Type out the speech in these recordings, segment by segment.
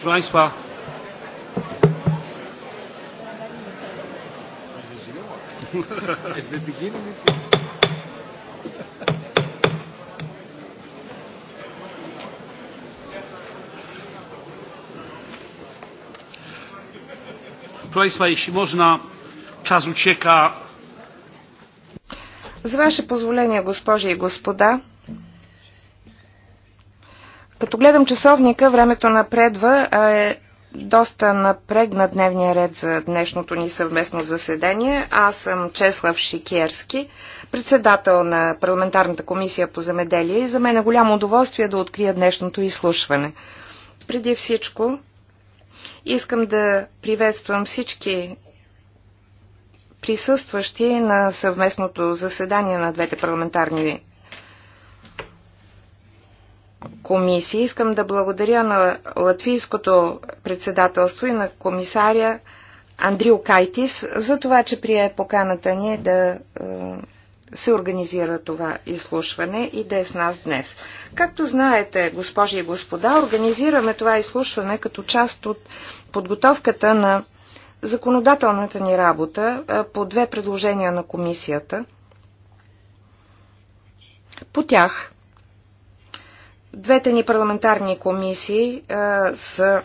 Proszę Państwa, Proszę Państwa, jeśli można, czas ucieka. Z Wasze pozwolenia, госпожи i господа, гледам часовника, времето напредва, а е доста напрегна дневния ред за днешното ни съвместно заседание. Аз съм Чеслав Шикерски, председател на парламентарната комисия по земеделие и за мен е голямо удоволствие да открия днешното изслушване. Преди всичко, искам да приветствам всички присъстващи на съвместното заседание на двете парламентарни комисии. Искам да благодаря на латвийското председателство и на комисаря Андрио Кайтис за това, че прие поканата ни да е, се организира това изслушване и да е с нас днес. Както знаете, госпожи и господа, организираме това изслушване като част от подготовката на законодателната ни работа е, по две предложения на комисията. По тях Двете ни парламентарни комисии а, са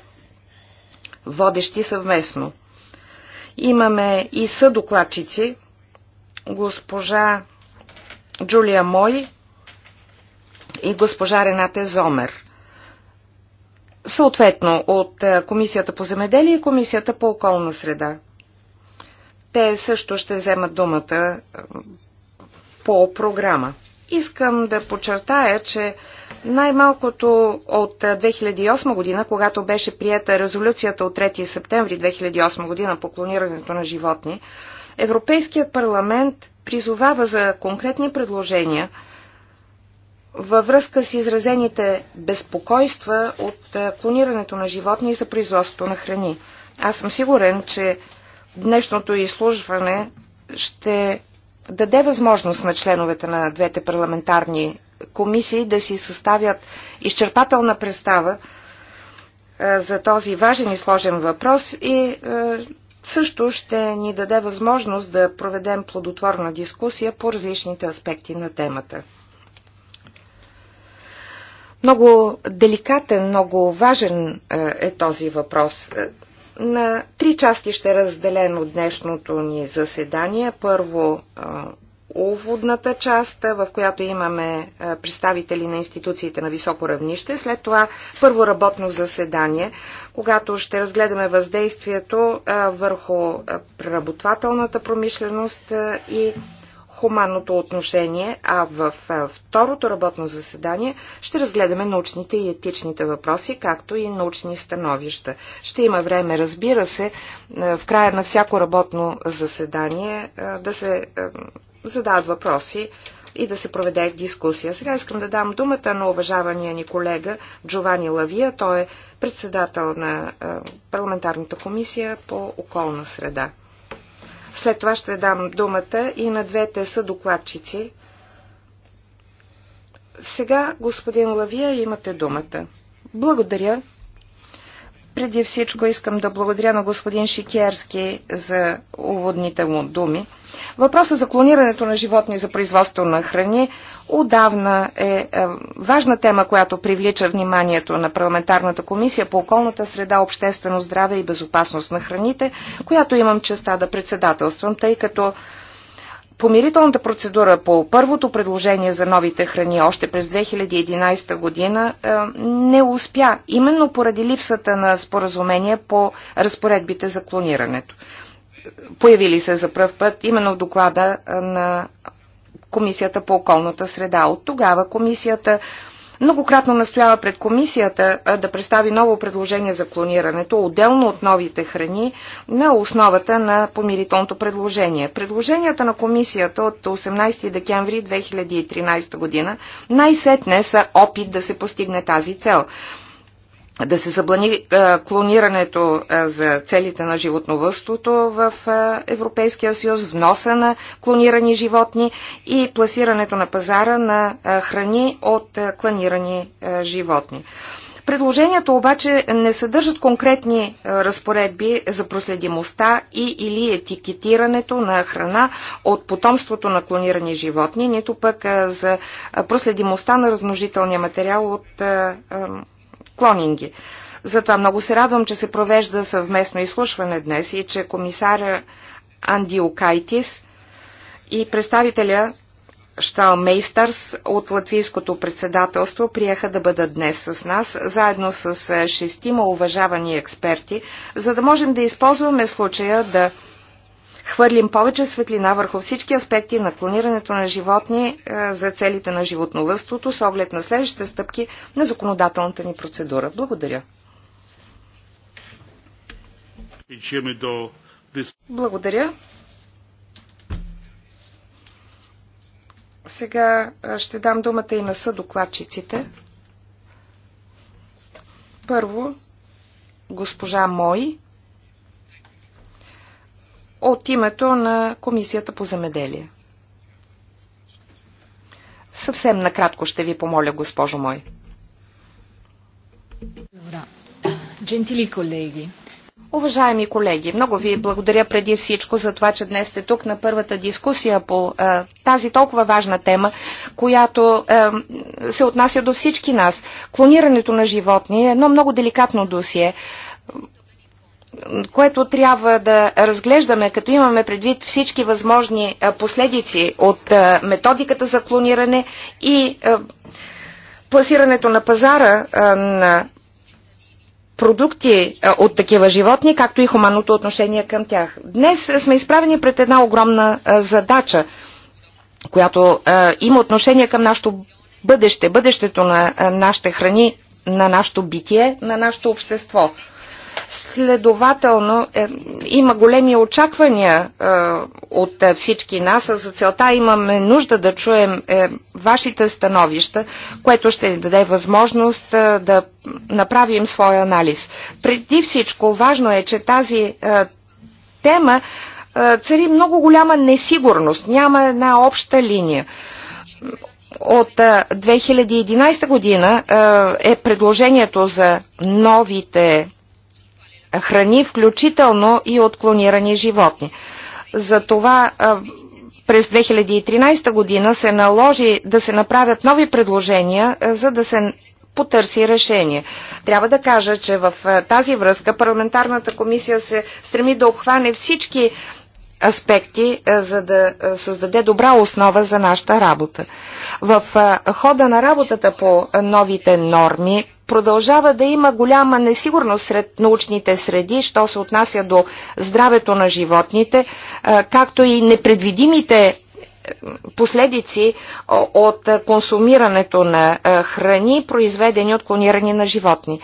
водещи съвместно. Имаме и съдокладчици, госпожа Джулия Мой и госпожа Рената Зомер. Съответно от Комисията по земеделие и Комисията по околна среда. Те също ще вземат думата по програма. Искам да подчертая, че най-малкото от 2008 година, когато беше приета резолюцията от 3 септември 2008 година по клонирането на животни, Европейският парламент призовава за конкретни предложения във връзка с изразените безпокойства от клонирането на животни и за производството на храни. Аз съм сигурен, че днешното изслужване ще даде възможност на членовете на двете парламентарни комисии да си съставят изчерпателна представа е, за този важен и сложен въпрос и е, също ще ни даде възможност да проведем плодотворна дискусия по различните аспекти на темата. Много деликатен, много важен е, е този въпрос. На три части ще разделено днешното ни заседание. Първо уводната част, в която имаме представители на институциите на високо равнище. След това първо работно заседание, когато ще разгледаме въздействието върху преработвателната промишленост и хуманното отношение, а в второто работно заседание ще разгледаме научните и етичните въпроси, както и научни становища. Ще има време, разбира се, в края на всяко работно заседание да се задават въпроси и да се проведе дискусия. Сега искам да дам думата на уважавания ни колега Джовани Лавия. Той е председател на е, парламентарната комисия по околна среда. След това ще дам думата и на двете са докладчици. Сега, господин Лавия, имате думата. Благодаря. Преди всичко искам да благодаря на господин Шикерски за уводните му думи. Въпросът за клонирането на животни за производство на храни отдавна е, е важна тема, която привлича вниманието на парламентарната комисия по околната среда, обществено здраве и безопасност на храните, която имам честа да председателствам, тъй като Помирителната процедура по първото предложение за новите храни още през 2011 година е, не успя, именно поради липсата на споразумение по разпоредбите за клонирането появили се за пръв път именно в доклада на Комисията по околната среда. От тогава комисията многократно настоява пред комисията да представи ново предложение за клонирането, отделно от новите храни, на основата на помирителното предложение. Предложенията на комисията от 18 декември 2013 година най-сетне са опит да се постигне тази цел да се заблани клонирането за целите на животновъдството в Европейския съюз, вноса на клонирани животни и пласирането на пазара на храни от клонирани животни. Предложението обаче не съдържат конкретни разпоредби за проследимостта и или етикетирането на храна от потомството на клонирани животни, нито пък за проследимостта на размножителния материал от клонинги. Затова много се радвам, че се провежда съвместно изслушване днес и че комисаря Андиокайтис и представителя Шталмейстърс от латвийското председателство приеха да бъдат днес с нас, заедно с е, шестима уважавани експерти, за да можем да използваме случая да хвърлим повече светлина върху всички аспекти на клонирането на животни е, за целите на животновъдството с оглед на следващите стъпки на законодателната ни процедура. Благодаря. Благодаря. Сега е, ще дам думата и на съдокладчиците. Първо, госпожа Мой от името на Комисията по земеделие. Съвсем накратко ще ви помоля, госпожо мой. Джентили колеги, Уважаеми колеги, много ви благодаря преди всичко за това, че днес сте тук на първата дискусия по е, тази толкова важна тема, която е, се отнася до всички нас. Клонирането на животни е едно много деликатно досие което трябва да разглеждаме, като имаме предвид всички възможни последици от методиката за клониране и пласирането на пазара на продукти от такива животни, както и хуманното отношение към тях. Днес сме изправени пред една огромна задача, която има отношение към нашето бъдеще, бъдещето на нашите храни, на нашето битие, на нашето общество – Следователно е, има големи очаквания е, от е, всички нас, а за целта имаме нужда да чуем е, вашите становища, което ще ни даде възможност е, да направим своя анализ. Преди всичко важно е, че тази е, тема е, цари много голяма несигурност, няма една обща линия от 2011 е, година е, е предложението за новите храни, включително и от клонирани животни. Затова през 2013 година се наложи да се направят нови предложения, за да се потърси решение. Трябва да кажа, че в тази връзка парламентарната комисия се стреми да обхване всички аспекти, е, за да е, създаде добра основа за нашата работа. В е, хода на работата по новите норми продължава да има голяма несигурност сред научните среди, що се отнася до здравето на животните, както и непредвидимите последици от консумирането на храни, произведени от клонирани на животни.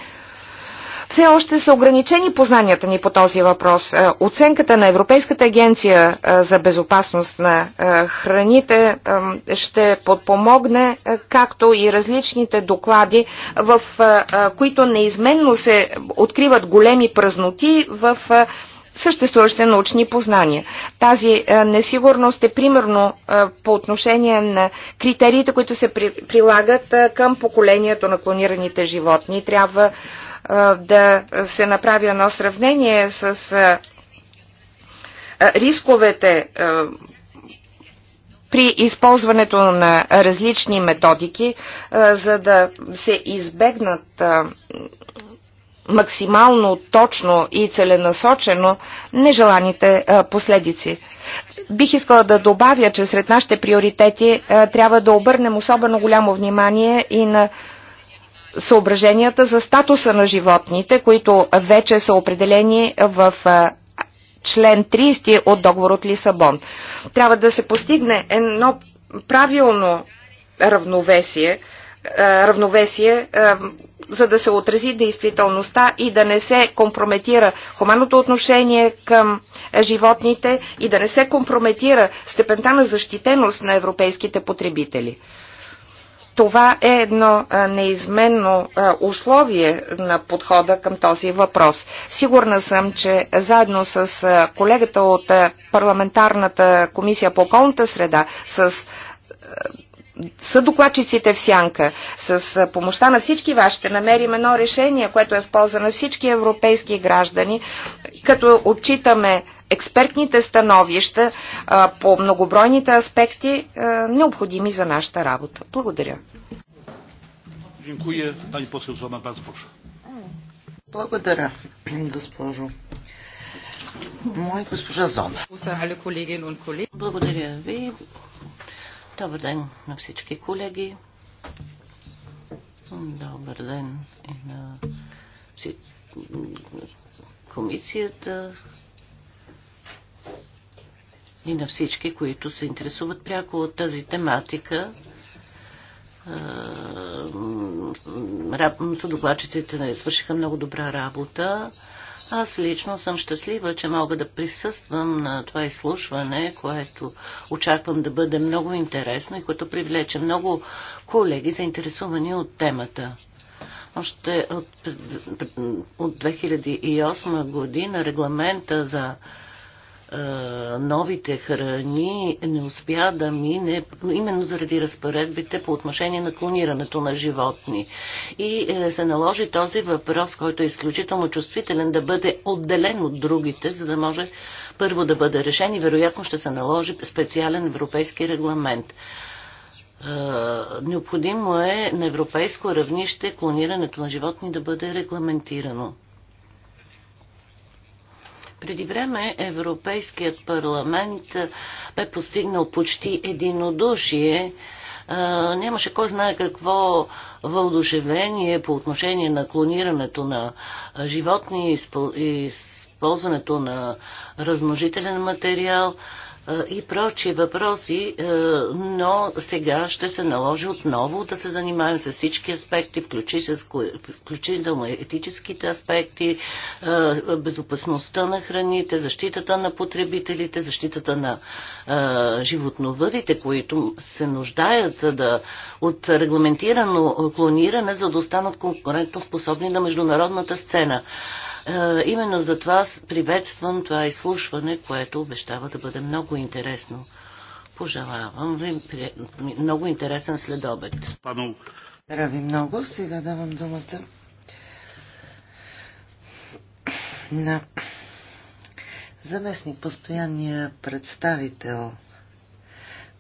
Все още са ограничени познанията ни по този въпрос. Е, оценката на Европейската агенция е, за безопасност на е, храните ще подпомогне, както и различните доклади, в които неизменно се откриват големи празноти в съществуващите научни познания. Тази несигурност е примерно по отношение на критериите, които се прилагат към поколението на клонираните животни. Трябва да се направи едно сравнение с рисковете при използването на различни методики, за да се избегнат максимално точно и целенасочено нежеланите последици. Бих искала да добавя, че сред нашите приоритети трябва да обърнем особено голямо внимание и на съображенията за статуса на животните, които вече са определени в член 30 от договор от Лисабон. Трябва да се постигне едно правилно равновесие, равновесие, за да се отрази действителността и да не се компрометира хуманното отношение към животните и да не се компрометира степента на защитеност на европейските потребители. Това е едно неизменно условие на подхода към този въпрос. Сигурна съм, че заедно с колегата от парламентарната комисия по околната среда, с съдокладчиците в сянка, с помощта на всички вас ще намерим едно решение, което е в полза на всички европейски граждани, като отчитаме експертните становища а, по многобройните аспекти, а, необходими за нашата работа. Благодаря. Благодаря, госпожо. Моя госпожа Зона. Благодаря ви. Добър ден на всички колеги. Добър ден и на комисията, и на всички, които се интересуват пряко от тази тематика. не свършиха много добра работа. Аз лично съм щастлива, че мога да присъствам на това изслушване, което очаквам да бъде много интересно и което привлече много колеги заинтересувани от темата. Още от, от 2008 година регламента за новите храни не успя да мине именно заради разпоредбите по отношение на клонирането на животни. И е, се наложи този въпрос, който е изключително чувствителен, да бъде отделен от другите, за да може първо да бъде решен и вероятно ще се наложи специален европейски регламент. Е, необходимо е на европейско равнище клонирането на животни да бъде регламентирано. Преди време Европейският парламент бе постигнал почти единодушие. Нямаше кой знае какво въодушевление по отношение на клонирането на животни и използването на размножителен материал и прочи въпроси, но сега ще се наложи отново да се занимаем с всички аспекти, включително етическите аспекти, безопасността на храните, защитата на потребителите, защитата на животновъдите, които се нуждаят да, от регламентирано клониране, за да останат конкурентно способни на международната сцена. Е, именно за това приветствам това изслушване, което обещава да бъде много интересно. Пожелавам ви много интересен следобед. Здрави много. Сега давам думата на заместник постоянния представител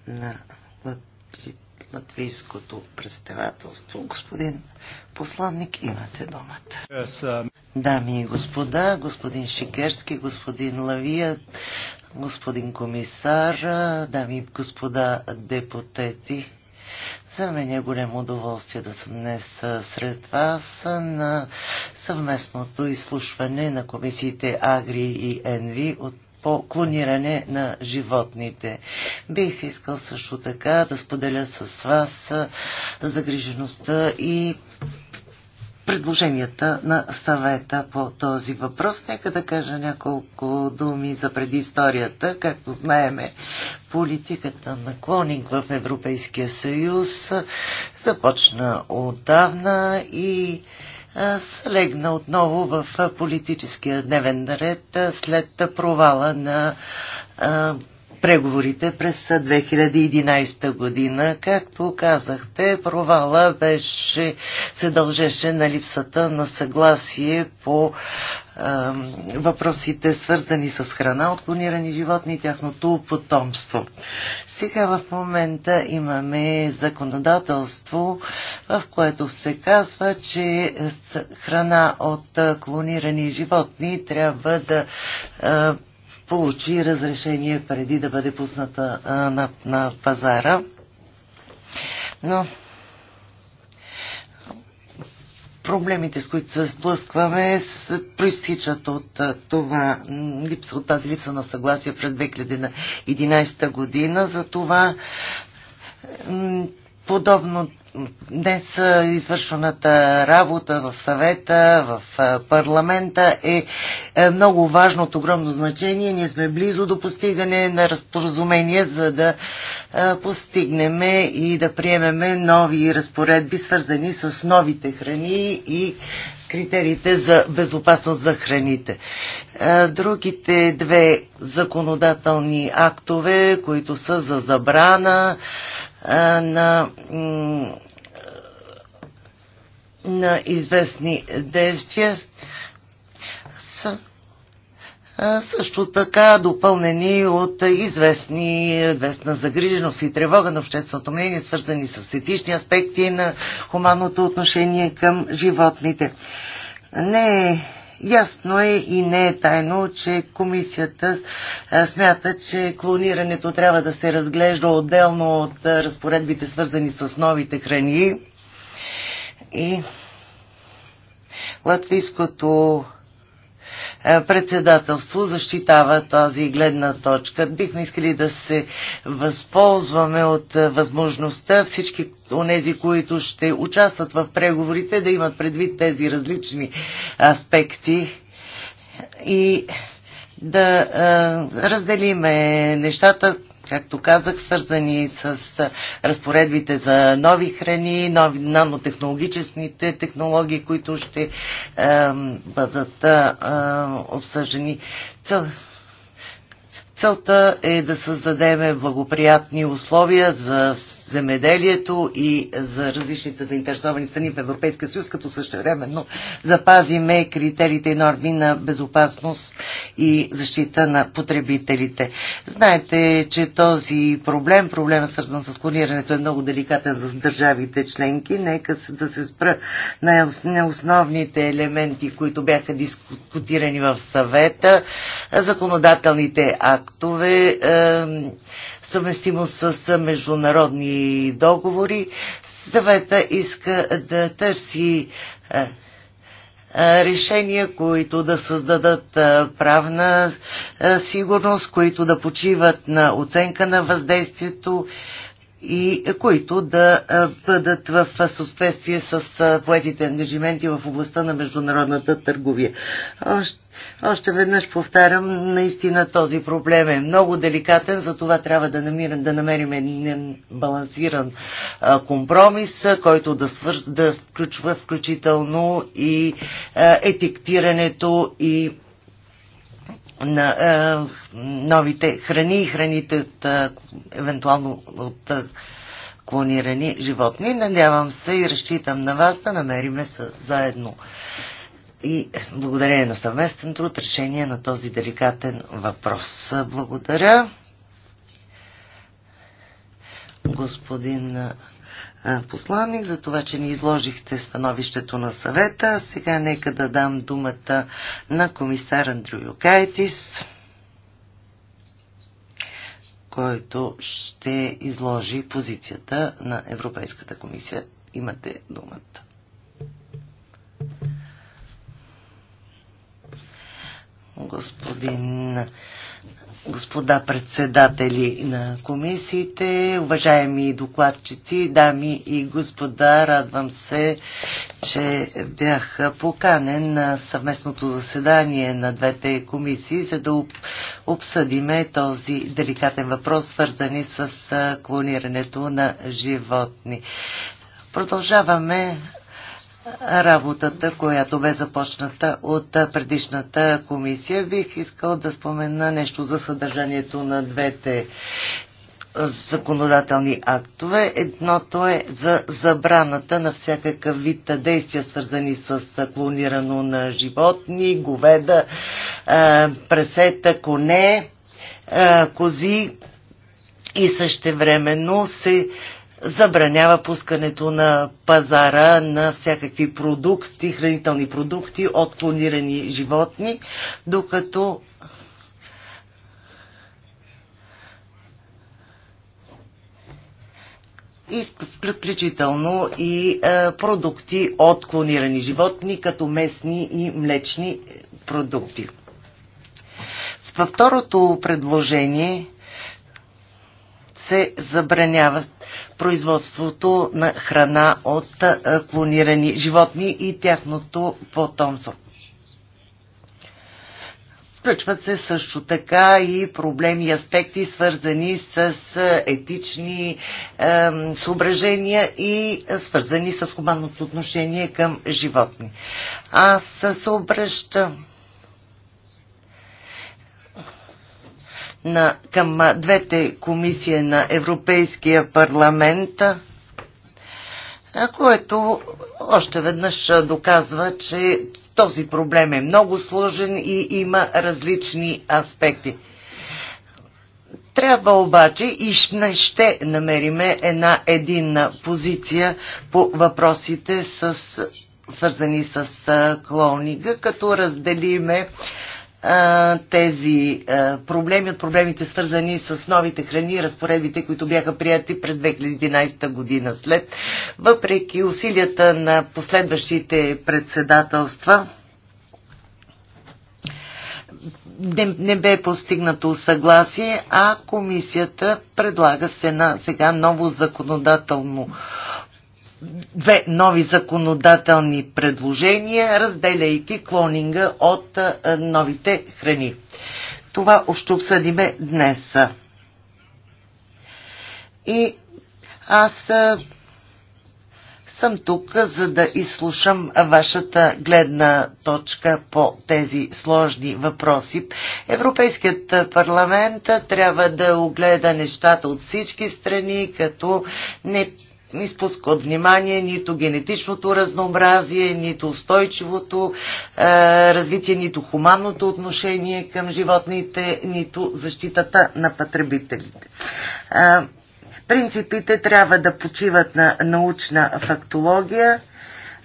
на латвийското представителство. Господин посланник, имате думата. Yes, uh, Дами и господа, господин Шикерски, господин Лавия, господин комисар, дами и господа депутети. За мен е голямо удоволствие да съм днес сред вас на съвместното изслушване на комисиите Агри и Енви от по клониране на животните. Бих искал също така да споделя с вас загрижеността и предложенията на съвета по този въпрос. Нека да кажа няколко думи за предисторията. Както знаеме, политиката на клонинг в Европейския съюз започна отдавна и слегна отново в политическия дневен ред след провала на преговорите през 2011 година. Както казахте, провала беше, се дължеше на липсата на съгласие по е, въпросите свързани с храна, отклонирани животни и тяхното потомство. Сега в момента имаме законодателство, в което се казва, че храна от клонирани животни трябва да е, получи разрешение преди да бъде пусната а, на, на пазара. Но проблемите, с които се сблъскваме, проистичат от това липса, от тази липса на съгласие през 2011 година. За това подобно днес извършваната работа в съвета, в парламента е, е много важно от огромно значение. Ние сме близо до постигане на разпоразумение, за да постигнем и да приемеме нови разпоредби, свързани с новите храни и критериите за безопасност за храните. Другите две законодателни актове, които са за забрана на на известни действия са също така допълнени от известни, известна загриженост и тревога на общественото мнение, свързани с етични аспекти на хуманното отношение към животните. Не е Ясно е и не е тайно, че комисията смята, че клонирането трябва да се разглежда отделно от разпоредбите, свързани с новите храни. И латвийското е, председателство защитава тази гледна точка. Бихме искали да се възползваме от е, възможността всички онези, които ще участват в преговорите, да имат предвид тези различни аспекти и да а, е, разделиме нещата, както казах, свързани с разпоредбите за нови храни, нови нанотехнологическите технологии, които ще е, бъдат е, обсъждани. Цел, Целта е да създадем благоприятни условия за земеделието и за различните заинтересовани страни в Европейския съюз, като същевременно запазиме критериите и норми на безопасност и защита на потребителите. Знаете, че този проблем, проблема свързан с клонирането е много деликатен за държавите членки. Нека да се спра на основните елементи, които бяха дискутирани в съвета, законодателните актове, актове, е, съвместимо с международни договори. Съвета иска да търси е, е, решения, които да създадат правна сигурност, които да почиват на оценка на въздействието и които да бъдат в съответствие с поетите ангажименти в областта на международната търговия. Още, веднъж повтарям, наистина този проблем е много деликатен, за това трябва да, намирам, да намерим един балансиран компромис, който да, свър... да включва включително и етиктирането и на е, новите храни и храните от е, евентуално от е, клонирани животни. Надявам се и разчитам на вас да намериме са, заедно и благодарение на съвместен труд решение на този деликатен въпрос. Благодаря. Господин е, посланник, за това, че ни изложихте становището на съвета. Сега нека да дам думата на комисар Андрю Юкайтис, който ще изложи позицията на Европейската комисия. Имате думата. Господин господа председатели на комисиите, уважаеми докладчици, дами и господа, радвам се, че бях поканен на съвместното заседание на двете комисии, за да обсъдиме този деликатен въпрос, свързани с клонирането на животни. Продължаваме работата, която бе започната от предишната комисия. Бих искал да спомена нещо за съдържанието на двете законодателни актове. Едното е за забраната на всякакъв вид действия, свързани с клонирано на животни, говеда, е, пресета, коне, е, кози и същевременно се забранява пускането на пазара на всякакви продукти, хранителни продукти от клонирани животни, докато и включително и е, продукти от клонирани животни, като местни и млечни е, продукти. Във второто предложение се забраняват производството на храна от клонирани животни и тяхното потомство. Включват се също така и проблеми и аспекти, свързани с етични е, съображения и свързани с хуманното отношение към животни. Аз се обръщам на, към двете комисии на Европейския парламент, което още веднъж доказва, че този проблем е много сложен и има различни аспекти. Трябва обаче и ще намериме една единна позиция по въпросите с, свързани с клоунига, като разделиме тези проблеми, от проблемите свързани с новите храни и разпоредбите, които бяха прияти през 2011 година след. Въпреки усилията на последващите председателства, не, не бе постигнато съгласие, а комисията предлага се на сега ново законодателно две нови законодателни предложения, разделяйки клонинга от новите храни. Това още обсъдиме днес. И аз съм тук, за да изслушам вашата гледна точка по тези сложни въпроси. Европейският парламент трябва да огледа нещата от всички страни, като не изпуска от внимание нито генетичното разнообразие, нито устойчивото е, развитие, нито хуманното отношение към животните, нито защитата на потребителите. Е, принципите трябва да почиват на научна фактология,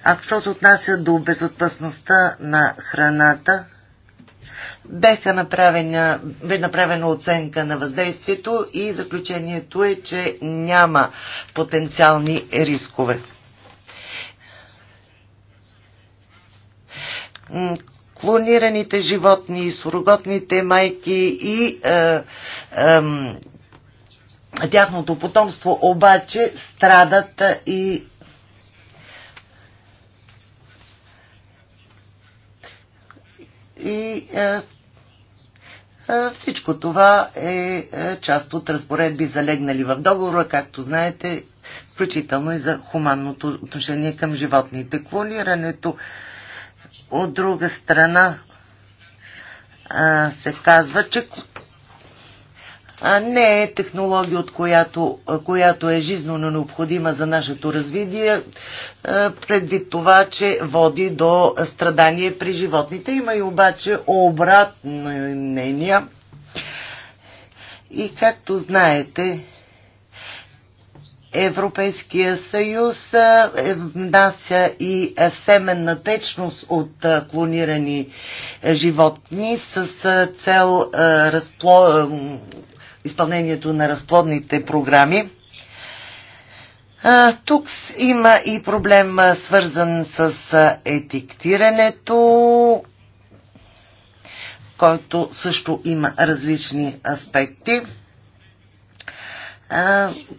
а що се отнася до безопасността на храната, Беха направена, бе направена оценка на въздействието и заключението е, че няма потенциални рискове. Клонираните животни, суроготните майки и е, е, тяхното потомство обаче страдат и и е, е, всичко това е, е част от разпоредби, залегнали в договора, както знаете, включително и за хуманното отношение към животните. Клонирането от друга страна се казва, че а не е технология, от която, която е жизненно необходима за нашето развитие, предвид това, че води до страдание при животните. Има и обаче обратни мнения. И както знаете, Европейския съюз е, внася и семенна течност от клонирани животни с цел разпло изпълнението на разплодните програми. Тук има и проблем свързан с етиктирането, който също има различни аспекти.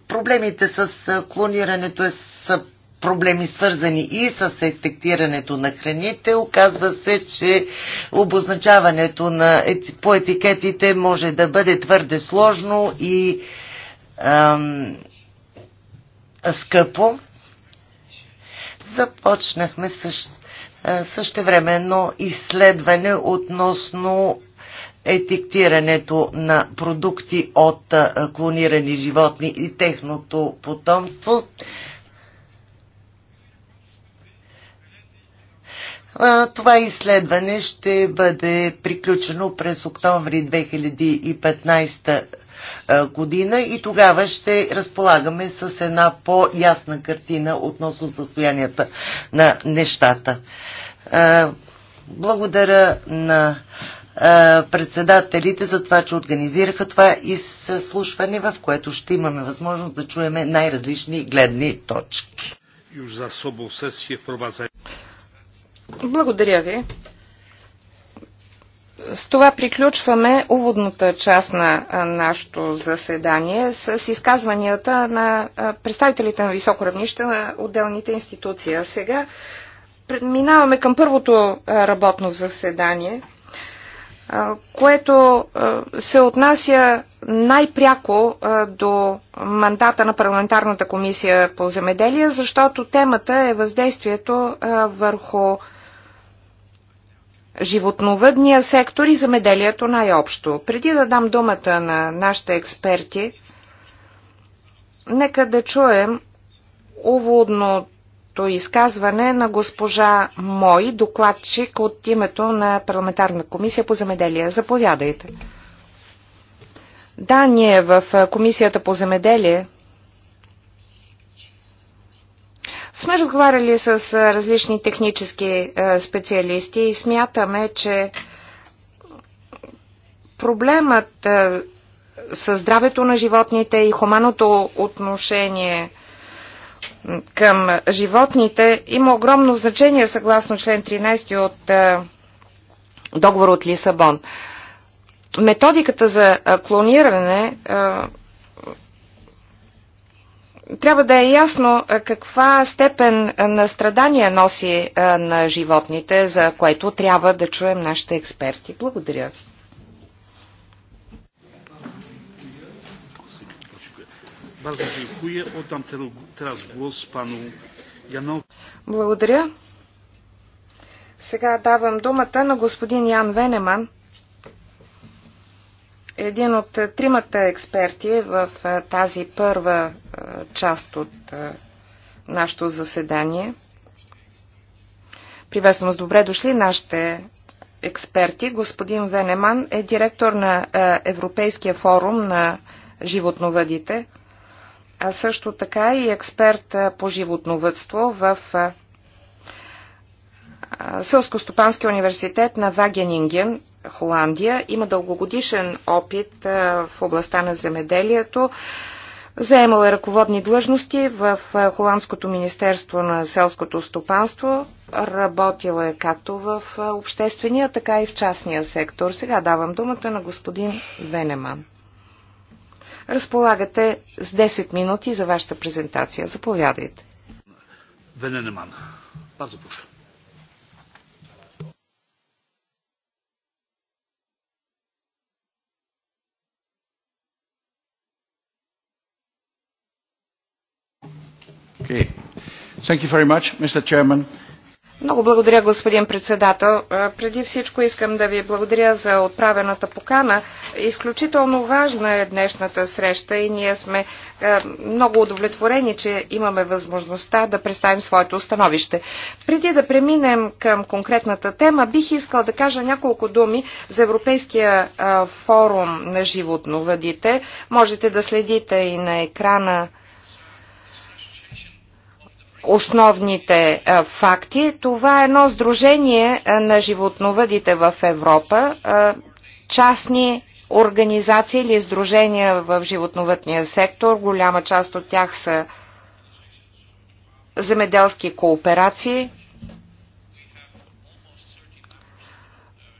Проблемите с клонирането е, са проблеми, свързани и с етектирането на храните. Оказва се, че обозначаването на, по етикетите може да бъде твърде сложно и ам, скъпо. Започнахме също, същевременно изследване относно етиктирането на продукти от клонирани животни и техното потомство. Това изследване ще бъде приключено през октомври 2015 година и тогава ще разполагаме с една по-ясна картина относно състоянията на нещата. Благодаря на председателите за това, че организираха това изслушване, в което ще имаме възможност да чуеме най-различни гледни точки. Już za sobą sesję благодаря ви. С това приключваме уводната част на нашето заседание с изказванията на представителите на високо равнище на отделните институции. А сега минаваме към първото работно заседание, което се отнася най-пряко до мандата на парламентарната комисия по земеделие, защото темата е въздействието върху животновъдния сектор и замеделието най-общо. Преди да дам думата на нашите експерти, нека да чуем уводното изказване на госпожа Мой, докладчик от името на Парламентарна комисия по замеделие. Заповядайте. Да, ние в Комисията по земеделие Сме разговаряли с различни технически специалисти и смятаме, че проблемът със здравето на животните и хуманото отношение към животните има огромно значение съгласно член 13 от договор от Лисабон. Методиката за клониране трябва да е ясно каква степен на страдания носи на животните, за което трябва да чуем нашите експерти. Благодаря ви. Благодаря. Сега давам думата на господин Ян Венеман, един от е, тримата експерти в е, тази първа е, част от нашето заседание. Приветствам с добре дошли нашите експерти. Господин Венеман е директор на Европейския форум на животновъдите, а също така и експерт по животновъдство в Сълско-Стопанския университет на Вагенинген Холандия. Има дългогодишен опит в областта на земеделието. Заемала е ръководни длъжности в Холандското министерство на селското стопанство. Работила е както в обществения, така и в частния сектор. Сега давам думата на господин Венеман. Разполагате с 10 минути за вашата презентация. Заповядайте. Венеман. Пак започвам. Okay. Thank you very much, Mr. Chairman. Много благодаря, господин председател. Преди всичко искам да ви благодаря за отправената покана. Изключително важна е днешната среща и ние сме много удовлетворени, че имаме възможността да представим своето установище. Преди да преминем към конкретната тема, бих искал да кажа няколко думи за Европейския форум на животновъдите. Можете да следите и на екрана основните факти. Това е едно сдружение на животновъдите в Европа, частни организации или сдружения в животновътния сектор. Голяма част от тях са земеделски кооперации.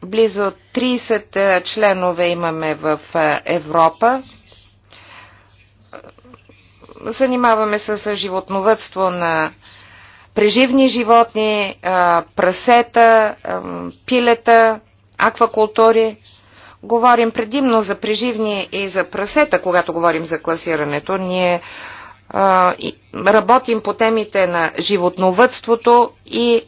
Близо 30 членове имаме в Европа занимаваме се с животновътство на преживни животни, прасета, пилета, аквакултури. Говорим предимно за преживни и за прасета, когато говорим за класирането. Ние работим по темите на животновътството и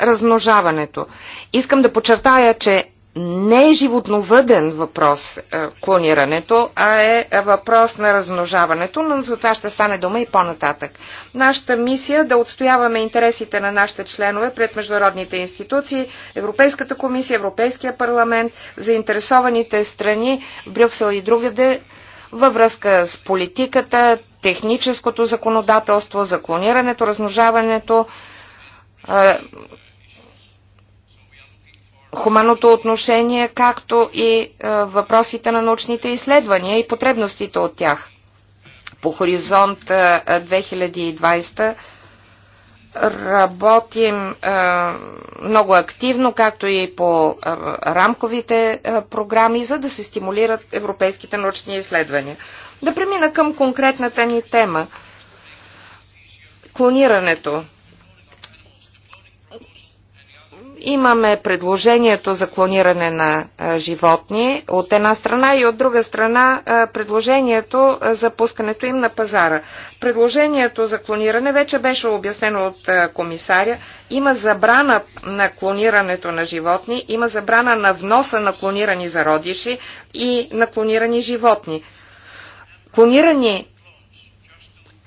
размножаването. Искам да подчертая, че не е животновъден въпрос е, клонирането, а е въпрос на размножаването, но за това ще стане дума и по-нататък. Нашата мисия е да отстояваме интересите на нашите членове пред международните институции, Европейската комисия, Европейския парламент, заинтересованите страни в Брюксел и другаде във връзка с политиката, техническото законодателство, за клонирането, размножаването, е, хуманното отношение, както и е, въпросите на научните изследвания и потребностите от тях. По хоризонт 2020 е, работим е, много активно, както и по рамковите програми, за да се стимулират европейските научни изследвания. Да премина към конкретната ни тема. Клонирането. Имаме предложението за клониране на животни от една страна и от друга страна предложението за пускането им на пазара. Предложението за клониране вече беше обяснено от комисаря. Има забрана на клонирането на животни, има забрана на вноса на клонирани зародиши и на клонирани животни. Клонирани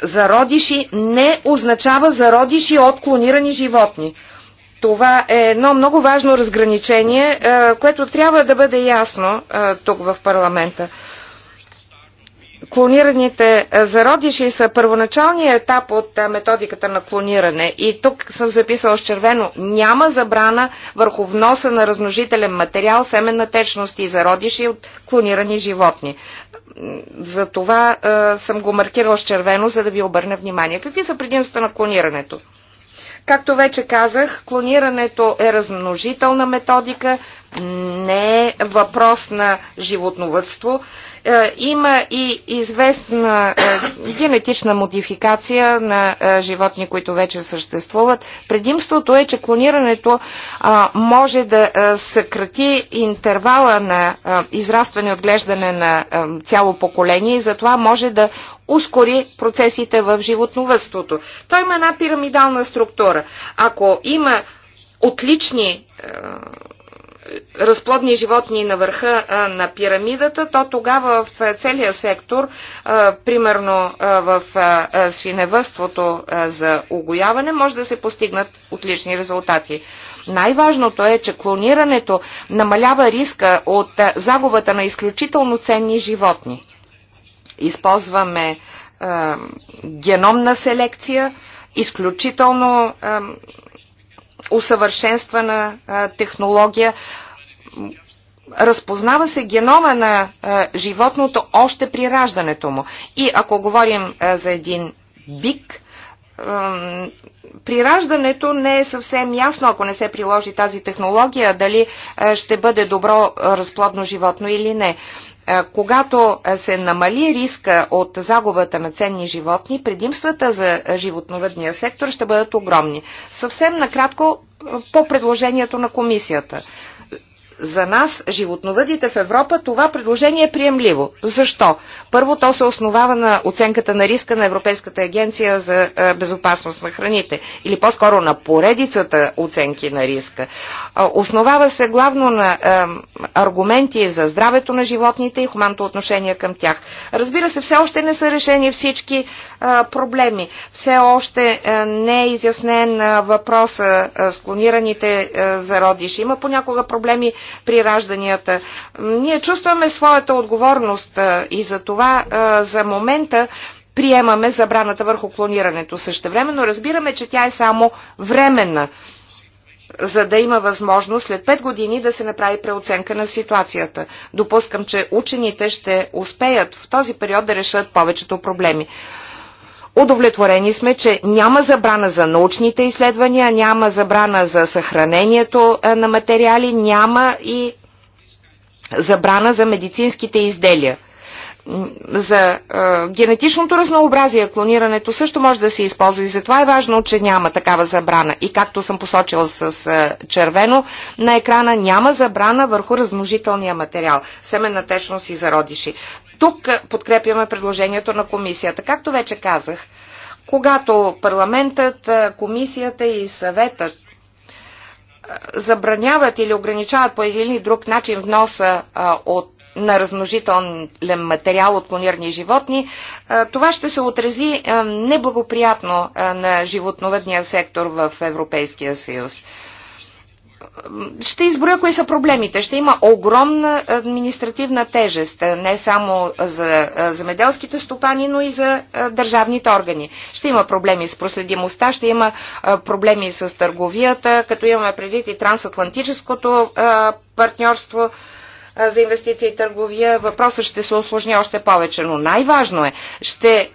зародиши не означава зародиши от клонирани животни. Това е едно много важно разграничение, е, което трябва да бъде ясно е, тук в парламента. Клонираните зародиши са първоначалния етап от е, методиката на клониране. И тук съм записала с червено. Няма забрана върху вноса на размножителен материал, семенна течност и зародиши от клонирани животни. За това съм го маркирала с червено, за да ви обърна внимание. Какви са предимствата на клонирането? Както вече казах, клонирането е размножителна методика, не е въпрос на животновътство. Е, има и известна е, генетична модификация на е, животни, които вече съществуват. Предимството е, че клонирането може да съкрати интервала на израстване и отглеждане на цяло поколение и затова може да ускори процесите в животновътството. Той има една пирамидална структура. Ако има отлични разплодни животни на върха на пирамидата, то тогава в целия сектор, примерно в свиневътството за огояване, може да се постигнат отлични резултати. Най-важното е, че клонирането намалява риска от загубата на изключително ценни животни. Използваме е, геномна селекция, изключително е, усъвършенствана технология. Разпознава се генома на животното още при раждането му. И ако говорим за един бик, при раждането не е съвсем ясно, ако не се приложи тази технология, дали ще бъде добро разплодно животно или не. Е, когато е, се намали риска от загубата на ценни животни, предимствата за животновъдния сектор ще бъдат огромни. Съвсем накратко е, по предложението на комисията за нас, животновъдите в Европа, това предложение е приемливо. Защо? Първо, то се основава на оценката на риска на Европейската агенция за е, безопасност на храните, или по-скоро на поредицата оценки на риска. Е, основава се главно на е, аргументи за здравето на животните и хуманто отношение към тях. Разбира се, все още не са решени всички проблеми. Все още не е изяснен въпроса с клонираните зародиши. Има понякога проблеми при ражданията. Ние чувстваме своята отговорност и за това за момента приемаме забраната върху клонирането. Същевременно разбираме, че тя е само временна, за да има възможност след 5 години да се направи преоценка на ситуацията. Допускам, че учените ще успеят в този период да решат повечето проблеми. Удовлетворени сме, че няма забрана за научните изследвания, няма забрана за съхранението на материали, няма и забрана за медицинските изделия. За е, генетичното разнообразие клонирането също може да се използва и затова е важно, че няма такава забрана. И както съм посочил с е, червено на екрана, няма забрана върху размножителния материал, семенна течност и зародиши. Тук е, подкрепяме предложението на комисията. Както вече казах, когато парламентът, е, комисията и съветът е, забраняват или ограничават по един или друг начин вноса от на размножителен материал от клонирани животни, това ще се отрази неблагоприятно на животновъдния сектор в Европейския съюз ще изброя кои са проблемите. Ще има огромна административна тежест, не само за земеделските стопани, но и за държавните органи. Ще има проблеми с проследимостта, ще има проблеми с търговията, като имаме предвид и трансатлантическото партньорство за инвестиции и търговия, въпросът ще се осложни още повече. Но най-важно е, ще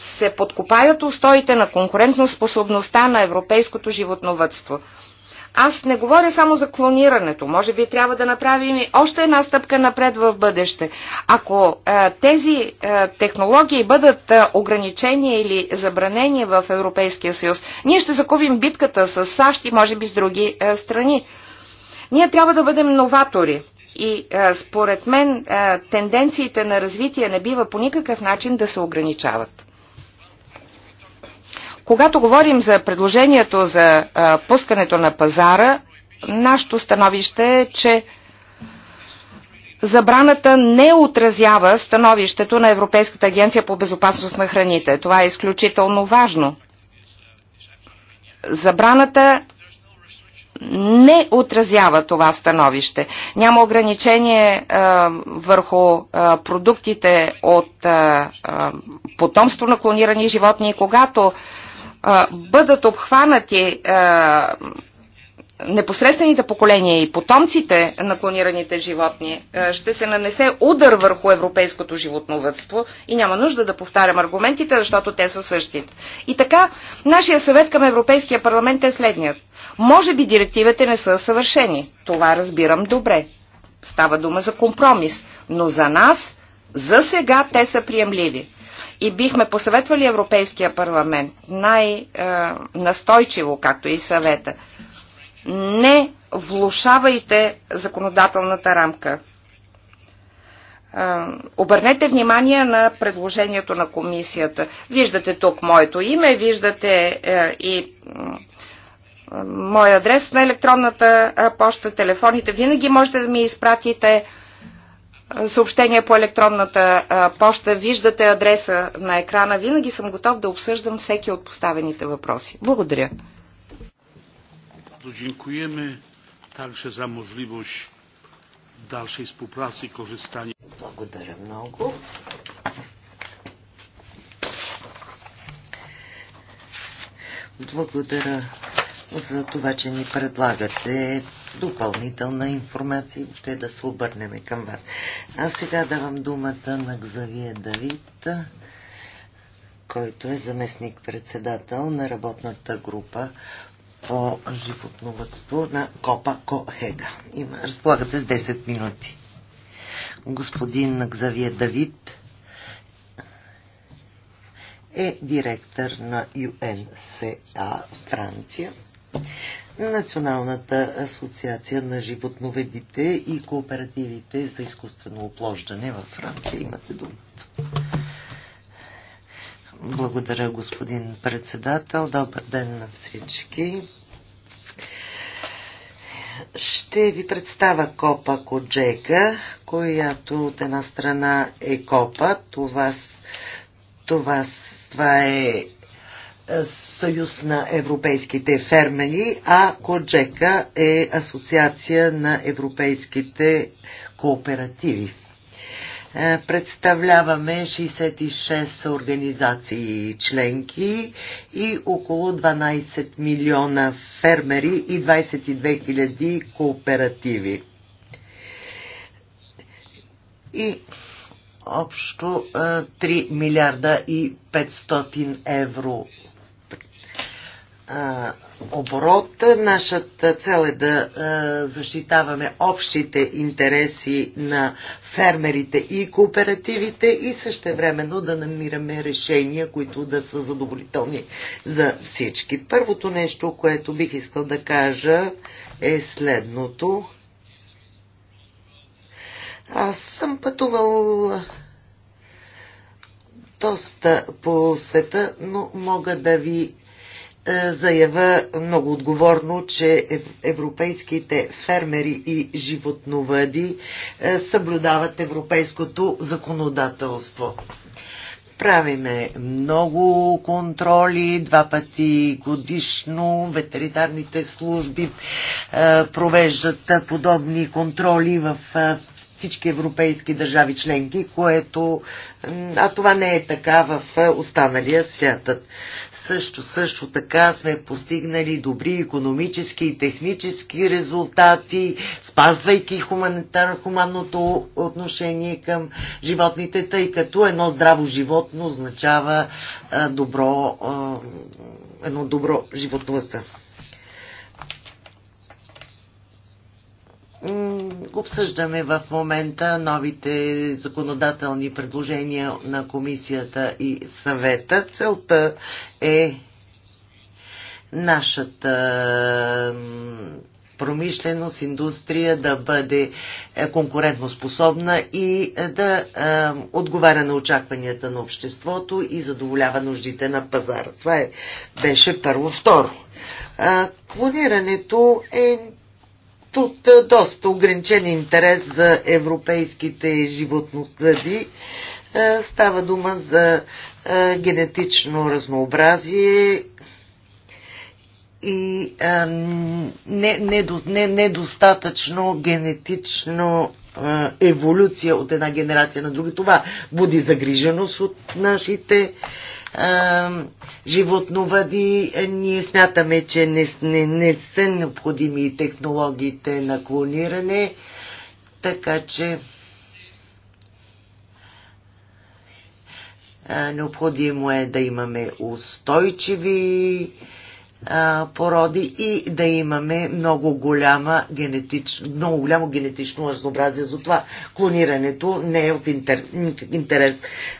се подкопаят устоите на конкурентно способността на европейското животновътство. Аз не говоря само за клонирането. Може би трябва да направим и още една стъпка напред в бъдеще. Ако а, е, тези а, е, технологии бъдат а, е, ограничени или забранени в Европейския съюз, ние ще закупим битката с САЩ и може би с други а, страни. Ние трябва да бъдем новатори. И а, според мен а, тенденциите на развитие не бива по никакъв начин да се ограничават. Когато говорим за предложението за а, пускането на пазара, нашето становище е, че забраната не отразява становището на Европейската агенция по безопасност на храните. Това е изключително важно. Забраната не отразява това становище. Няма ограничение а, върху а, продуктите от а, а, потомство на клонирани животни. Когато бъдат обхванати непосредствените поколения и потомците на клонираните животни, ще се нанесе удар върху европейското животновътство и няма нужда да повтарям аргументите, защото те са същите. И така, нашия съвет към Европейския парламент е следният. Може би директивите не са съвършени. Това разбирам добре. Става дума за компромис, но за нас за сега те са приемливи и бихме посъветвали Европейския парламент най-настойчиво, както и съвета. Не влушавайте законодателната рамка. Обърнете внимание на предложението на комисията. Виждате тук моето име, виждате е, и е, мой адрес на електронната почта, телефоните. Винаги можете да ми изпратите съобщение по електронната поща. Виждате адреса на екрана. Винаги съм готов да обсъждам всеки от поставените въпроси. Благодаря. Dziękujemy также за можливост дальше współpracy и korzystania. Благодаря много. Благодаря за това, че ни предлагате допълнителна информация и ще да се обърнем към вас. А сега давам думата на Гзавия Давид, който е заместник-председател на работната група по животновътство на Копа Кохега. Има, разполагате с 10 минути. Господин Гзавия Давид е директор на UNCA Франция Националната асоциация на животноведите и кооперативите за изкуствено оплождане във Франция. Имате думата. Благодаря, господин председател. Добър ден на всички. Ще ви представя Копа Коджека, която от една страна е Копа. Това, това, това е съюз на европейските фермери, а Коджека е асоциация на европейските кооперативи. Е, представляваме 66 организации членки и около 12 милиона фермери и 22 хиляди кооперативи. И общо 3 е, милиарда и 500 евро оборот. Нашата цел е да защитаваме общите интереси на фермерите и кооперативите и същевременно да намираме решения, които да са задоволителни за всички. Първото нещо, което бих искал да кажа е следното. Аз съм пътувал доста по света, но мога да ви е, заява много отговорно, че европейските фермери и животновъди е, съблюдават европейското законодателство. Правиме много контроли, два пъти годишно ветеринарните служби е, провеждат подобни контроли в всички европейски държави членки, което, а това не е така в останалия свят. Също, също така сме постигнали добри економически и технически резултати, спазвайки хуманитар, хуманното отношение към животните, тъй като едно здраво животно означава добро, едно добро животновъдство. обсъждаме в момента новите законодателни предложения на комисията и съвета. Целта е нашата промишленост, индустрия да бъде е, конкурентоспособна и е, да е, отговаря на очакванията на обществото и задоволява нуждите на пазара. Това е, беше първо. Второ, клонирането е от е, доста ограничен интерес за европейските животностъди. Е, става дума за е, генетично разнообразие и недостатъчно генетично еволюция от една генерация на друга. Това буди загриженост от нашите животновъди. Е, ние смятаме, че не, не, не са необходими технологиите на клониране, така че необходимо е да имаме устойчиви а, породи и да имаме много, голяма генетич, много голямо генетично разнообразие. Затова клонирането не е от интер, интерес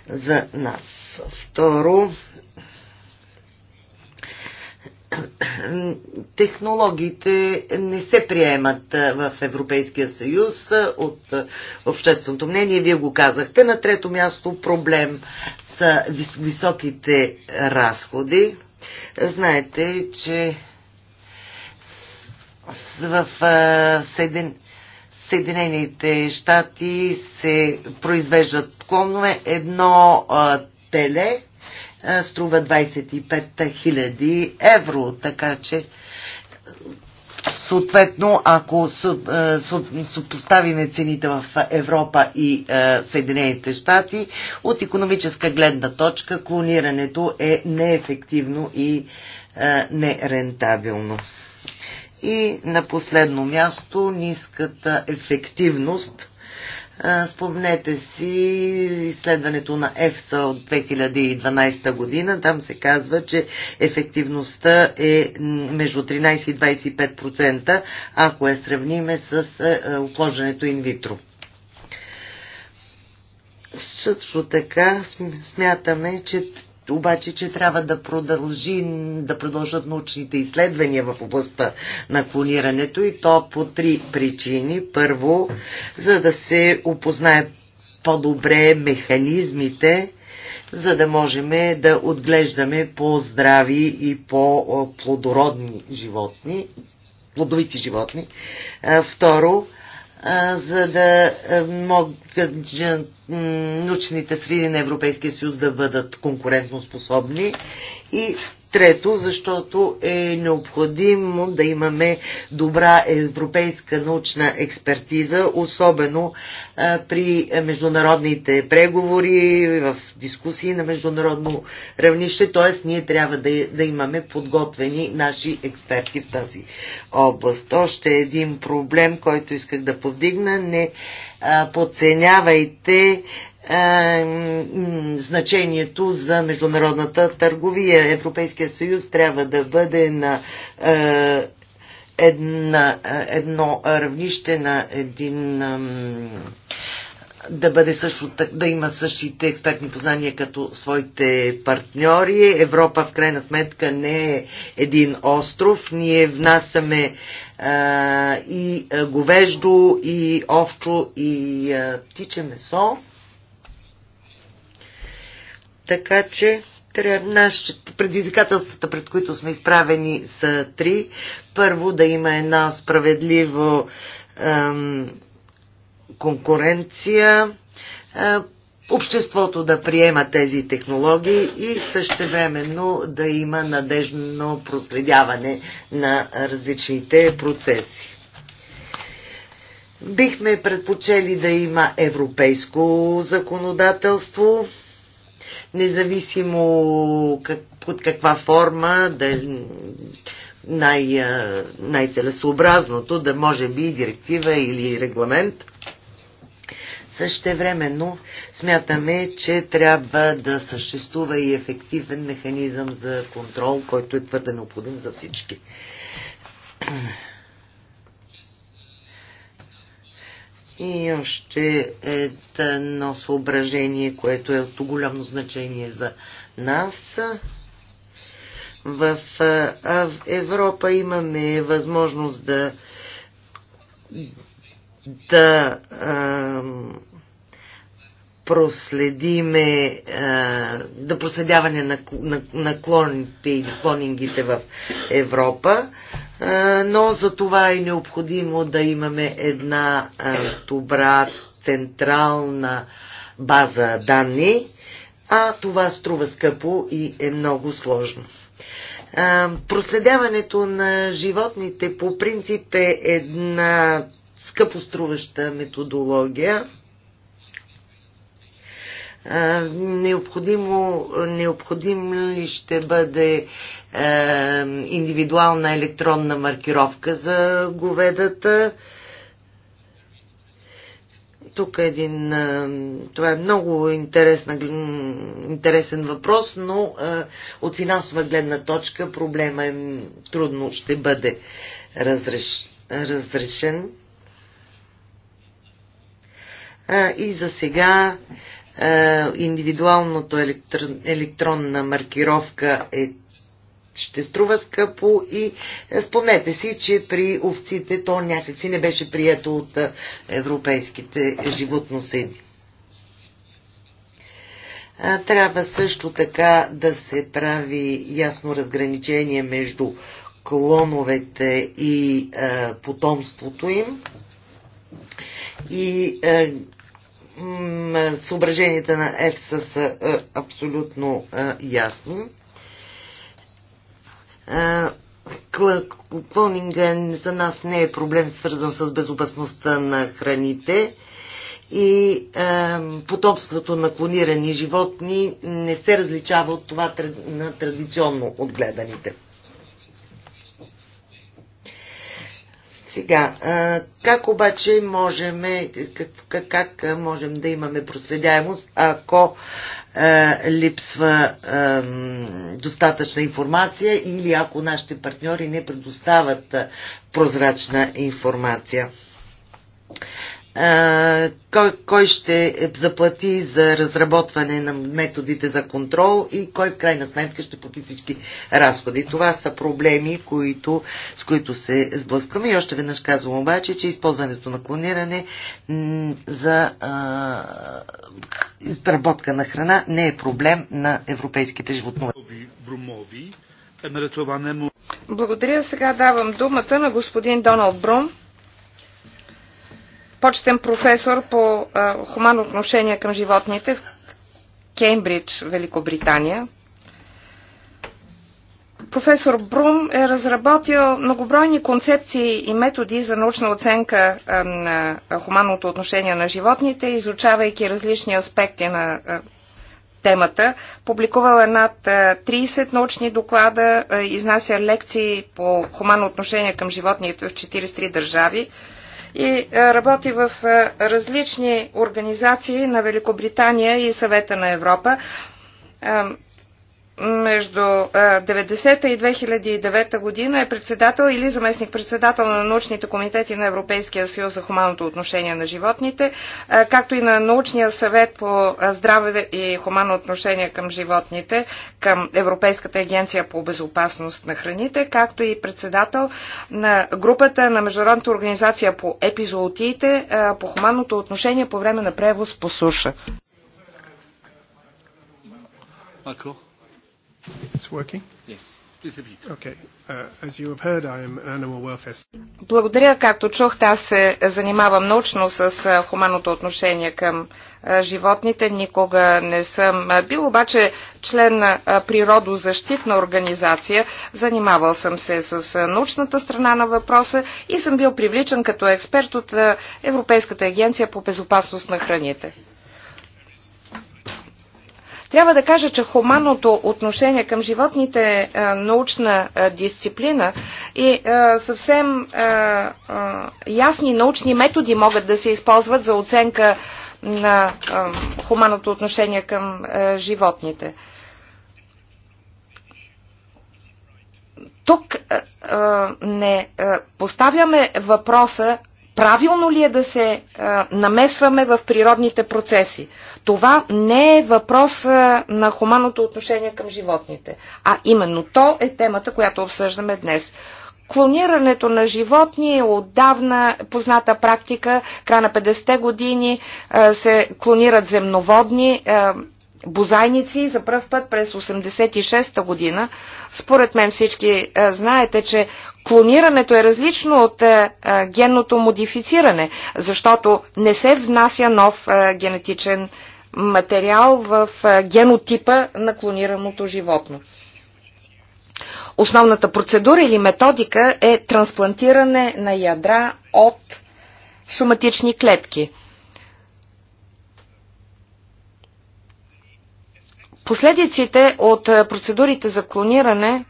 за нас. Второ, технологиите не се приемат в Европейския съюз от общественото мнение. Вие го казахте. На трето място проблем са високите разходи. Знаете, че в Съединените щати се произвеждат клонове. Едно теле струва 25 000 евро, така че Съответно, ако съпоставиме е, цените в Европа и е, Съединените щати, от економическа гледна точка клонирането е неефективно и е, нерентабилно. И на последно място ниската ефективност Спомнете си изследването на ЕФСА от 2012 година. Там се казва, че ефективността е между 13 и 25%, ако е сравниме с опложенето инвитро. Също така смятаме, че обаче, че трябва да, продължи, да продължат научните изследвания в областта на клонирането и то по три причини. Първо, за да се опознае по-добре механизмите, за да можем да отглеждаме по-здрави и по-плодородни животни, плодовити животни. Второ, за да могат научните среди на Европейския съюз да бъдат конкурентно способни. И Трето, защото е необходимо да имаме добра европейска научна експертиза, особено при международните преговори, в дискусии на международно равнище, т.е. ние трябва да, да имаме подготвени наши експерти в тази област. Още един проблем, който исках да повдигна, не подценявайте е, значението за международната търговия. Европейския съюз трябва да бъде на е, една, е, едно равнище на един да бъде също да има същите експертни познания като своите партньори. Европа в крайна сметка не е един остров. Ние внасяме а, и говеждо, и овчо, и а, птиче месо. Така че предизвикателствата, пред които сме изправени, са три. Първо, да има една справедливо ем, конкуренция, е, обществото да приема тези технологии и същевременно да има надежно проследяване на различните процеси. Бихме предпочели да има европейско законодателство, независимо как, под каква форма, да, е най, най-целесообразното, да може би директива или регламент. Същевременно смятаме, че трябва да съществува и ефективен механизъм за контрол, който е твърде необходим за всички. И още едно съображение, което е от голямо значение за нас. В Европа имаме възможност да да проследиме да проследяване на, на, на клоните и клонингите в Европа, но за това е необходимо да имаме една добра централна база данни, а това струва скъпо и е много сложно. Проследяването на животните по принцип е една скъпоструваща методология необходимо, необходим ли ще бъде е, индивидуална електронна маркировка за говедата. Тук е един, това е много интересна, интересен въпрос, но е, от финансова гледна точка проблема е трудно ще бъде разреш, разрешен. Е, и за сега е, индивидуалното електр, електронна маркировка е ще струва скъпо и е, спомнете си, че при овците то някакси не беше прието от е, европейските животноседи. Трябва също така да се прави ясно разграничение между клоновете и потомството им и съображенията на ЕФСА са е, абсолютно е, ясни. Е, Клонинга за нас не е проблем свързан с безопасността на храните и потопството на клонирани животни не се различава от това на традиционно отгледаните. Сега, как обаче можем, как, как можем да имаме проследяемост, ако липсва достатъчна информация или ако нашите партньори не предоставят прозрачна информация? кой, кой ще заплати за разработване на методите за контрол и кой в крайна сметка ще плати всички разходи. Това са проблеми, които, с които се сблъскваме. И още веднъж казвам обаче, че използването на клониране за а, изработка на храна не е проблем на европейските животновъди. Е Благодаря. Сега давам думата на господин Доналд Брум почетен професор по хуманно отношение към животните в Кембридж, Великобритания. Професор Брум е разработил многобройни концепции и методи за научна оценка на хуманното отношение на животните, изучавайки различни аспекти на темата. Публикувал е над 30 научни доклада, изнася лекции по хуманно отношение към животните в 43 държави и е, работи в е, различни организации на Великобритания и Съвета на Европа между 90-та и 2009 година е председател или заместник-председател на научните комитети на Европейския съюз за хуманното отношение на животните, както и на научния съвет по здраве и хуманно отношение към животните към Европейската агенция по безопасност на храните, както и председател на групата на Международната организация по епизоотиите по хуманното отношение по време на превоз по суша. Marco. Uh, Благодаря. Както чух, аз се занимавам научно с хуманното отношение към животните. Никога не съм бил обаче член на природозащитна организация. Занимавал съм се с научната страна на въпроса и съм бил привличан като експерт от Европейската агенция по безопасност на храните. Трябва да кажа, че хуманното отношение към животните е научна дисциплина и съвсем ясни научни методи могат да се използват за оценка на хуманното отношение към животните. Тук не поставяме въпроса правилно ли е да се а, намесваме в природните процеси? Това не е въпрос а, на хуманното отношение към животните, а именно то е темата, която обсъждаме днес. Клонирането на животни е отдавна позната практика. Края на 50-те години а, се клонират земноводни а, бозайници за първ път през 86-та година. Според мен всички а, е, знаете, че клонирането е различно от а, е, е, генното модифициране, защото не се внася нов а, генетичен материал в а, генотипа на клонираното животно. Основната процедура или методика е трансплантиране на ядра от соматични клетки – Последиците от е, процедурите за клониране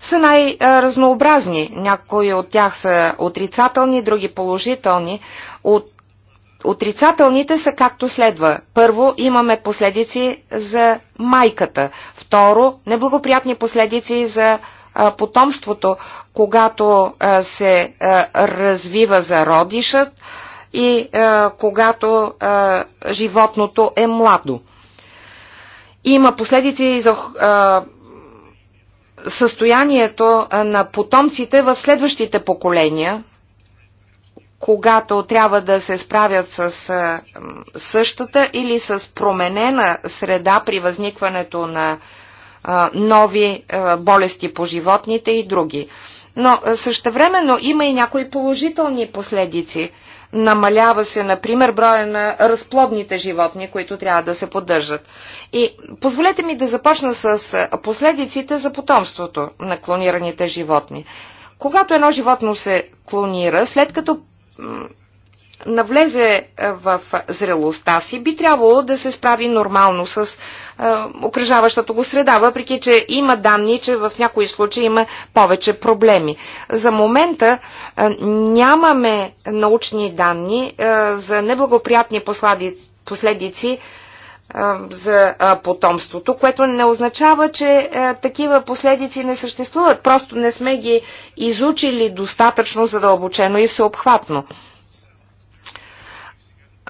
са най-разнообразни. Някои от тях са отрицателни, други положителни. От Отрицателните са както следва. Първо, имаме последици за майката. Второ, неблагоприятни последици за а, е, потомството, когато а, е, се а, развива зародишът и когато животното е младо има последици за а, състоянието на потомците в следващите поколения, когато трябва да се справят с а, същата или с променена среда при възникването на а, нови а, болести по животните и други. Но същевременно има и някои положителни последици – Намалява се, например, броя на разплодните животни, които трябва да се поддържат. И позволете ми да започна с последиците за потомството на клонираните животни. Когато едно животно се клонира, след като навлезе е, в зрелостта си, би трябвало да се справи нормално с е, окружаващата го среда, въпреки че има данни, че в някои случаи има повече проблеми. За момента е, нямаме научни данни за неблагоприятни последици за потомството, което не означава, че такива последици не съществуват. Просто не сме ги изучили достатъчно задълбочено и всеобхватно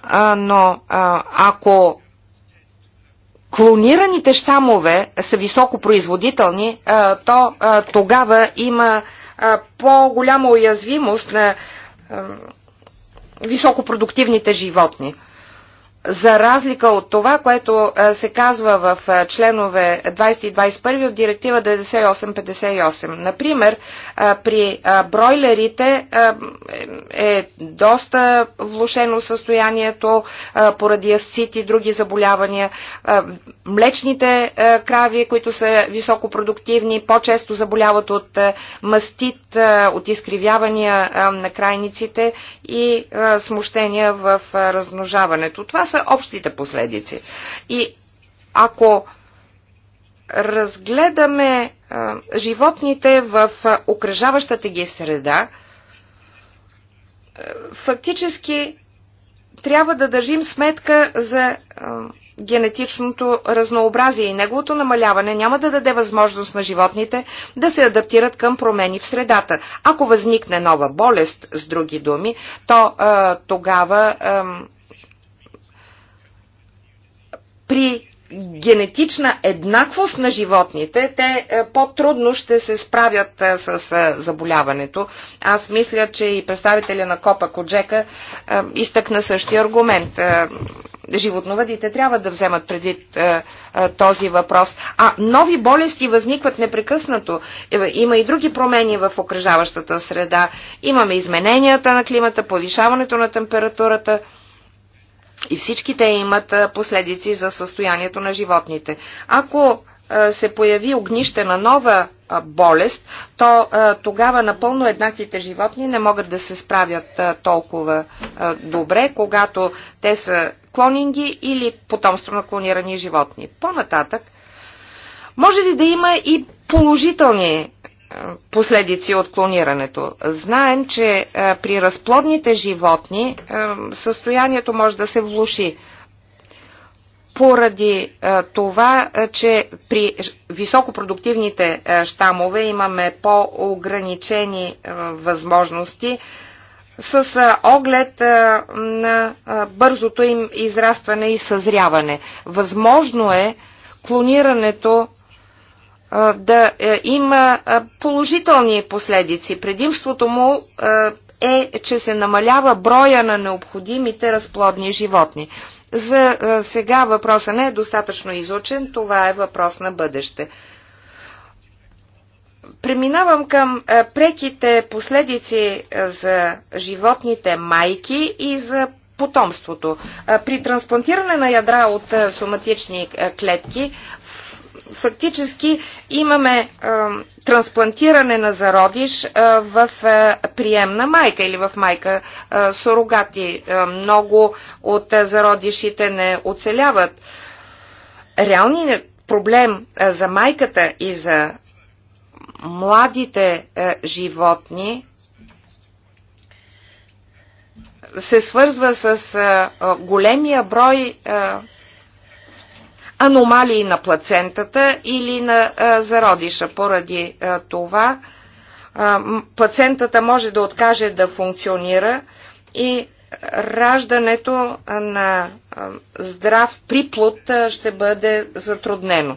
а, но а, ако клонираните щамове са високопроизводителни, а, то а, тогава има по-голяма уязвимост на а, високопродуктивните животни за разлика от това, което е, се казва в е, членове 20 и 21 от директива 9858. Например, е, при бройлерите е доста влушено състоянието поради асцит и други заболявания. Млечните крави, които са високопродуктивни, по-често заболяват от мастит от изкривявания на крайниците и смущения в размножаването. Това са общите последици. И ако разгледаме животните в окръжаващата ги среда, фактически трябва да държим сметка за генетичното разнообразие и неговото намаляване няма да даде възможност на животните да се адаптират към промени в средата. Ако възникне нова болест, с други думи, то а, тогава а, при генетична еднаквост на животните, те е, по-трудно ще се справят е, с е, заболяването. Аз мисля, че и представителя на Копа Коджека изтъкна същия аргумент. Животновъдите трябва да вземат предвид този въпрос. А нови болести възникват непрекъснато. Има и други промени в окръжаващата среда. Имаме измененията на климата, повишаването на температурата – и всички те имат последици за състоянието на животните. Ако се появи огнище на нова болест, то тогава напълно еднаквите животни не могат да се справят толкова добре, когато те са клонинги или потомство на клонирани животни. По-нататък, може ли да има и положителни последици от клонирането. Знаем, че е, при разплодните животни е, състоянието може да се влуши поради е, това, че при високопродуктивните щамове имаме по-ограничени възможности с оглед на бързото им израстване и съзряване. Възможно е клонирането да е, има положителни последици. Предимството му е, че се намалява броя на необходимите разплодни животни. За сега въпросът не е достатъчно изучен, това е въпрос на бъдеще. Преминавам към преките последици за животните майки и за потомството. При трансплантиране на ядра от соматични клетки фактически имаме а, трансплантиране на зародиш а, в а, приемна майка или в майка а, сурогати. А, много от а, зародишите не оцеляват. Реалният проблем а, за майката и за младите а, животни се свързва с а, големия брой а, аномалии на плацентата или на зародиша. Поради това плацентата може да откаже да функционира и раждането на здрав приплод ще бъде затруднено.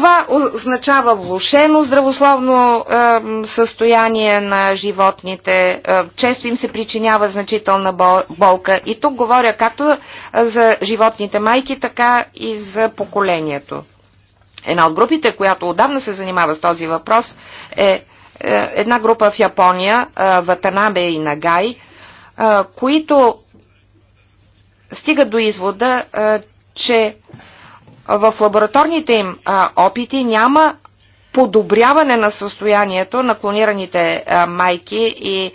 Това означава влушено здравословно е, състояние на животните, е, често им се причинява значителна болка. И тук говоря както за животните майки, така и за поколението. Една от групите, която отдавна се занимава с този въпрос, е, е една група в Япония, е, Ватанабе и Нагай, е, които стигат до извода, е, че в лабораторните им опити няма подобряване на състоянието на клонираните майки и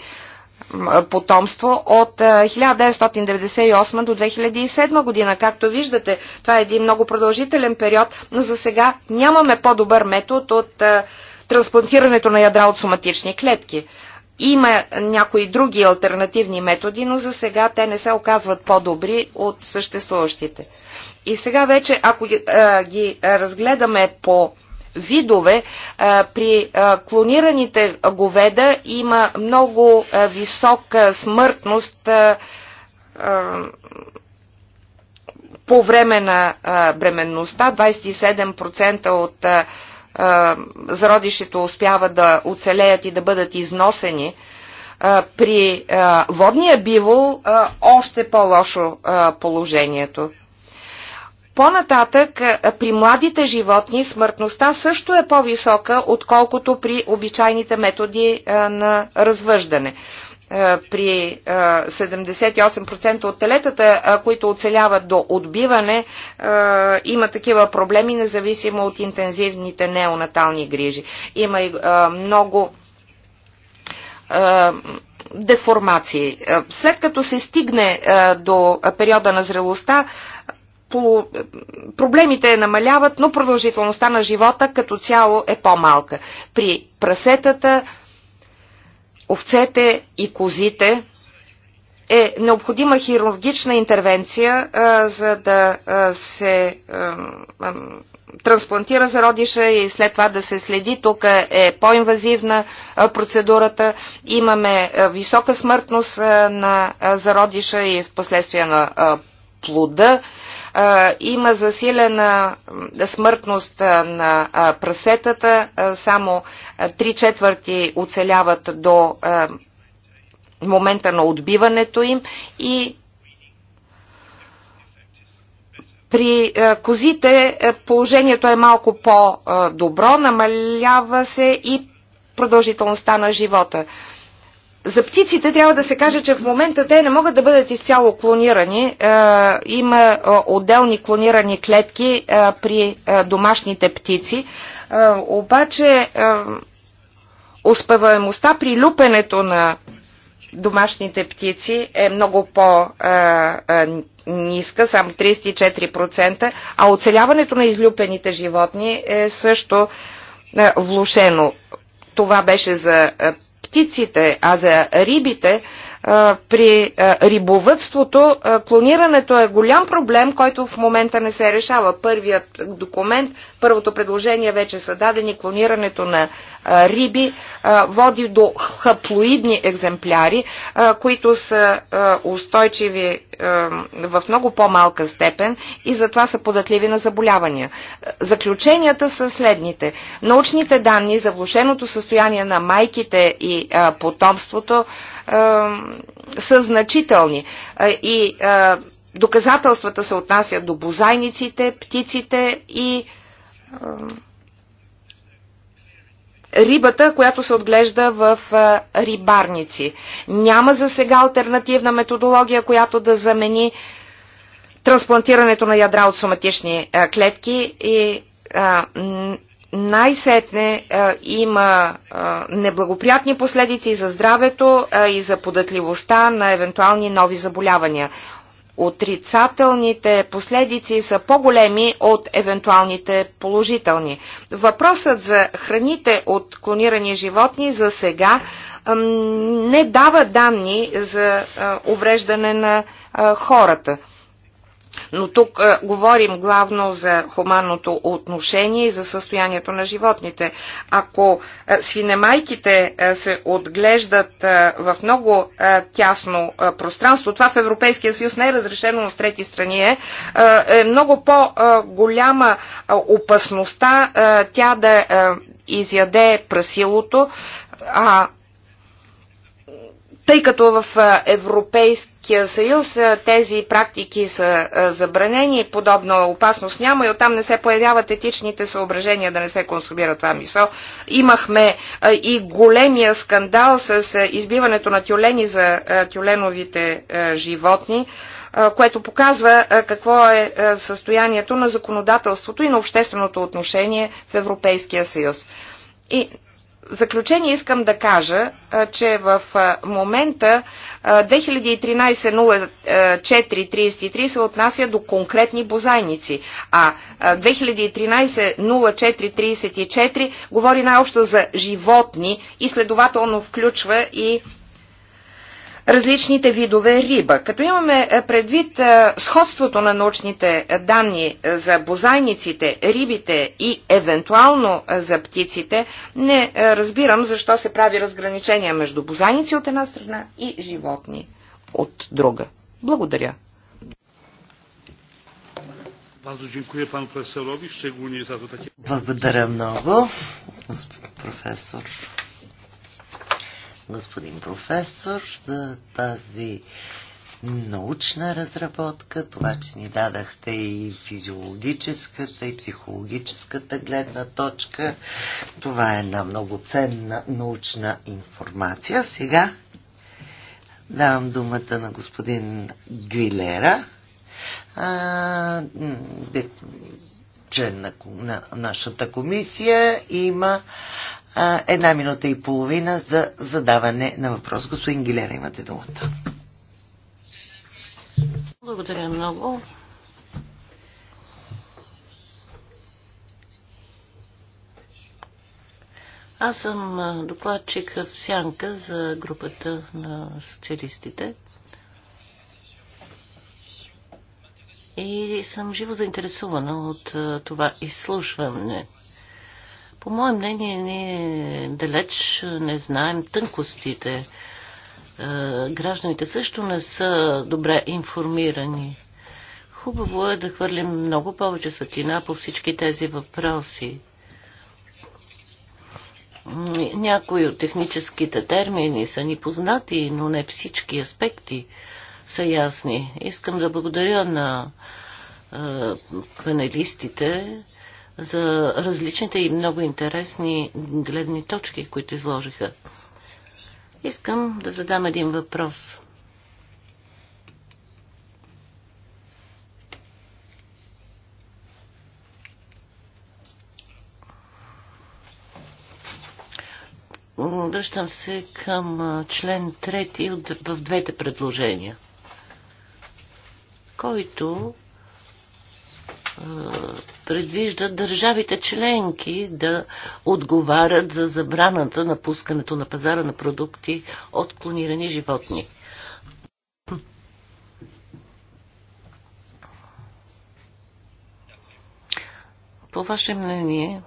потомство от 1998 до 2007 година. Както виждате, това е един много продължителен период, но за сега нямаме по-добър метод от трансплантирането на ядра от соматични клетки. Има някои други альтернативни методи, но за сега те не се оказват по-добри от съществуващите. И сега вече, ако а, ги разгледаме по видове, а, при а, клонираните говеда има много а, висока смъртност а, а, по време на а, бременността. 27% от а, а, зародището успява да оцелеят и да бъдат износени. А, при а, водния бивол а, още по-лошо положението. По-нататък при младите животни смъртността също е по-висока, отколкото при обичайните методи на развъждане. При 78% от телетата, които оцеляват до отбиване, има такива проблеми, независимо от интензивните неонатални грижи. Има и много деформации. След като се стигне до периода на зрелостта, проблемите намаляват, но продължителността на живота като цяло е по-малка. При прасетата, овцете и козите е необходима хирургична интервенция, а, за да а, се а, а, трансплантира зародиша и след това да се следи. Тук е по-инвазивна процедурата. Имаме а, висока смъртност а, на а, зародиша и в последствие на а, плода. А, има засилена смъртност на прасетата, само три четвърти оцеляват до момента на отбиването им и при козите положението е малко по-добро, намалява се и продължителността на живота за птиците трябва да се каже, че в момента те не могат да бъдат изцяло клонирани. Е, има е, отделни клонирани клетки е, при домашните птици. Обаче успеваемостта при люпенето на домашните птици е много по-ниска, само 34%, а оцеляването на излюпените животни е също влушено. Това беше за птиците, а за рибите – при рибовътството клонирането е голям проблем, който в момента не се решава. Първият документ, първото предложение вече са дадени. Клонирането на риби води до хаплоидни екземпляри, които са устойчиви в много по-малка степен и затова са податливи на заболявания. Заключенията са следните. Научните данни за влушеното състояние на майките и потомството са значителни. И доказателствата се отнасят до бозайниците, птиците и рибата, която се отглежда в рибарници. Няма за сега альтернативна методология, която да замени трансплантирането на ядра от соматични клетки и най-сетне е, има а, е, неблагоприятни последици за здравето а, е, и за податливостта на евентуални нови заболявания. Отрицателните последици са по-големи от евентуалните положителни. Въпросът за храните от клонирани животни за сега а, не дава данни за увреждане на хората. Но тук а, е, говорим главно за хуманното отношение и за състоянието на животните. Ако а, е, свинемайките а, е, се отглеждат а, в много а, тясно а, пространство, това в Европейския съюз не е разрешено, но в трети страни е, а, е много по-голяма опасността а, тя да а, изяде прасилото, а тъй като в Европейския съюз тези практики са забранени, подобна опасност няма и оттам не се появяват етичните съображения да не се консумира това мисо. Имахме и големия скандал с избиването на тюлени за тюленовите животни, което показва какво е състоянието на законодателството и на общественото отношение в Европейския съюз. И заключение искам да кажа, че в момента 2013-04-33 се отнася до конкретни бозайници, а 2013-04-34 говори най-общо за животни и следователно включва и различните видове риба. Като имаме е, предвид е, сходството на научните е, данни за бозайниците, рибите и евентуално за птиците, не разбирам защо се прави разграничение между бозайници от една страна и животни от друга. Благодаря. Благодаря много, професор господин професор, за тази научна разработка, това, че ни дадахте и физиологическата, и психологическата гледна точка. Това е една много ценна научна информация. Сега давам думата на господин Гвилера, а, член на, на нашата комисия, има една минута и половина за задаване на въпрос. Господин Гилера, имате думата. Благодаря много. Аз съм докладчик в Сянка за групата на социалистите. И съм живо заинтересувана от това изслушване. По мое мнение, ние далеч не знаем тънкостите. Е, гражданите също не са добре информирани. Хубаво е да хвърлим много повече светлина по всички тези въпроси. Някои от техническите термини са ни познати, но не всички аспекти са ясни. Искам да благодаря на е, панелистите за различните и много интересни гледни точки, които изложиха. Искам да задам един въпрос. Връщам се към член 3 в двете предложения, който предвиждат държавите членки да отговарят за забраната на пускането на пазара на продукти от клонирани животни. По ваше мнение,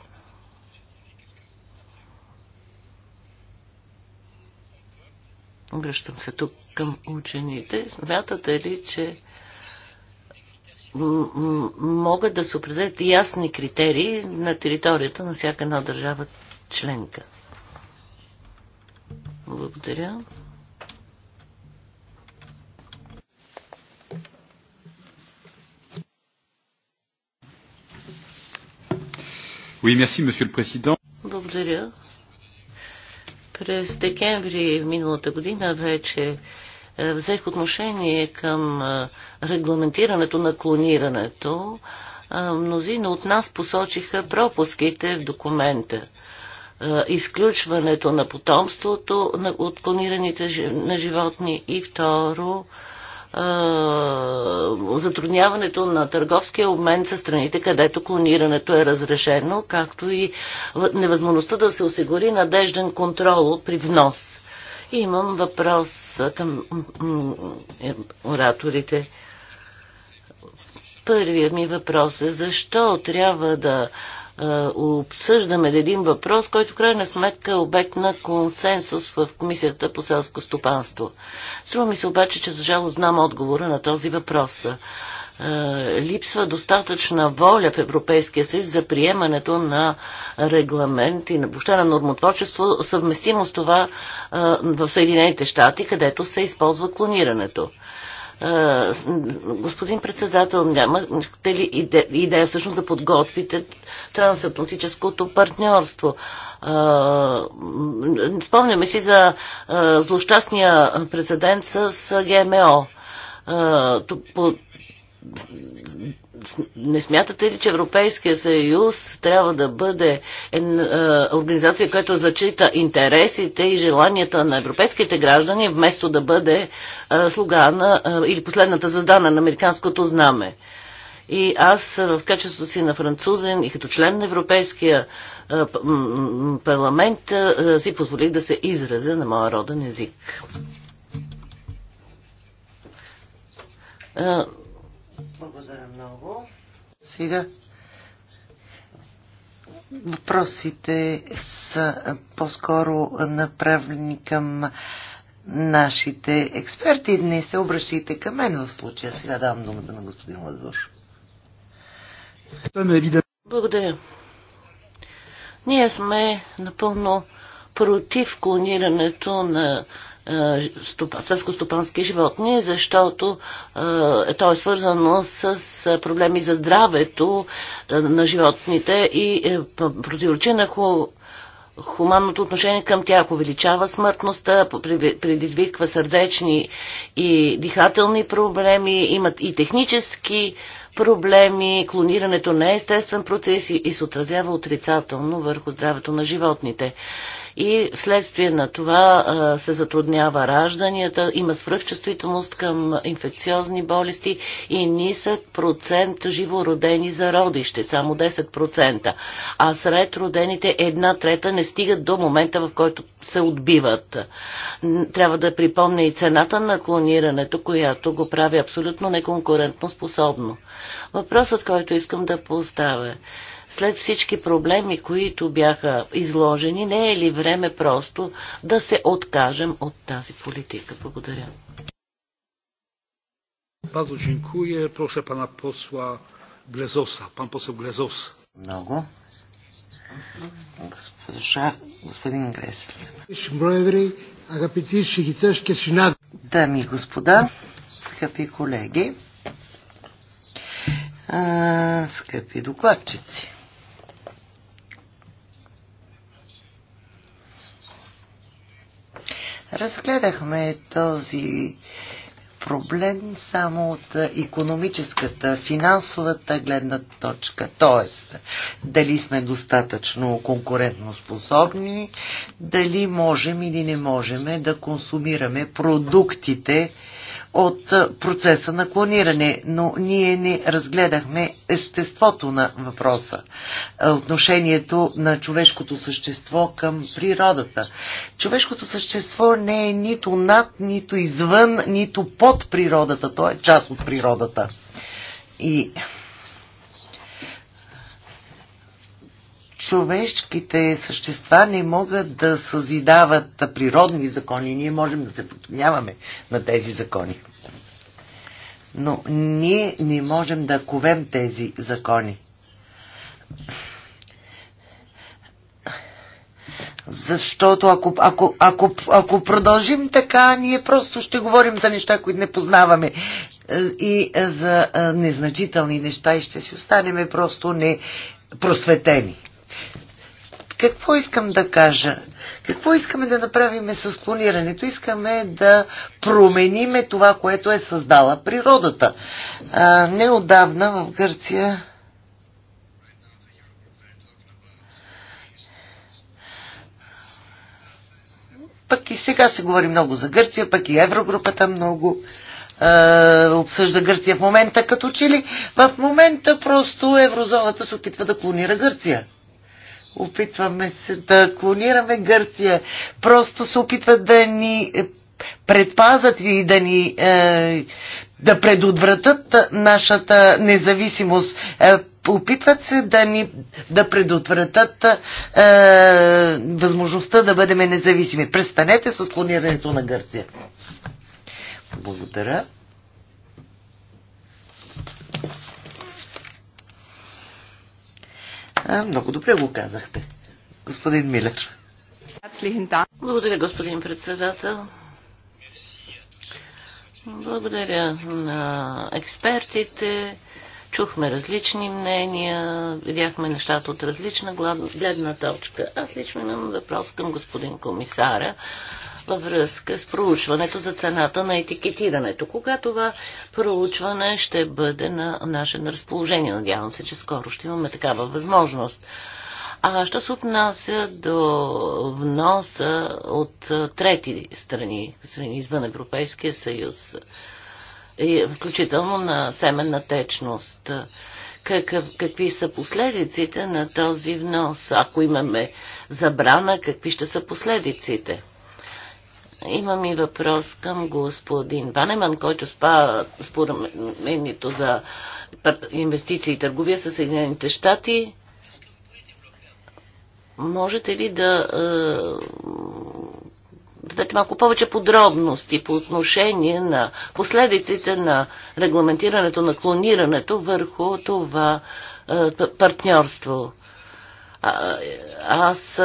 Обръщам се тук към учените. Смятате ли, че могат да се определят ясни критерии на територията на всяка една държава членка. Благодаря. Oui, merci, le Благодаря. През декември миналата година вече е, взех отношение към е, регламентирането на клонирането, мнозина от нас посочиха пропуските в документа. Изключването на потомството от клонираните на животни и второ затрудняването на търговския обмен с страните, където клонирането е разрешено, както и невъзможността да се осигури надежден контрол при внос. И имам въпрос към ораторите. Първият ми въпрос е защо трябва да е, обсъждаме един въпрос, който в крайна сметка е обект на консенсус в Комисията по селско стопанство. Струва ми се обаче, че за жало знам отговора на този въпрос. Е, липсва достатъчна воля в Европейския съюз за приемането на регламент и на въобще на нормотворчество, съвместимо с това е, в Съединените щати, където се използва клонирането господин председател, нямате ли иде, идея всъщност да подготвите трансатлантическото партньорство? Спомняме си за злощастния прецедент с ГМО. По не смятате ли, че Европейския съюз трябва да бъде организация, която зачита интересите и желанията на европейските граждани, вместо да бъде слуга на, или последната звезда на американското знаме? И аз в качеството си на французен и като член на Европейския парламент си позволих да се изразя на моя роден език благодаря много. Сега въпросите са по-скоро направлени към нашите експерти. Не се обръщайте към мен в случая. Сега давам думата на господин Лазур. Благодаря. Ние сме напълно против клонирането на е, селско-стопански животни, защото е, то е свързано с е, проблеми за здравето е, на животните и противоречи на хуманното отношение към тях увеличава смъртността, предизвиква сърдечни и дихателни проблеми, имат и технически проблеми, клонирането не е естествен процес и се отразява отрицателно върху здравето на животните и вследствие на това се затруднява ражданията, има свръхчувствителност към инфекциозни болести и нисък процент живородени за родище, само 10%. А сред родените една трета не стигат до момента, в който се отбиват. Трябва да припомня и цената на клонирането, която го прави абсолютно неконкурентно способно. Въпросът, който искам да поставя след всички проблеми, които бяха изложени, не е ли време просто да се откажем от тази политика? Благодаря. Bardzo dziękuję. Proszę pana posła Glezosa. Pan poseł Glezos. Много. господин Гресес. Дами и господа, скъпи колеги, а, скъпи докладчици. Разгледахме този проблем само от економическата, финансовата гледна точка. Тоест, дали сме достатъчно конкурентноспособни, дали можем или не можем да консумираме продуктите, от процеса на клониране, но ние не разгледахме естеството на въпроса, отношението на човешкото същество към природата. Човешкото същество не е нито над, нито извън, нито под природата, то е част от природата. И човешките същества не могат да съзидават природни закони. Ние можем да се подняваме на тези закони. Но ние не можем да ковем тези закони. Защото ако, ако, ако, ако продължим така, ние просто ще говорим за неща, които не познаваме и за незначителни неща и ще си останеме просто непросветени. Какво искам да кажа? Какво искаме да направим с клонирането? Искаме да промениме това, което е създала природата. А, неодавна в Гърция Пък и сега се говори много за Гърция, пък и Еврогрупата много е, обсъжда Гърция в момента, като че ли в момента просто еврозоната се опитва да клонира Гърция. Опитваме се да клонираме Гърция. Просто се опитват да ни е, предпазат и да ни е, да предотвратат нашата независимост. Е, опитват се да ни да предотвратат е, възможността да бъдем независими. Престанете с клонирането на Гърция. Благодаря. А, много добре го казахте, господин Милер. Благодаря, господин председател. Благодаря на експертите. Чухме различни мнения, видяхме нещата от различна гледна точка. Аз лично имам въпрос към господин комисара във връзка с проучването за цената на етикетирането. Кога това проучване ще бъде на наше разположение? Надявам се, че скоро ще имаме такава възможност. А що се отнася до вноса от трети страни, страни извън Европейския съюз, включително на семенна течност, какъв, какви са последиците на този внос? Ако имаме забрана, какви ще са последиците? Имам и въпрос към господин Банеман, който спа споразумението за инвестиции и търговия със Съединените щати. Можете ли е, да дадете малко повече подробности по отношение на последиците на регламентирането на клонирането върху това е, партньорство? А, е, аз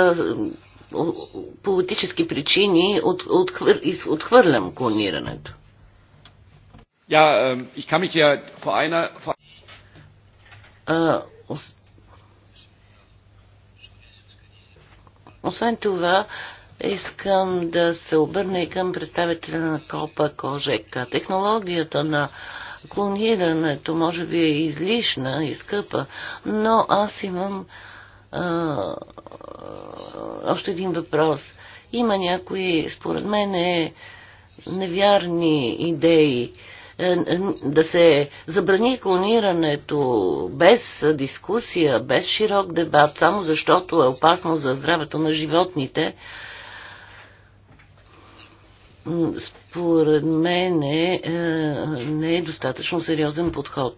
политически причини от, отхвър, отхвърлям клонирането. Ja, ähm, ich kann mich ja vor einer... Vor... А, Освен това, искам да се обърна и към представителя на Копа Кожека. Технологията на клонирането може би е излишна и скъпа, но аз имам още един въпрос. Има някои, според мен, е невярни идеи. Е, е, да се забрани клонирането без дискусия, без широк дебат, само защото е опасно за здравето на животните, според мен е, не е достатъчно сериозен подход.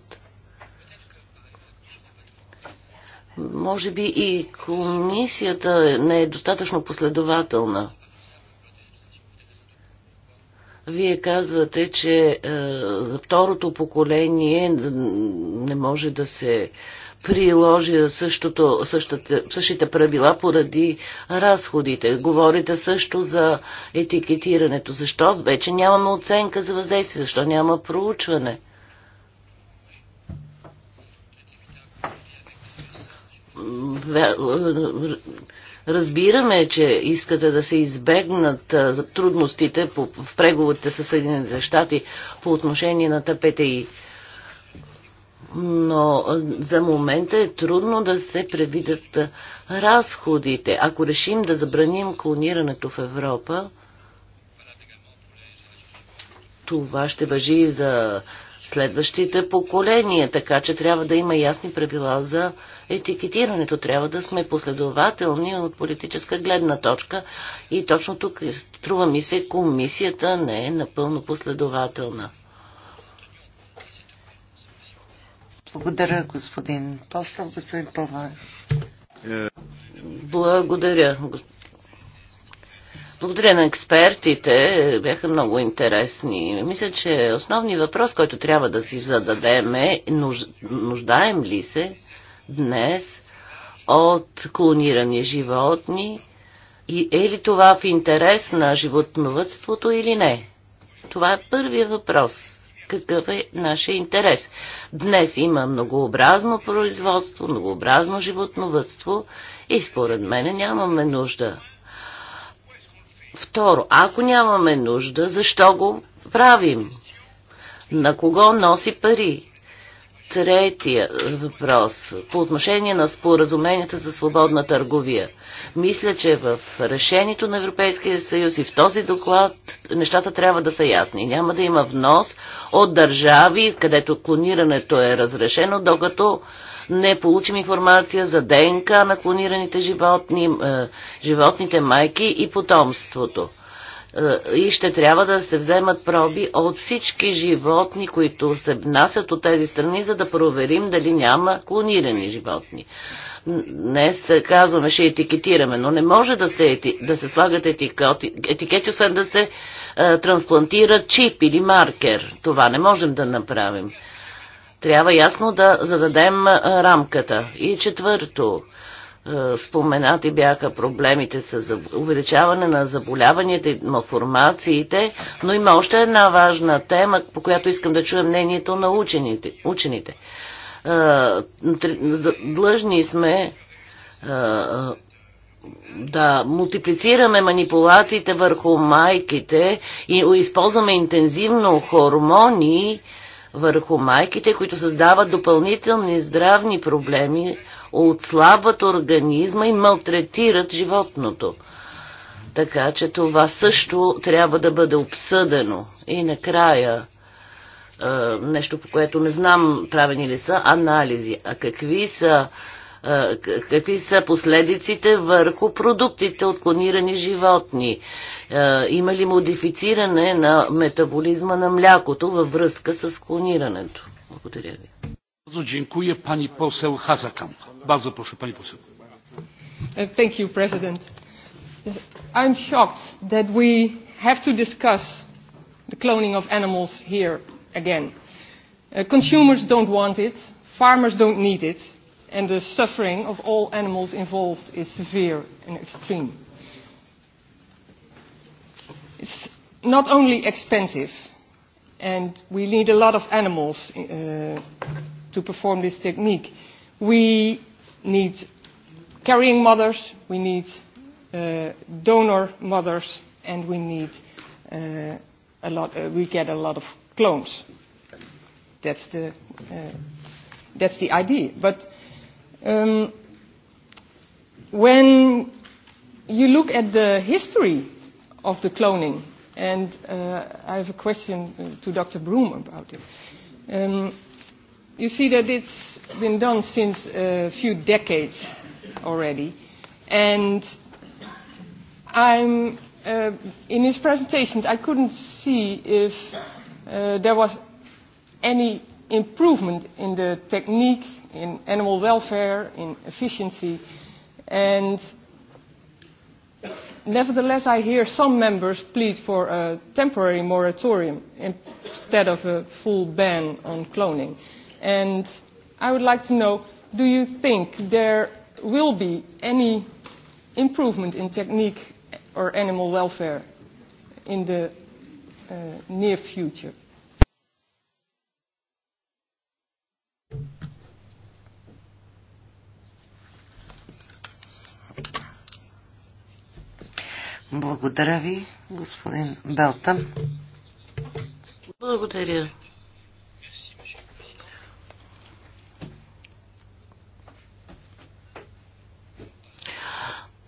Може би и комисията не е достатъчно последователна. Вие казвате, че е, за второто поколение не може да се приложи същото, същата, същите правила поради разходите. Говорите също за етикетирането. Защо вече нямаме оценка за въздействие? Защо няма проучване? Разбираме, че искате да се избегнат трудностите в преговорите с Съединените щати по отношение на ТПТИ. Но за момента е трудно да се предвидят разходите. Ако решим да забраним клонирането в Европа, това ще въжи и за следващите поколения, така че трябва да има ясни правила за етикетирането. Трябва да сме последователни от политическа гледна точка и точно тук, струва ми се, комисията не е напълно последователна. Благодаря, господин Повсъл, господин Паван. Е. Благодаря, господин благодаря на експертите, бяха много интересни. Мисля, че основният въпрос, който трябва да си зададем е нуждаем ли се днес от клонирани животни и е ли това в интерес на животновътството или не? Това е първият въпрос. Какъв е нашия интерес? Днес има многообразно производство, многообразно животновътство и според мен нямаме нужда Второ, ако нямаме нужда, защо го правим? На кого носи пари? Третия въпрос по отношение на споразуменията за свободна търговия. Мисля, че в решението на Европейския съюз и в този доклад нещата трябва да са ясни. Няма да има внос от държави, където клонирането е разрешено, докато не получим информация за ДНК на клонираните животни, е, животните майки и потомството. Е, и ще трябва да се вземат проби от всички животни, които се внасят от тези страни, за да проверим дали няма клонирани животни. Днес казваме, ще етикетираме, но не може да се, ети, да се слагат етикети, етикети, освен да се е, трансплантира чип или маркер. Това не можем да направим. Трябва ясно да зададем рамката. И четвърто, споменати бяха проблемите с увеличаване на заболяванията и малформациите, но има още една важна тема, по която искам да чуя мнението на учените. учените. Длъжни сме да мултиплицираме манипулациите върху майките и използваме интензивно хормони, върху майките, които създават допълнителни здравни проблеми, отслабват организма и малтретират животното. Така че това също трябва да бъде обсъдено. И накрая, е, нещо по което не знам правени ли са анализи, а какви са, е, какви са последиците върху продуктите от клонирани животни. Има ли модифициране на метаболизма на млякото във връзка с клонирането? Благодаря ви. Bardzo dziękuję pani poseł Hazakamp. Bardzo proszę pani poseł. Thank you, President. I'm shocked that we have to discuss the cloning of animals here again. consumers don't want it, farmers don't need it, and the suffering of all animals involved is severe and extreme. It's not only expensive, and we need a lot of animals uh, to perform this technique. We need carrying mothers, we need uh, donor mothers, and we need uh, a lot. Uh, we get a lot of clones. That's the uh, that's the idea. But um, when you look at the history of the cloning. And uh, I have a question to Dr. Broom about it. Um, you see that it's been done since a few decades already. And I'm, uh, in his presentation, I couldn't see if uh, there was any improvement in the technique, in animal welfare, in efficiency. And Nevertheless, I hear some members plead for a temporary moratorium instead of a full ban on cloning. And I would like to know, do you think there will be any improvement in technique or animal welfare in the uh, near future? Благодаря ви, господин Белтън. Благодаря.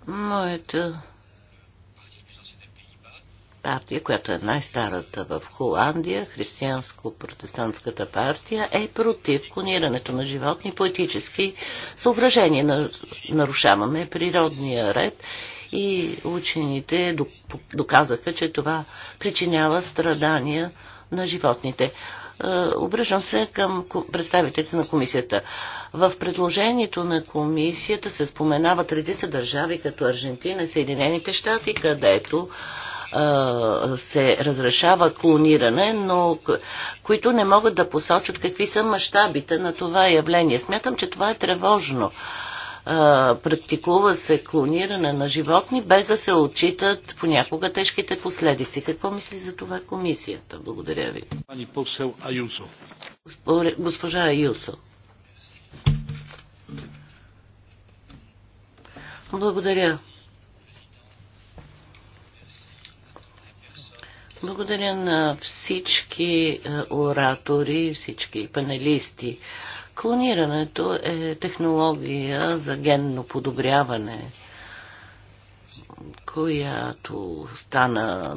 Моята партия, която е най-старата в Холандия, християнско-протестантската партия, е против клонирането на животни по етически съображения. Нарушаваме природния ред и учените доказаха, че това причинява страдания на животните. Е, обръщам се към представителите на комисията. В предложението на комисията се споменават редица държави, като Аржентина и Съединените щати, където е, се разрешава клониране, но които не могат да посочат какви са мащабите на това явление. Смятам, че това е тревожно практикува се клониране на животни, без да се отчитат понякога тежките последици. Какво мисли за това комисията? Благодаря ви. Госпожа Аюсо. Благодаря. Благодаря на всички оратори, всички панелисти. Клонирането е технология за генно подобряване, която стана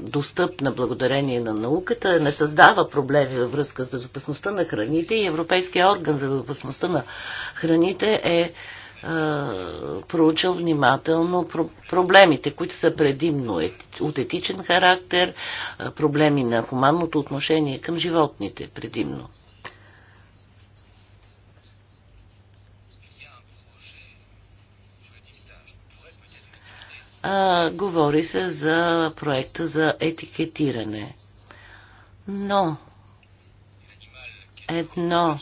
достъпна благодарение на науката, не създава проблеми във връзка с безопасността на храните и Европейския орган за безопасността на храните е, е проучил внимателно проблемите, които са предимно е, от етичен характер, е, проблеми на хуманното отношение към животните предимно. а, говори се за проекта за етикетиране. Но едно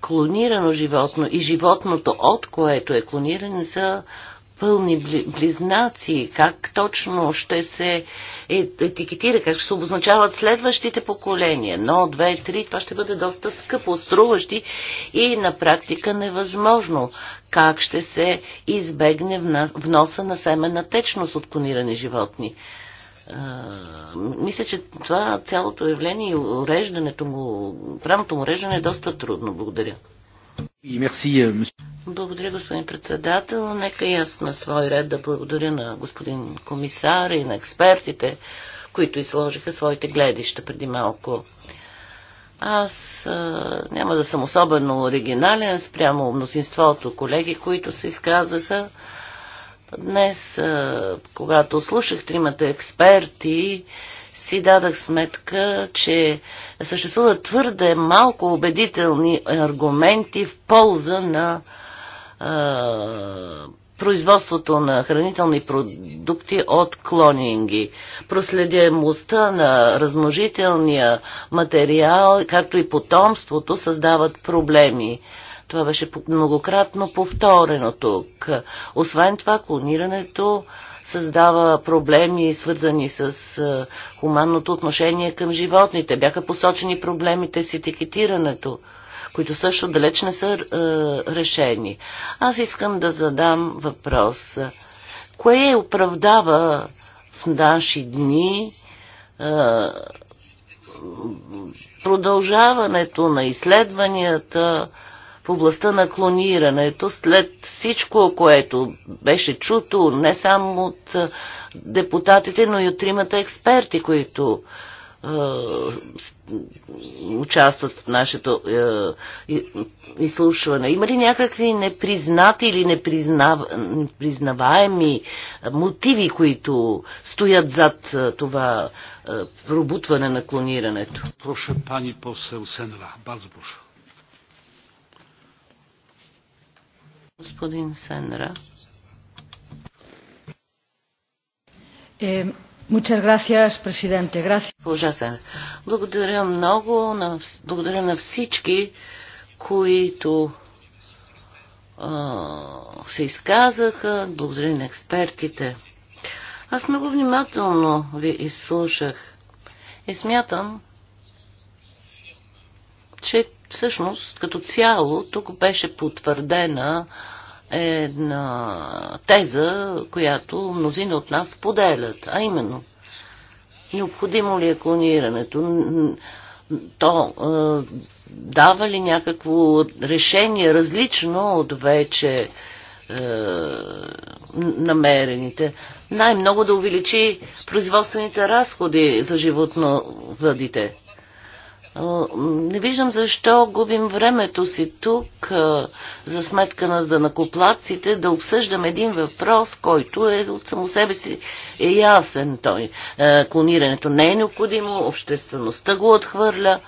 клонирано животно и животното, от което е клониране, са пълни близнаци, как точно ще се е, етикетира, как ще се обозначават следващите поколения. Но, две, три, това ще бъде доста скъпо, струващи и на практика невъзможно. Как ще се избегне вноса на семена течност от клонирани животни? мисля, че това цялото явление и уреждането му, правното му уреждане е доста трудно. Благодаря. И е, мерси, благодаря, господин председател. Нека и аз на свой ред да благодаря на господин комисар и на експертите, които изложиха своите гледища преди малко. Аз а, няма да съм особено оригинален спрямо мнозинството колеги, които се изказаха. Днес, а, когато слушах тримата експерти, си дадах сметка, че съществуват твърде малко убедителни аргументи в полза на производството на хранителни продукти от клонинги, проследяемостта на размножителния материал, както и потомството създават проблеми. Това беше многократно повторено тук. Освен това, клонирането създава проблеми, свързани с хуманното отношение към животните. Бяха посочени проблемите с етикетирането които също далеч не са е, решени. Аз искам да задам въпрос. Кое е оправдава в наши дни е, продължаването на изследванията в областта на клонирането, след всичко, което беше чуто не само от е, депутатите, но и от тримата експерти, които участват в нашето изслушване. Има ли някакви непризнати или непризнаваеми мотиви, които стоят зад това пробутване на клонирането? Проше пани посел Сенра. Бързо прошу. Господин Сенра. Е, Gracias, Ужасен. Благодаря много. На, благодаря на всички, които а, се изказаха. Благодаря на експертите. Аз много внимателно ви изслушах и смятам, че всъщност като цяло тук беше потвърдена а, е една теза, която мнозина от нас поделят, а именно необходимо ли е клонирането, то е, дава ли някакво решение различно от вече е, намерените. Най-много да увеличи производствените разходи за животновъдите. Не виждам защо губим времето си тук за сметка на дънакоплаците да обсъждам един въпрос, който е от само себе си е ясен той. Клонирането не е необходимо, обществеността го отхвърля.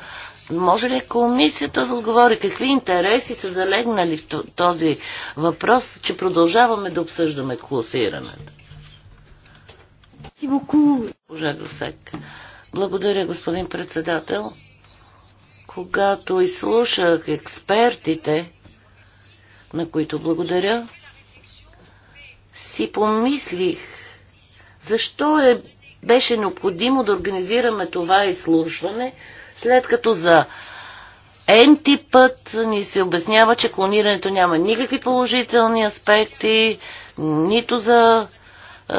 Може ли комисията да отговори какви интереси са залегнали в този въпрос, че продължаваме да обсъждаме клонирането? Благодаря, господин председател. Когато изслушах експертите, на които благодаря, си помислих защо е, беше необходимо да организираме това изслушване, след като за енти път ни се обяснява, че клонирането няма никакви положителни аспекти, нито за е,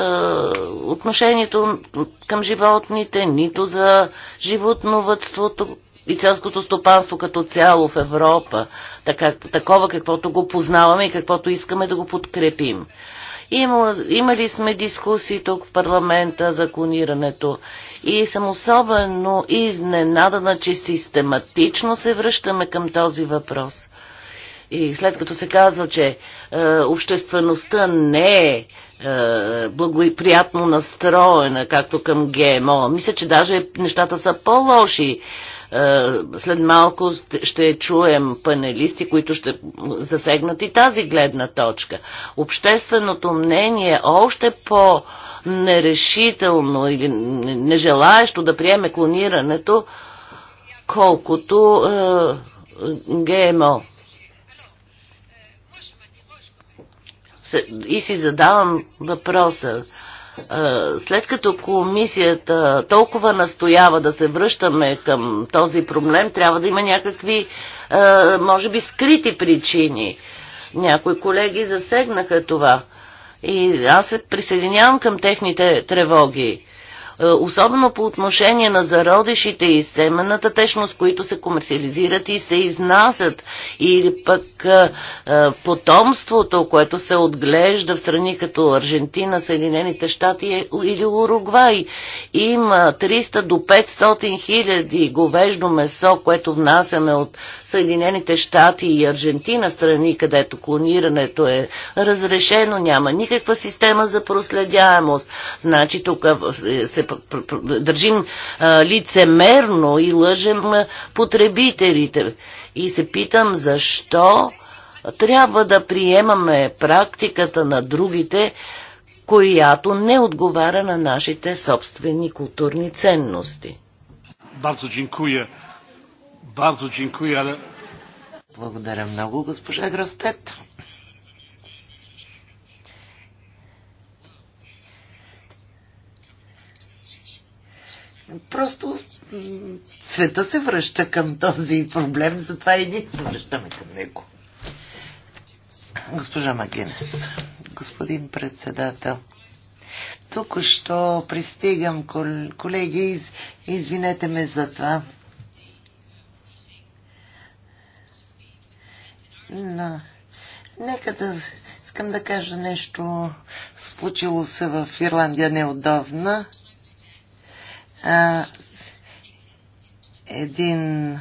отношението към животните, нито за животновътството и селското стопанство като цяло в Европа, така, такова каквото го познаваме и каквото искаме да го подкрепим. Има, имали сме дискусии тук в парламента за клонирането и съм особено изненадана, че систематично се връщаме към този въпрос. И след като се казва, че е, обществеността не е, е благоприятно настроена, както към ГМО, мисля, че даже нещата са по-лоши. Е, след малко ще чуем панелисти, които ще засегнат и тази гледна точка. Общественото мнение е още по-нерешително или нежелаещо да приеме клонирането, колкото е, ГМО. И си задавам въпроса е, след като комисията толкова настоява да се връщаме към този проблем, трябва да има някакви, е, може би, скрити причини. Някои колеги засегнаха това. И аз се присъединявам към техните тревоги. Е, особено по отношение на зародишите и семената течност, които се комерциализират и се изнасят, или пък е, е, потомството, което се отглежда в страни като Аржентина, Съединените щати или Уругвай. Има 300 до 500 хиляди говеждо месо, което внасяме от Съединените щати и Аржентина, страни, където клонирането е разрешено, няма никаква система за проследяемост. Значи тук се се държим лицемерно и лъжем потребителите. И се питам защо трябва да приемаме практиката на другите, която не отговаря на нашите собствени културни ценности. Бързо dziękuję. Бързо dziękuję, Благодаря много, госпожа Гростет. просто света се връща към този проблем, затова и ние се връщаме към него. Госпожа Магинес, господин председател, току-що пристигам, колеги, из, извинете ме за това. Но, нека да искам да кажа нещо случило се в Ирландия неодавна един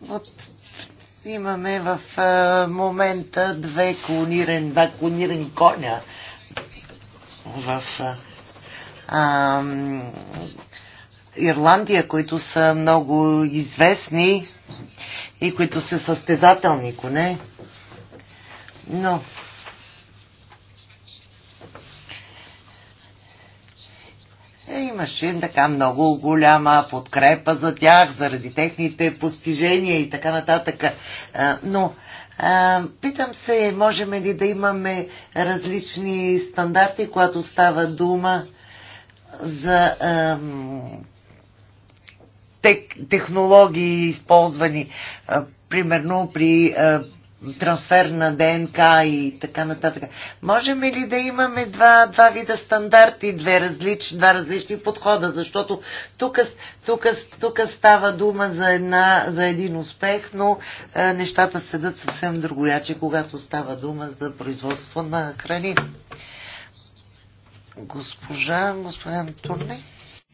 Вот имаме в а, момента две клонирани, два клонирани коня в а, а, Ирландия, които са много известни и които са състезателни коне. Но Е, имаше така много голяма подкрепа за тях, заради техните постижения и така нататък. Но а, питам се, можем ли да имаме различни стандарти, когато става дума за а, тек, технологии, използвани а, примерно при а, трансфер на ДНК и така нататък. Можем ли да имаме два, два вида стандарти, две различни, два различни подхода, защото тук, тук, тук става дума за, една, за един успех, но е, нещата седат съвсем другояче, когато става дума за производство на храни. Госпожа, господин Турни.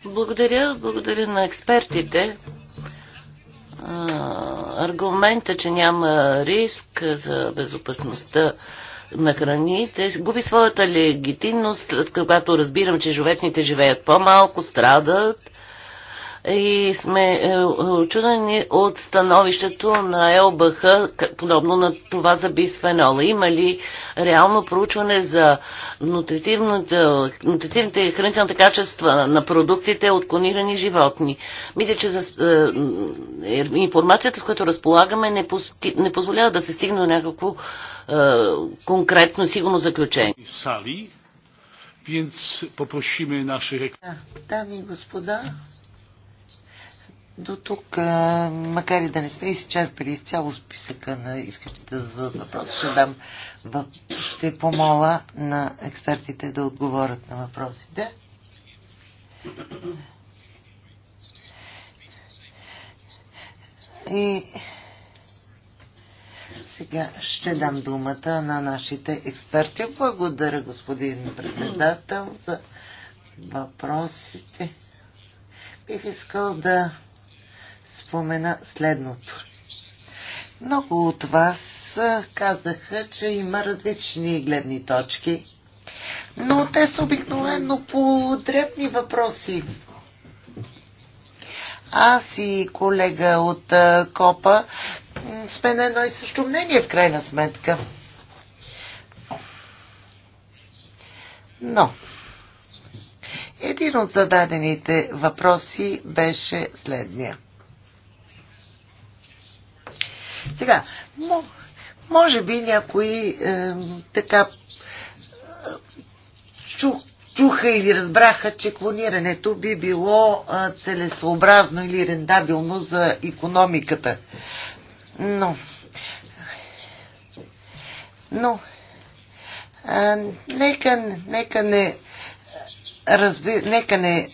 Благодаря, благодаря на експертите. Аргумента, че няма риск за безопасността на храните, губи своята легитимност, когато разбирам, че животните живеят по-малко, страдат и сме е, очудени от становището на ЕОБХ, подобно на това за бисфенола. Има ли реално проучване за е, нутритивните и хранителните качества на продуктите от клонирани животни? Мисля, че за, е, информацията, с която разполагаме, не, пости, не позволява да се стигне до някакво е, конкретно, сигурно заключение. Сали, więc poprosimy naszych... Дами и господа, до тук, макар и да не сме изчерпили изцяло списъка на искащите да зададат въпрос, ще дам, ще помола на експертите да отговорят на въпросите. И сега ще дам думата на нашите експерти. Благодаря, господин председател, за въпросите. Бих искал да спомена следното. Много от вас казаха, че има различни гледни точки, но те са обикновено по дребни въпроси. Аз и колега от КОПА сме на едно и също мнение в крайна сметка. Но, един от зададените въпроси беше следния – сега, може би някои е, така е, чу, чуха или разбраха, че клонирането би било е, целесообразно или рентабилно за економиката. Но. Но. Е, нека, нека не. Разби, нека не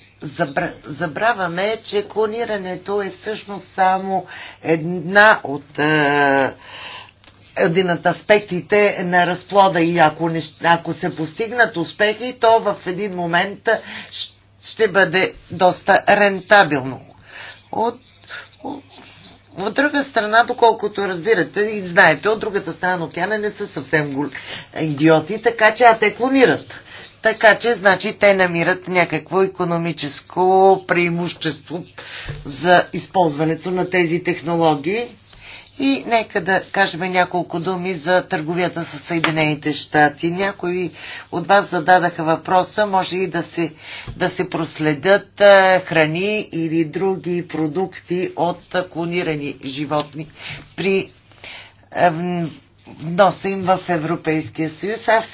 забравяме, че клонирането е всъщност само една от е, един от аспектите на разплода и ако, не, ако се постигнат успехи, то в един момент ще бъде доста рентабилно. От, от, от друга страна, доколкото разбирате и знаете, от другата страна на океана не са съвсем идиоти, така че а те клонират. Така че, значи, те намират някакво економическо преимущество за използването на тези технологии. И нека да кажем няколко думи за търговията с Съединените щати. Някои от вас зададаха въпроса, може и да се, да се проследят храни или други продукти от клонирани животни при носа им в Европейския съюз. Аз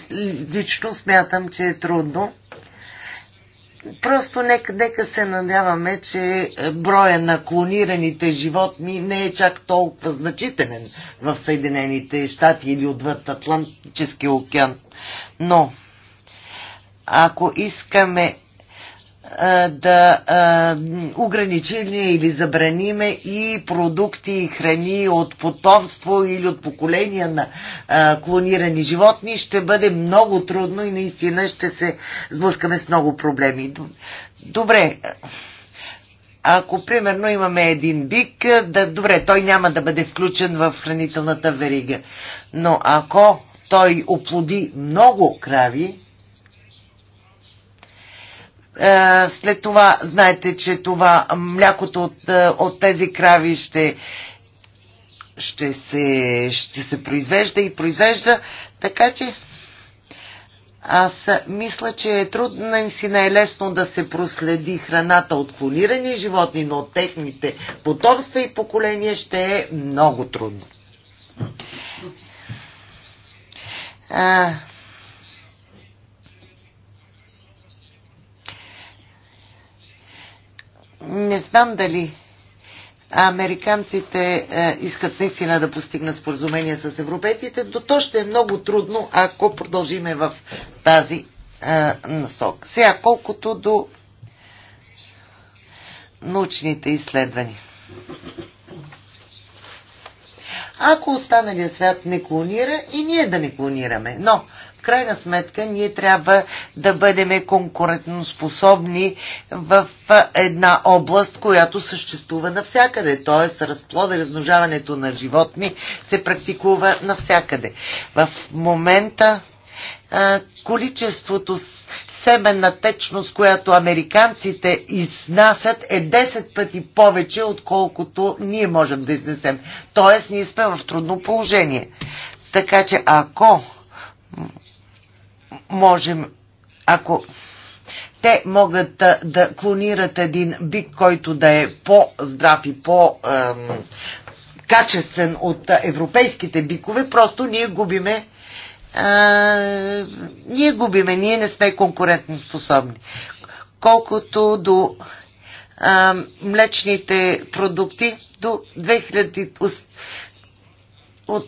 лично смятам, че е трудно. Просто нека, нека се надяваме, че броя на клонираните животни не е чак толкова значителен в Съединените щати или отвъд Атлантическия океан. Но ако искаме да ограничим или забраниме и продукти и храни от потомство или от поколения на клонирани животни, ще бъде много трудно и наистина ще се сблъскаме с много проблеми. Добре, ако примерно имаме един бик, да, добре, той няма да бъде включен в хранителната верига. Но ако той оплоди много крави, е, след това знаете, че това млякото от, е, от тези крави ще, ще, се, ще се произвежда и произвежда. Така че аз мисля, че е трудно и си най е лесно да се проследи храната от клонирани животни, но от техните потомства и поколения ще е много трудно. А, Не знам дали американците е, искат наистина да постигнат споразумение с европейците, до то ще е много трудно, ако продължиме в тази е, насок. Сега, колкото до научните изследвания. Ако останалия свят не клонира и ние да не клонираме, но крайна сметка ние трябва да бъдем конкурентоспособни в една област, която съществува навсякъде. Т.е. разплода и размножаването на животни се практикува навсякъде. В момента количеството семенна течност, която американците изнасят, е 10 пъти повече, отколкото ние можем да изнесем. Тоест, ние сме в трудно положение. Така че, ако можем, ако те могат да, да клонират един бик, който да е по-здрав и по-качествен от европейските бикове, просто ние губиме а, ние губиме, ние не сме конкурентно способни. Колкото до а, млечните продукти, до 2000, от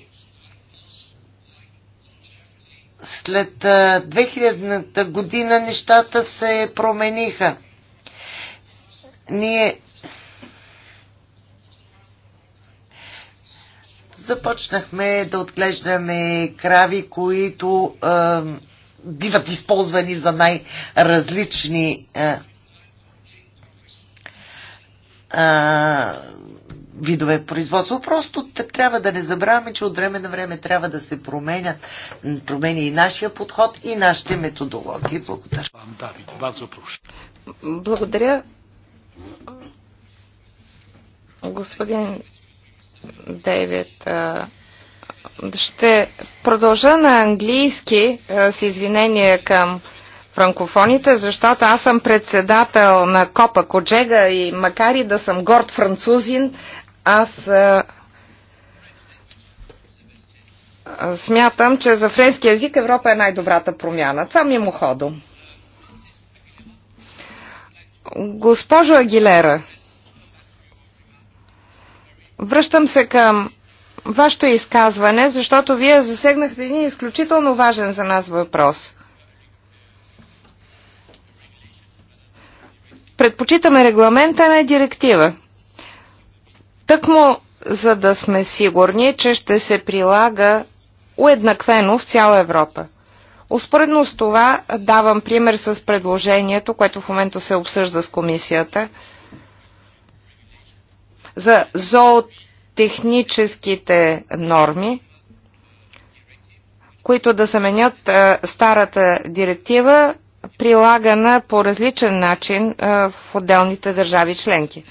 След 2000-та година нещата се промениха. Ние започнахме да отглеждаме крави, които е, биват използвани за най-различни е, е, видове производство. Просто трябва да не забравяме, че от време на време трябва да се променят, промени и нашия подход, и нашите методологии. Благодаря. Благодаря. Господин Дейвид, ще продължа на английски с извинение към франкофоните, защото аз съм председател на Копа Коджега и макар и да съм горд французин, аз смятам, че за френски язик Европа е най-добрата промяна. Това е ходо. Госпожо Агилера, връщам се към вашето изказване, защото вие засегнахте един изключително важен за нас въпрос. Предпочитаме регламента на директива. Тъкмо, за да сме сигурни, че ще се прилага уеднаквено в цяла Европа. Успоредно с това давам пример с предложението, което в момента се обсъжда с комисията за зоотехническите норми, които да заменят старата директива, прилагана по различен начин в отделните държави членки.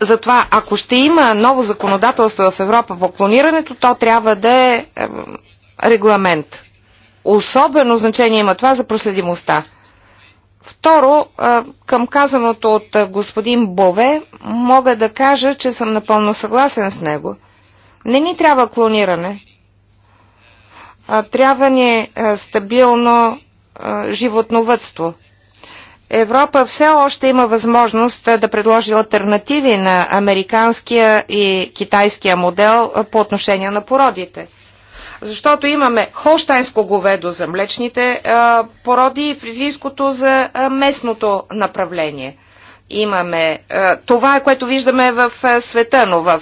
Затова, ако ще има ново законодателство в Европа по клонирането, то трябва да е регламент. Особено значение има това за проследимостта. Второ, е, към казаното от е, господин Бове, мога да кажа, че съм напълно съгласен с него. Не ни трябва клониране. Трябва ни е, стабилно животновътство. Европа все още има възможност да предложи альтернативи на американския и китайския модел по отношение на породите. Защото имаме холштайнско говедо за млечните породи и фризийското за местното направление. Имаме това, е което виждаме в света, но в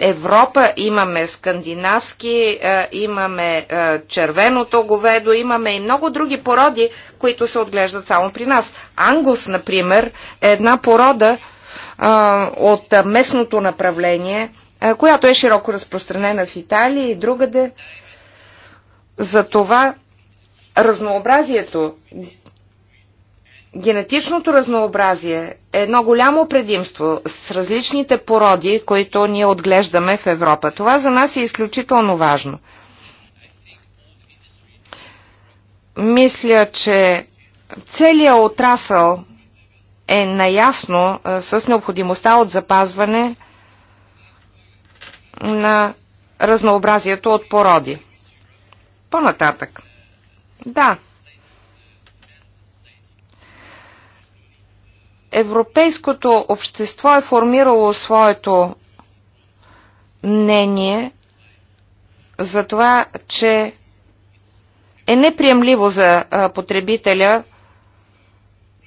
Европа имаме скандинавски, имаме червеното говедо, имаме и много други породи, които се отглеждат само при нас. Ангус, например, е една порода а, от местното направление, а, която е широко разпространена в Италия и другаде. Затова разнообразието, генетичното разнообразие е едно голямо предимство с различните породи, които ние отглеждаме в Европа. Това за нас е изключително важно – Мисля, че целият отрасъл е наясно с необходимостта от запазване на разнообразието от породи. По-нататък. Да. Европейското общество е формирало своето мнение за това, че е неприемливо за потребителя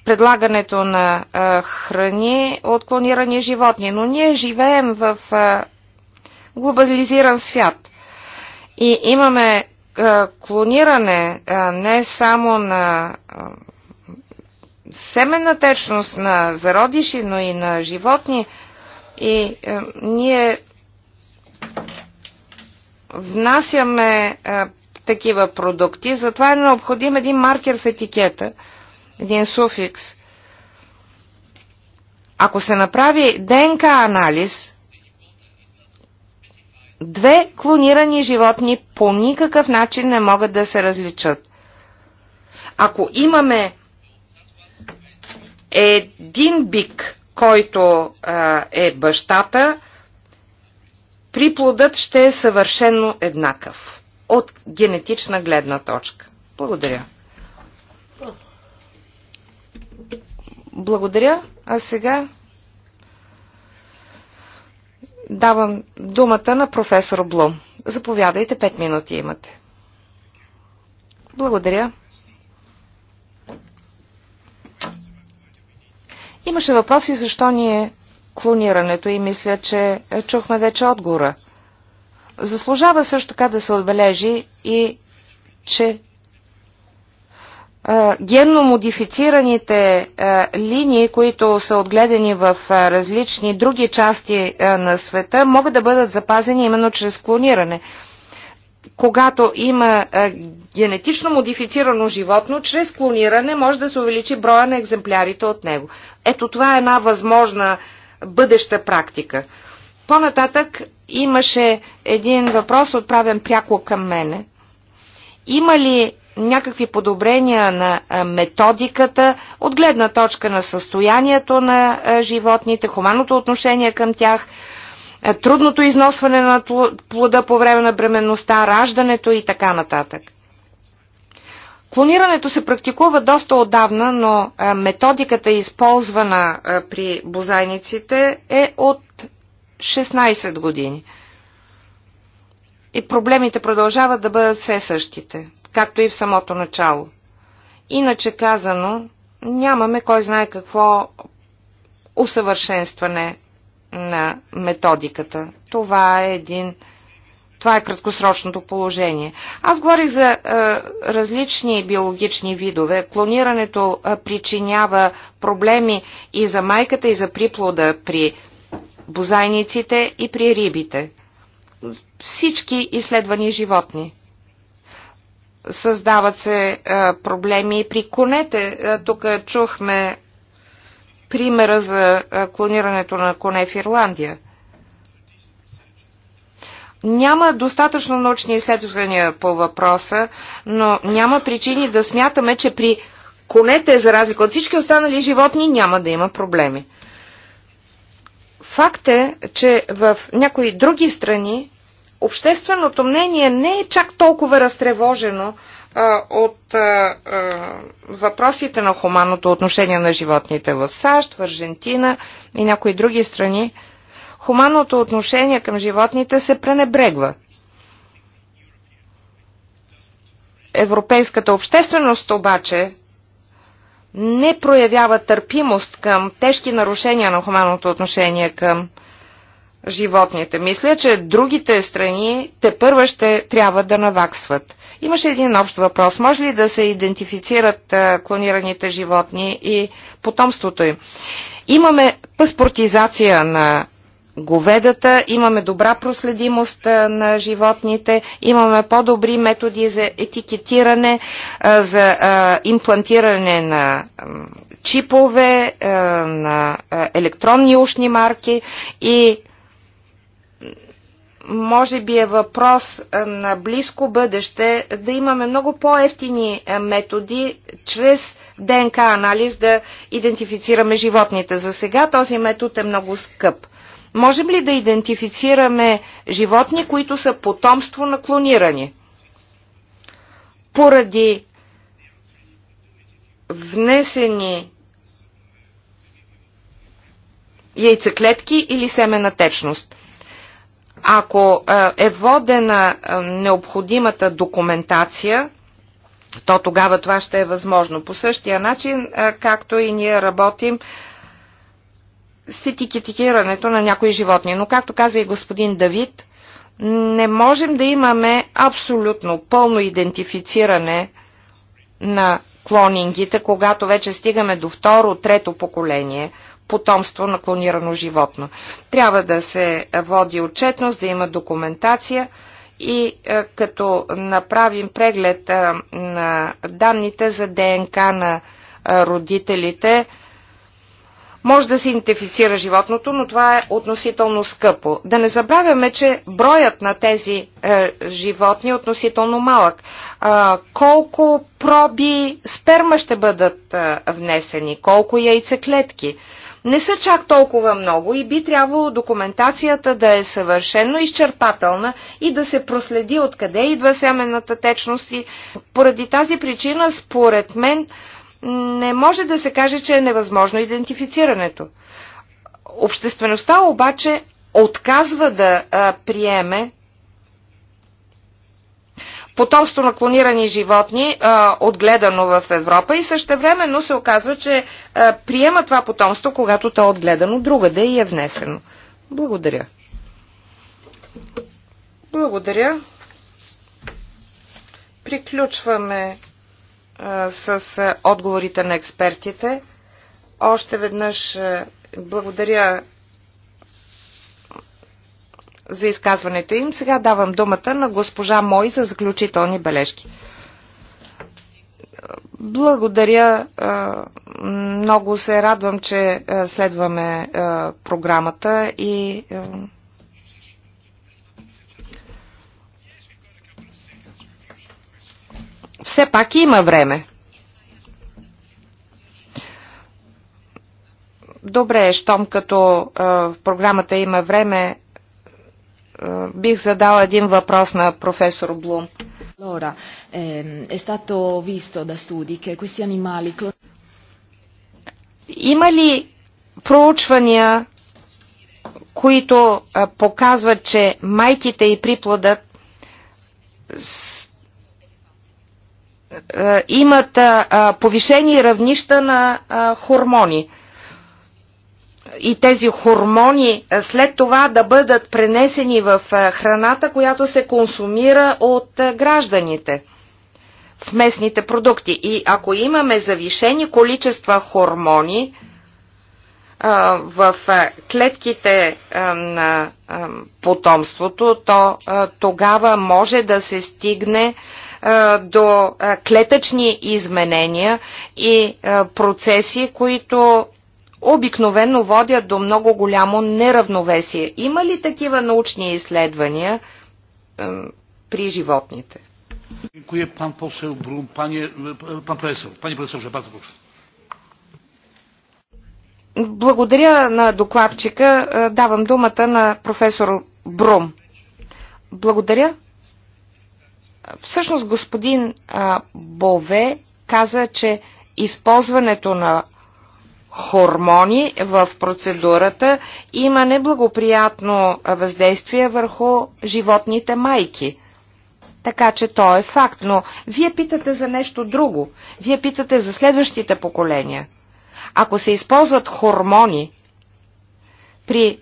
предлагането на храни от клонирани животни. Но ние живеем в глобализиран свят и имаме клониране не само на семена течност на зародиши, но и на животни. И ние внасяме е, такива продукти. Затова е необходим един маркер в етикета, един суфикс. Ако се направи ДНК анализ, две клонирани животни по никакъв начин не могат да се различат. Ако имаме един бик, който а, е бащата, приплодът ще е съвършено еднакъв от генетична гледна точка. Благодаря. Благодаря. А сега давам думата на професор Блум. Заповядайте, 5 минути имате. Благодаря. Имаше въпроси защо ни е клонирането и мисля, че чухме вече отговора. Заслужава също така да се отбележи и, че генно модифицираните линии, които са отгледани в различни други части на света, могат да бъдат запазени именно чрез клониране. Когато има генетично модифицирано животно, чрез клониране може да се увеличи броя на екземплярите от него. Ето това е една възможна бъдеща практика. По-нататък Имаше един въпрос, отправен пряко към мене. Има ли някакви подобрения на методиката от гледна точка на състоянието на животните, хуманното отношение към тях, трудното износване на плода по време на бременността, раждането и така нататък. Клонирането се практикува доста отдавна, но методиката, използвана при бозайниците, е от 16 години. И проблемите продължават да бъдат все същите, както и в самото начало. Иначе казано, нямаме кой знае какво усъвършенстване на методиката. Това е един. Това е краткосрочното положение. Аз говорих за е, различни биологични видове. Клонирането е, причинява проблеми и за майката, и за приплода при бозайниците и при рибите. Всички изследвани животни. Създават се а, е, проблеми и при конете. А, е, тук чухме примера за а, е, клонирането на коне в Ирландия. Няма достатъчно научни изследвания по въпроса, но няма причини да смятаме, че при конете, за разлика от всички останали животни, няма да има проблеми. Факт е, че в някои други страни общественото мнение не е чак толкова разтревожено а, от а, а, въпросите на хуманното отношение на животните в САЩ, в Аржентина и някои други страни. Хуманното отношение към животните се пренебрегва. Европейската общественост обаче не проявява търпимост към тежки нарушения на хуманното отношение към животните. Мисля, че другите страни те първа ще трябва да наваксват. Имаше един общ въпрос. Може ли да се идентифицират клонираните животни и потомството им? Имаме паспортизация на говедата, имаме добра проследимост на животните, имаме по-добри методи за етикетиране, за имплантиране на чипове, на електронни ушни марки и може би е въпрос на близко бъдеще да имаме много по-ефтини методи чрез ДНК анализ да идентифицираме животните. За сега този метод е много скъп. Можем ли да идентифицираме животни, които са потомство на клонирани? Поради внесени яйцеклетки или семена течност. Ако е, е водена е, необходимата документация, то тогава това ще е възможно. По същия начин, е, както и ние работим с етикетирането на някои животни. Но, както каза и господин Давид, не можем да имаме абсолютно пълно идентифициране на клонингите, когато вече стигаме до второ, трето поколение потомство на клонирано животно. Трябва да се води отчетност, да има документация и е, като направим преглед е, на данните за ДНК на е, родителите, може да се идентифицира животното, но това е относително скъпо. Да не забравяме, че броят на тези е, животни е относително малък. А, колко проби сперма ще бъдат е, внесени, колко яйцеклетки. Не са чак толкова много и би трябвало документацията да е съвършено изчерпателна и да се проследи откъде идва семената течност. И поради тази причина, според мен, не може да се каже, че е невъзможно идентифицирането. Обществеността обаче отказва да а, приеме потомство на клонирани животни, а, отгледано в Европа и същевременно се оказва, че а, приема това потомство, когато то е отгледано другаде и е внесено. Благодаря. Благодаря. Приключваме с отговорите на експертите. Още веднъж благодаря за изказването им. Сега давам думата на госпожа Мой за заключителни бележки. Благодаря. Много се радвам, че следваме програмата и все пак има време. Добре, щом като а, в програмата има време, а, бих задал един въпрос на професор Блум. Allora, eh, è stato visto da studi che questi animali... Има ли проучвания, които показват, че майките и приплодът е, имат повишени равнища на хормони. И тези хормони след това да бъдат пренесени в храната, която се консумира от гражданите в местните продукти. И ако имаме завишени количества хормони в клетките на потомството, то тогава може да се стигне до клетъчни изменения и процеси, които обикновено водят до много голямо неравновесие. Има ли такива научни изследвания при животните? Дякую, пан посел Brum, panie, pan profesor, panie profesorze, bardzo proszę. Благодаря на докладчика. Давам думата на професор Брум. Благодаря. Всъщност господин Бове каза, че използването на хормони в процедурата има неблагоприятно въздействие върху животните майки. Така че то е факт, но вие питате за нещо друго. Вие питате за следващите поколения. Ако се използват хормони при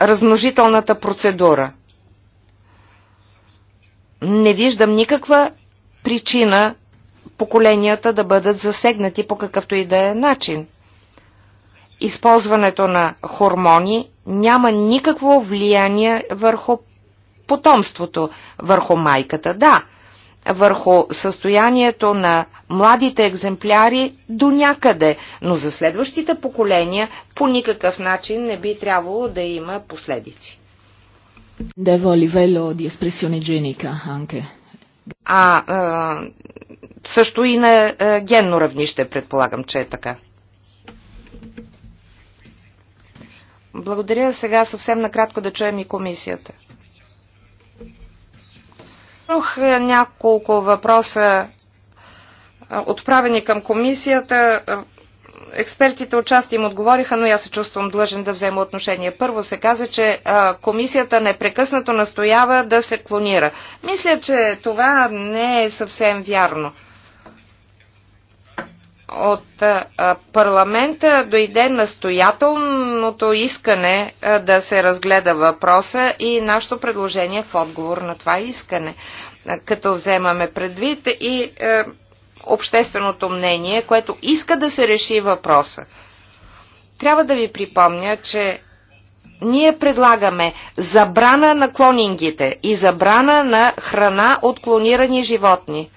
размножителната процедура, не виждам никаква причина поколенията да бъдат засегнати по какъвто и да е начин. Използването на хормони няма никакво влияние върху потомството, върху майката, да, върху състоянието на младите екземпляри до някъде, но за следващите поколения по никакъв начин не би трябвало да има последици. Devo a livello di espressione genica anche. А, а също и на а, генно равнище, предполагам, че е така. Благодаря. Сега съвсем накратко да чуем и комисията. Чух няколко въпроса, отправени към комисията експертите отчасти им отговориха, но аз се чувствам длъжен да взема отношение. Първо се каза, че а, комисията непрекъснато настоява да се клонира. Мисля, че това не е съвсем вярно. От а, парламента дойде настоятелното искане а, да се разгледа въпроса и нашето предложение е в отговор на това искане като вземаме предвид и е, общественото мнение, което иска да се реши въпроса. Трябва да ви припомня, че ние предлагаме забрана на клонингите и забрана на храна от клонирани животни.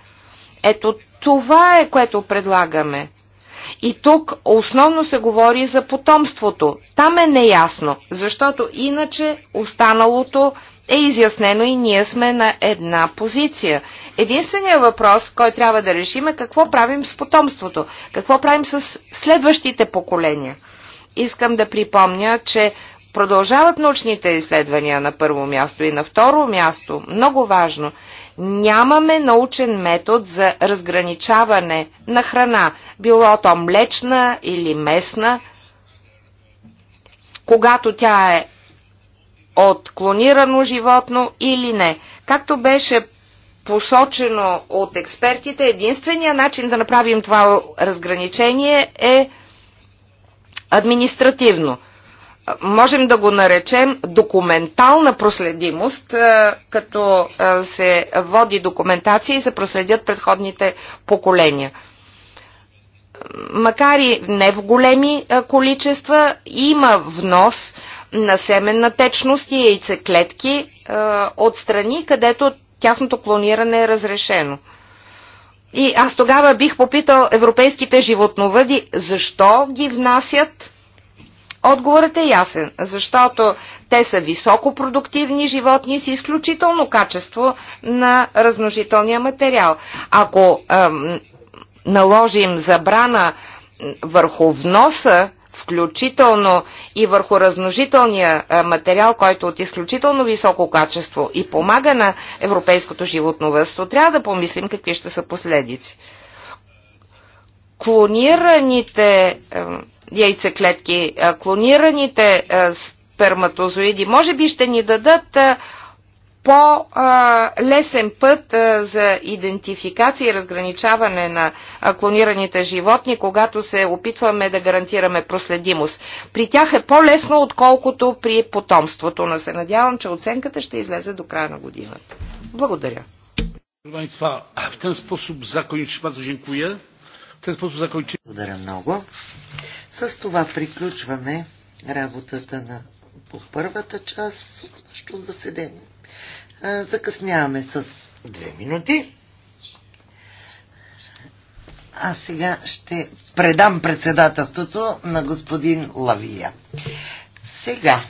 Ето това е, което предлагаме. И тук основно се говори за потомството. Там е неясно, защото иначе останалото е изяснено и ние сме на една позиция. Единственият въпрос, който трябва да решим е какво правим с потомството, какво правим с следващите поколения. Искам да припомня, че продължават научните изследвания на първо място и на второ място, много важно, нямаме научен метод за разграничаване на храна, било то млечна или местна, когато тя е от клонирано животно или не. Както беше посочено от експертите, единствения начин да направим това разграничение е административно. Можем да го наречем документална проследимост, е, като е, се води документация и се проследят предходните поколения. Макар и не в големи е, количества, има внос – на семенна течност и яйцеклетки е, от страни, където тяхното клониране е разрешено. И аз тогава бих попитал европейските животновъди, защо ги внасят? Отговорът е ясен, защото те са високопродуктивни животни с изключително качество на размножителния материал. Ако е, наложим забрана върху вноса включително и върху размножителния материал, който е от изключително високо качество и помага на европейското животновътство, трябва да помислим какви ще са последици. Клонираните яйцеклетки, клонираните сперматозоиди, може би ще ни дадат по-лесен път за идентификация и разграничаване на клонираните животни, когато се опитваме да гарантираме проследимост. При тях е по-лесно, отколкото при потомството. Но се надявам, че оценката ще излезе до края на годината. Благодаря. В Благодаря много. С това приключваме работата на по първата част от нашето заседание закъсняваме с две минути. А сега ще предам председателството на господин Лавия. Сега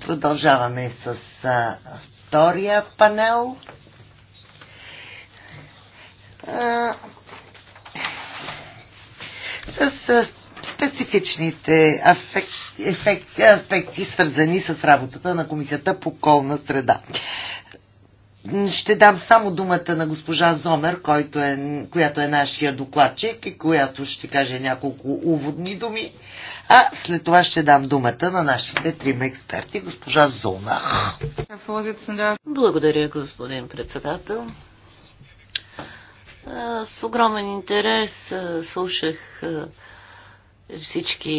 продължаваме с а, втория панел. А, с специфичните афекти, ефекти, аспекти, свързани с работата на Комисията по колна среда. Ще дам само думата на госпожа Зомер, който е, която е нашия докладчик и която ще каже няколко уводни думи, а след това ще дам думата на нашите трима експерти, госпожа Зона. Благодаря, господин председател. С огромен интерес слушах всички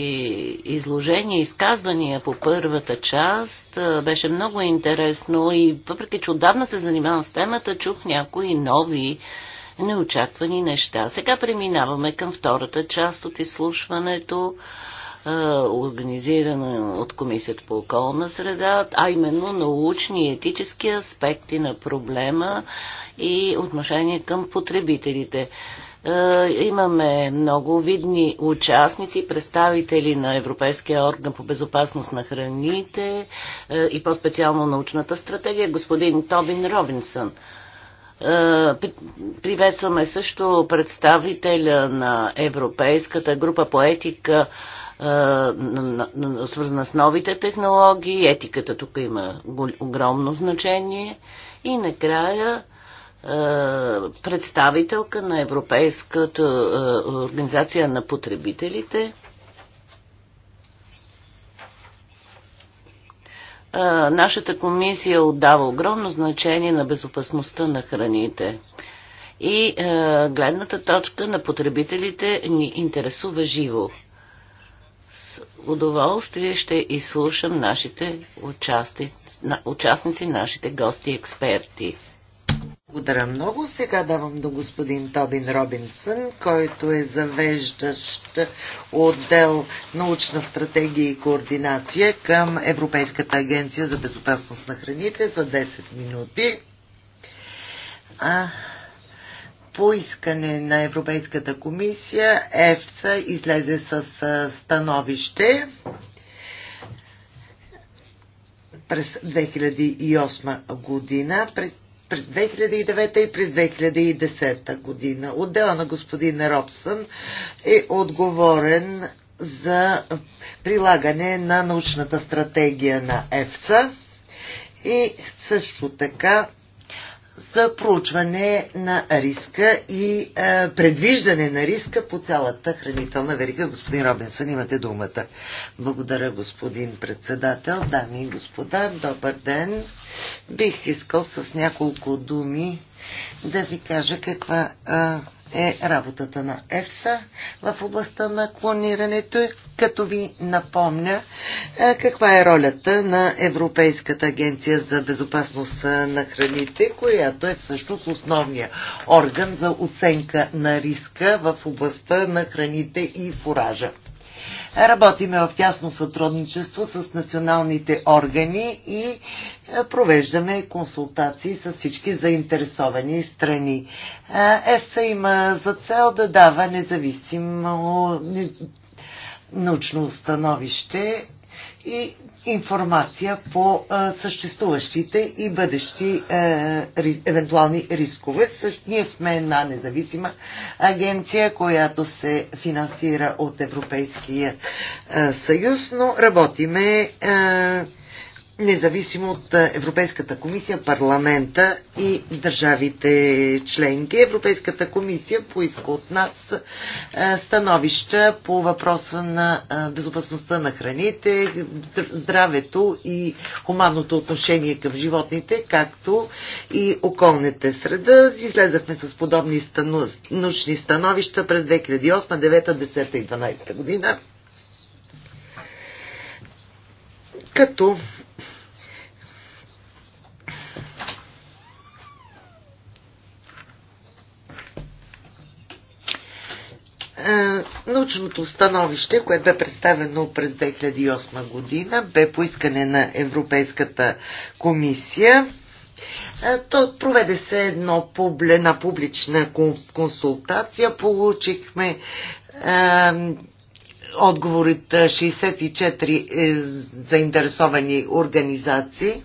изложения, изказвания по първата част. Беше много интересно и въпреки, че отдавна се занимавам с темата, чух някои нови неочаквани неща. Сега преминаваме към втората част от изслушването, организирана от Комисията по околна среда, а именно научни и етически аспекти на проблема и отношение към потребителите. Е, имаме много видни участници, представители на Европейския орган по безопасност на храните е, и по-специално научната стратегия, господин Тобин Робинсън. Е, приветстваме също представителя на Европейската група по етика, свързана с новите технологии. Етиката тук има огромно значение. И накрая е, представителка на Европейската е, организация на потребителите. Е, нашата комисия отдава огромно значение на безопасността на храните. И гледната точка на потребителите ни интересува живо. С удоволствие ще изслушам нашите участници, нашите гости и експерти. Благодаря много. Сега давам до господин Тобин Робинсън, който е завеждащ отдел научна стратегия и координация към Европейската агенция за безопасност на храните за 10 минути. А, по искане на Европейската комисия ЕФСА излезе с становище през 2008 година. През през 2009 и през 2010 година. Отдела на господин Робсън е отговорен за прилагане на научната стратегия на ЕФЦА и също така за проучване на риска и е, предвиждане на риска по цялата хранителна верига. Господин Робинсън, имате думата. Благодаря, господин председател, дами и господа, добър ден. Бих искал с няколко думи да ви кажа каква е, е работата на ЕФСА в областта на клонирането, като ви напомня е, каква е ролята на Европейската агенция за безопасност на храните, която е всъщност основния орган за оценка на риска в областта на храните и фуража. Работиме в тясно сътрудничество с националните органи и е, провеждаме консултации с всички заинтересовани страни. Е, ЕФСА има за цел да дава независимо е, научно установище и информация по а, съществуващите и бъдещи а, ри, евентуални рискове. Също, ние сме една независима агенция, която се финансира от Европейския а, съюз, но работиме а, независимо от Европейската комисия, парламента и държавите членки. Европейската комисия поиска от нас становища по въпроса на безопасността на храните, здравето и хуманното отношение към животните, както и околните среда. Излезахме с подобни научни становища през 2008, 2009, 2010 и 2012 година. Като Е, научното становище, което бе представено през 2008 година, бе поискане на Европейската комисия. Е, то проведе се едно, една публична консултация. Получихме е, от 64 заинтересовани организации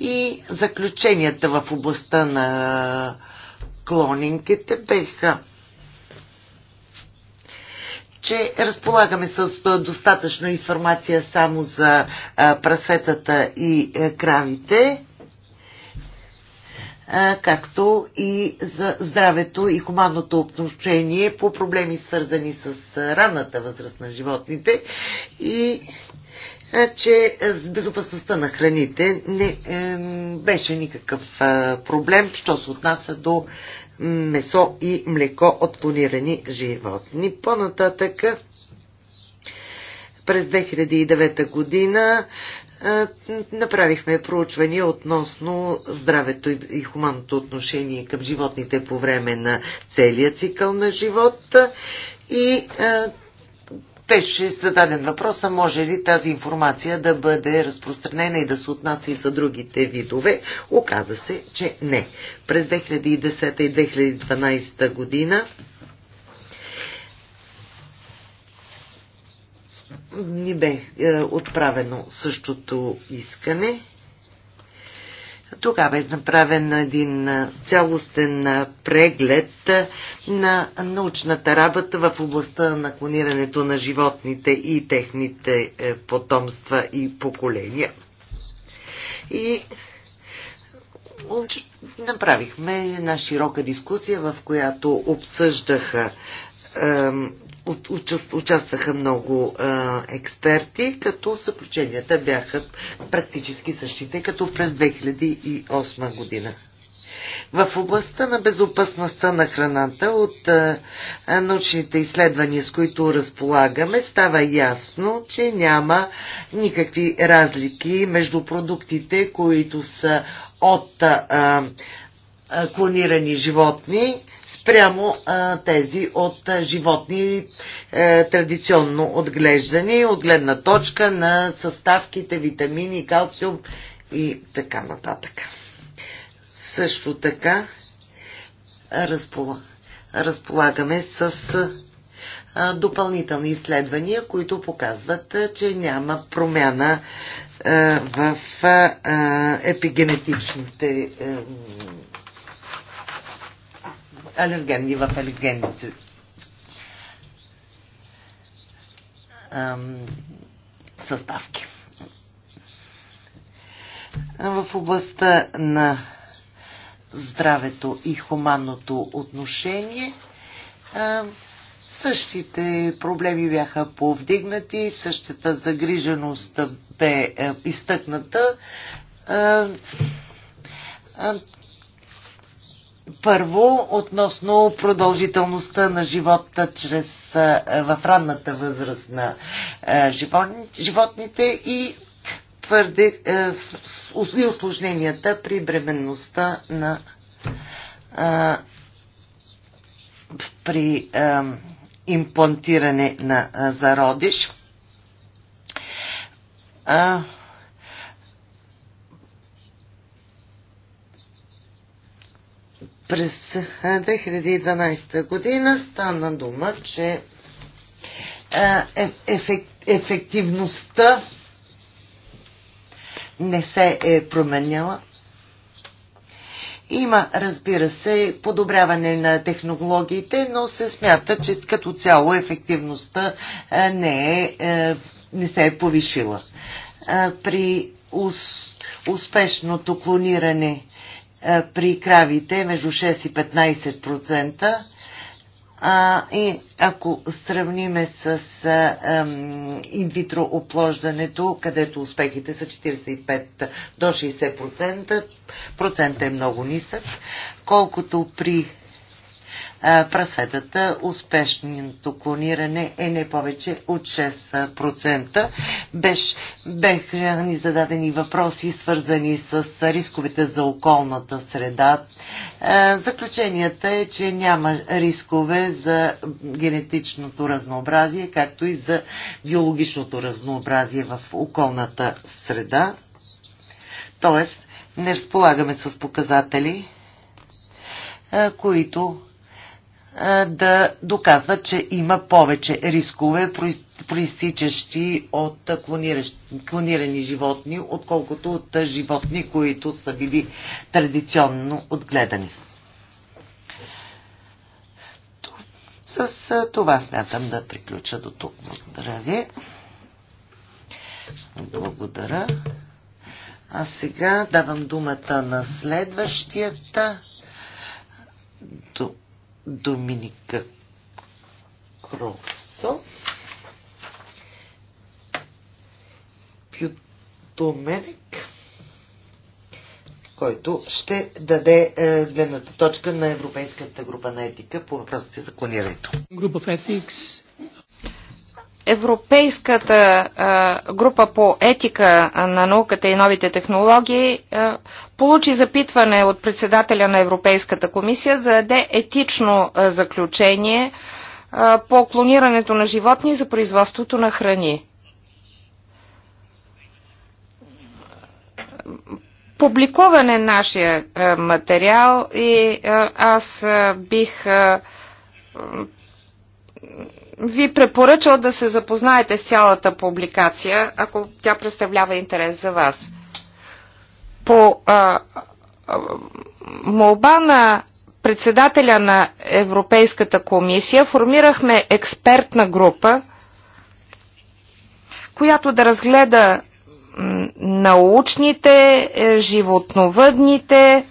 и заключенията в областта на клонингите беха че разполагаме с достатъчно информация само за прасетата и кравите, както и за здравето и хуманното отношение по проблеми свързани с ранната възраст на животните и че с безопасността на храните не беше никакъв проблем, що се отнася до месо и млеко от клонирани животни. По-нататък през 2009 година направихме проучвания относно здравето и хуманното отношение към животните по време на целия цикъл на живот и беше зададен въпроса, може ли тази информация да бъде разпространена и да се отнася и за другите видове. Оказа се, че не. През 2010 и 2012 година ни бе е, отправено същото искане. Тогава е направен един цялостен преглед на научната работа в областта на клонирането на животните и техните е, потомства и поколения. И направихме една широка дискусия, в която обсъждаха участваха много а, експерти, като заключенията бяха практически същите, като през 2008 година. В областта на безопасността на храната от а, научните изследвания, с които разполагаме, става ясно, че няма никакви разлики между продуктите, които са от а, а, клонирани животни спрямо а, тези от а, животни а, е, традиционно отглеждани, от гледна точка на съставките, витамини, калциум и така нататък. Също така разпола, разполагаме с а, допълнителни изследвания, които показват, а, че няма промяна а, в а, епигенетичните а, и в алергенните съставки. В областта на здравето и хуманното отношение същите проблеми бяха повдигнати, същата загриженост бе е, изтъкната. Първо, относно продължителността на живота чрез, в ранната възраст на животните и твърде и осложненията при бременността на при имплантиране на зародиш. През 2012 година стана дума, че е, ефективността не се е променяла. Има, разбира се, подобряване на технологиите, но се смята, че като цяло ефективността не, е, не се е повишила. При успешното клониране е, при кравите между 6 и 15%. А, и ако сравниме с а, е, инвитро оплождането, където успехите са 45 до 60%, процентът е много нисък, колкото при прасетата. Успешното клониране е не повече от 6%. Беше бех ни зададени въпроси, свързани с рисковете за околната среда. Заключенията е, че няма рискове за генетичното разнообразие, както и за биологичното разнообразие в околната среда. Тоест, не разполагаме с показатели, които да доказва, че има повече рискове, проистичащи от клонирани животни, отколкото от животни, които са били традиционно отгледани. С това смятам да приключа до тук. Благодаря ви. Благодаря. А сега давам думата на следващията. Тук. Доминика Кросо. Пютоменек, който ще даде е, гледната точка на Европейската група на етика по въпросите за клонирането. Група of ethics Европейската група по етика на науката и новите технологии получи запитване от председателя на Европейската комисия да даде етично заключение по клонирането на животни за производството на храни. Публикуване на нашия материал и аз бих ви препоръчал да се запознаете с цялата публикация, ако тя представлява интерес за вас. По а, а, молба на председателя на Европейската комисия формирахме експертна група, която да разгледа научните, е, животновъдните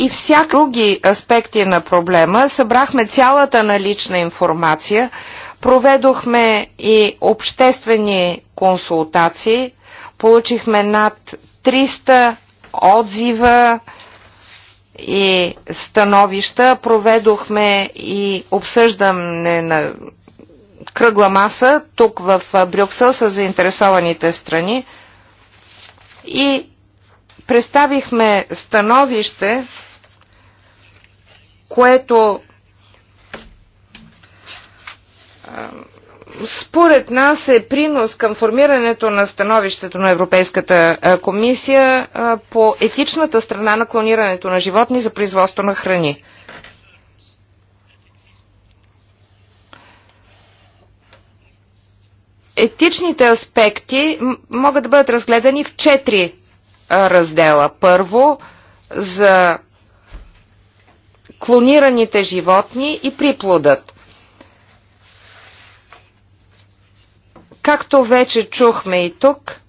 и всяка други аспекти на проблема. Събрахме цялата налична информация – Проведохме и обществени консултации, получихме над 300 отзива и становища, проведохме и обсъждане на кръгла маса тук в Брюксел с заинтересованите страни и представихме становище, което според нас е принос към формирането на становището на Европейската комисия по етичната страна на клонирането на животни за производство на храни. Етичните аспекти могат да бъдат разгледани в четири раздела. Първо, за клонираните животни и приплодът. Както вече чухме и тук,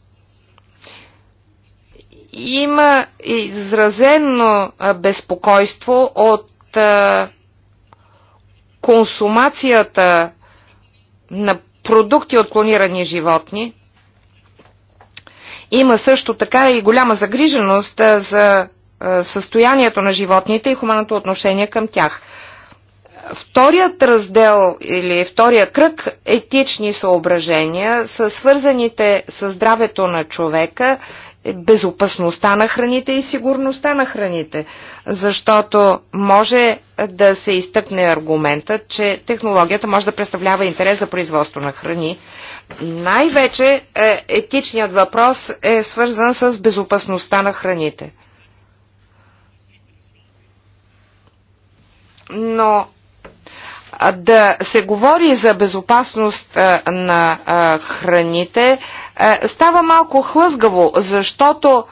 има изразено безпокойство от консумацията на продукти от клонирани животни. Има също така и голяма загриженост за състоянието на животните и хуманното отношение към тях. Вторият раздел или втория кръг етични съображения са свързаните с здравето на човека, безопасността на храните и сигурността на храните, защото може да се изтъкне аргумента, че технологията може да представлява интерес за производство на храни. Най-вече е, етичният въпрос е свързан с безопасността на храните. Но да се говори за безопасност на храните става малко хлъзгаво, защото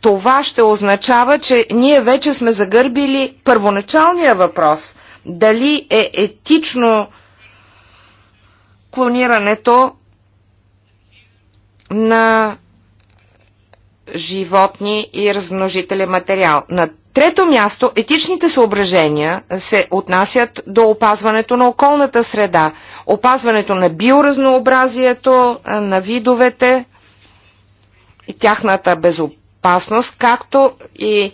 това ще означава, че ние вече сме загърбили първоначалния въпрос дали е етично клонирането на животни и размножителен материал. На трето място, етичните съображения се отнасят до опазването на околната среда, опазването на биоразнообразието, на видовете и тяхната безопасност, както и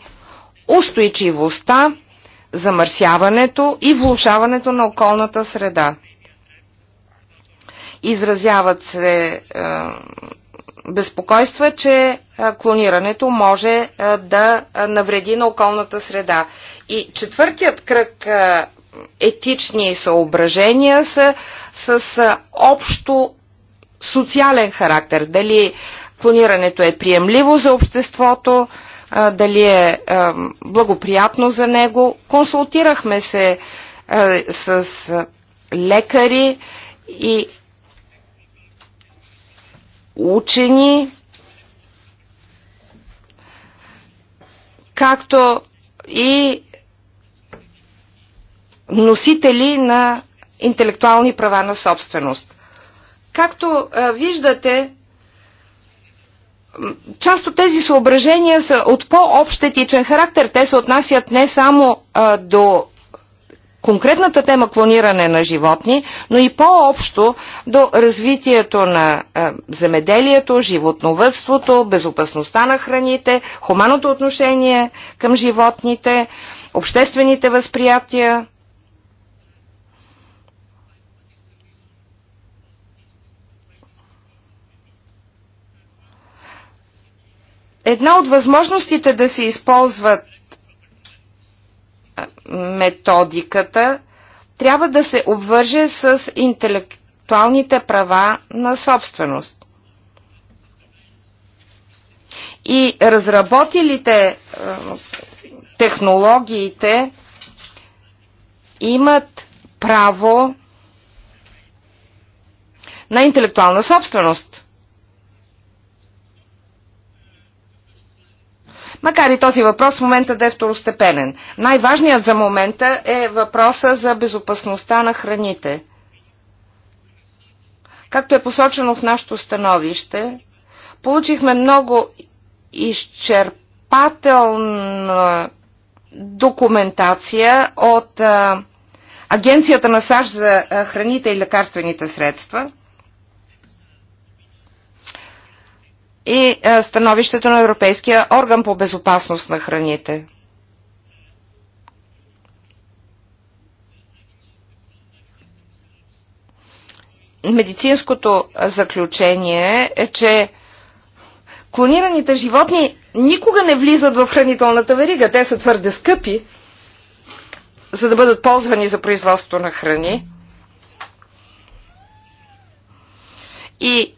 устойчивостта, замърсяването и влушаването на околната среда. Изразяват се е, безпокойства, е, че клонирането може да навреди на околната среда. И четвъртият кръг етични съображения са с общо социален характер. Дали клонирането е приемливо за обществото, дали е благоприятно за него. Консултирахме се с лекари и учени, както и носители на интелектуални права на собственост. Както виждате, част от тези съображения са от по-общ етичен характер. Те се отнасят не само а, до конкретната тема клониране на животни, но и по-общо до развитието на е, земеделието, животновътството, безопасността на храните, хуманото отношение към животните, обществените възприятия, една от възможностите да се използват методиката трябва да се обвърже с интелектуалните права на собственост. И разработилите е, технологиите имат право на интелектуална собственост. Макар и този въпрос в момента да е второстепенен. Най-важният за момента е въпроса за безопасността на храните. Както е посочено в нашето становище, получихме много изчерпателна документация от Агенцията на САЩ за храните и лекарствените средства – и е, становището на Европейския орган по безопасност на храните. Медицинското заключение е, че клонираните животни никога не влизат в хранителната верига. Те са твърде скъпи, за да бъдат ползвани за производство на храни. И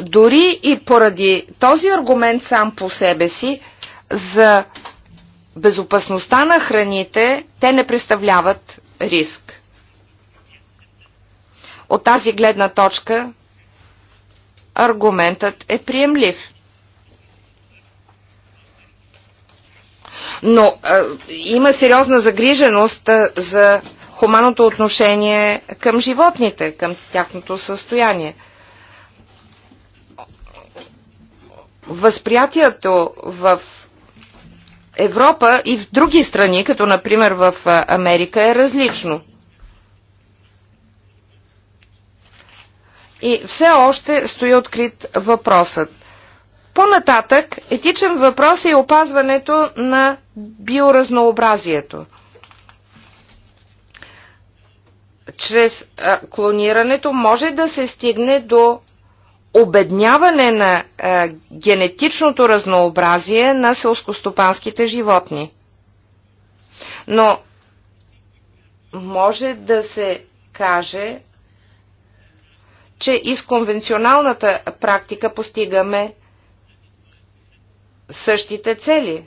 дори и поради този аргумент сам по себе си за безопасността на храните, те не представляват риск. От тази гледна точка аргументът е приемлив. Но а, е, има сериозна загриженост а, за хуманото отношение към животните, към тяхното състояние. възприятието в Европа и в други страни, като например в Америка, е различно. И все още стои открит въпросът. По-нататък етичен въпрос е опазването на биоразнообразието. Чрез клонирането може да се стигне до обедняване на а, генетичното разнообразие на селскостопанските животни. Но може да се каже, че и с конвенционалната практика постигаме същите цели.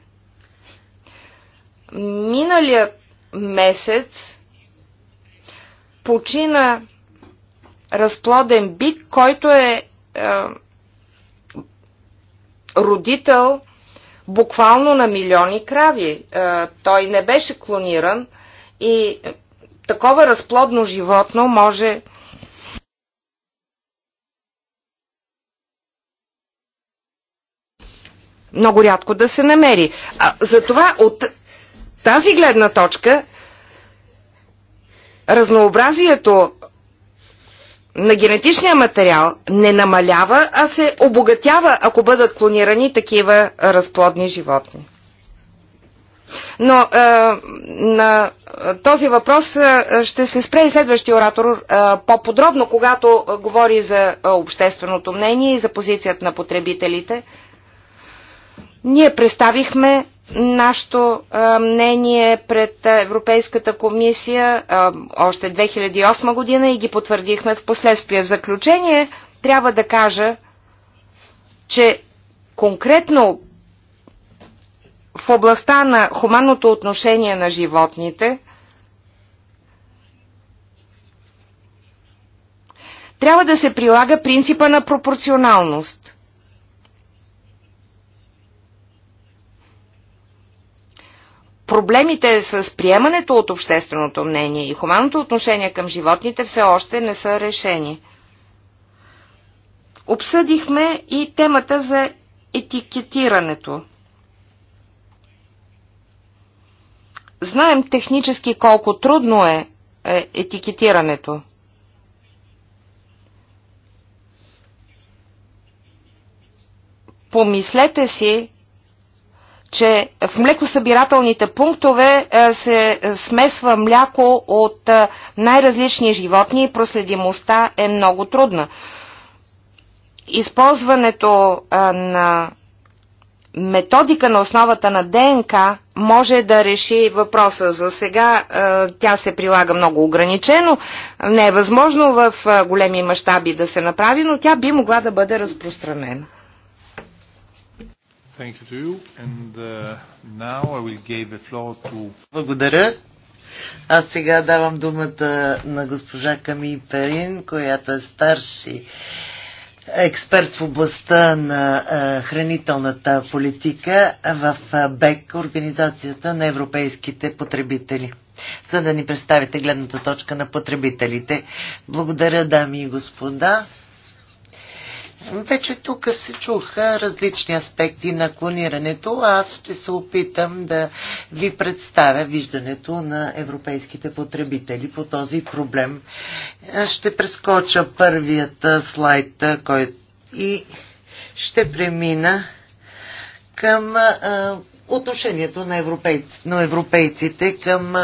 Миналият месец почина разплоден бик, който е е, родител буквално на милиони крави. Е, той не беше клониран и такова разплодно животно може много рядко да се намери. А, затова от тази гледна точка разнообразието на генетичния материал не намалява, а се обогатява, ако бъдат клонирани такива разплодни животни. Но е, на този въпрос е, ще се спре и следващия оратор е, по-подробно, когато говори за е, общественото мнение и за позицията на потребителите. Ние представихме нашето мнение пред Европейската комисия още 2008 година и ги потвърдихме в последствие. В заключение трябва да кажа, че конкретно в областта на хуманното отношение на животните трябва да се прилага принципа на пропорционалност. проблемите с приемането от общественото мнение и хуманното отношение към животните все още не са решени. Обсъдихме и темата за етикетирането. Знаем технически колко трудно е, е етикетирането. Помислете си че в млекосъбирателните пунктове е, се е, смесва мляко от е, най-различни животни и проследимостта е много трудна. Използването на методика на основата на ДНК може да реши въпроса. За сега тя се прилага много ограничено. Не е възможно в големи мащаби да се направи, но тя би могла да бъде разпространена. Thank you to you. And uh, now I will give the floor to... Благодаря. А сега давам думата на госпожа Ками Перин, която е старши експерт в областта на хранителната политика в БЕК, Организацията на европейските потребители за да ни представите гледната точка на потребителите. Благодаря, дами и господа. Вече тук се чуха различни аспекти на клонирането. Аз ще се опитам да ви представя виждането на европейските потребители по този проблем. Е, ще прескоча първият е, слайд е, който... и ще премина към отношението на, европейци, на европейците към,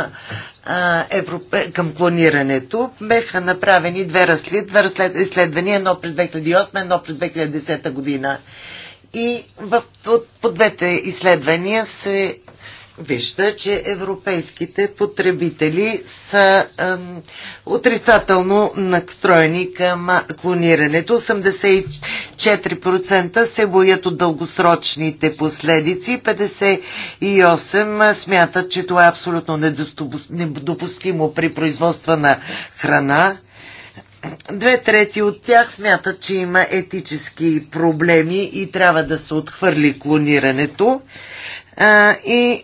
а, европе, към клонирането. Беха направени две, разслед, две разслед, изследвания, едно през 2008, едно през 2010 година. И в, от, по двете изследвания се вижда, че европейските потребители са ем, отрицателно настроени към клонирането. 84% се боят от дългосрочните последици, 58% смятат, че това е абсолютно недопустимо при производство на храна. Две трети от тях смятат, че има етически проблеми и трябва да се отхвърли клонирането. А, и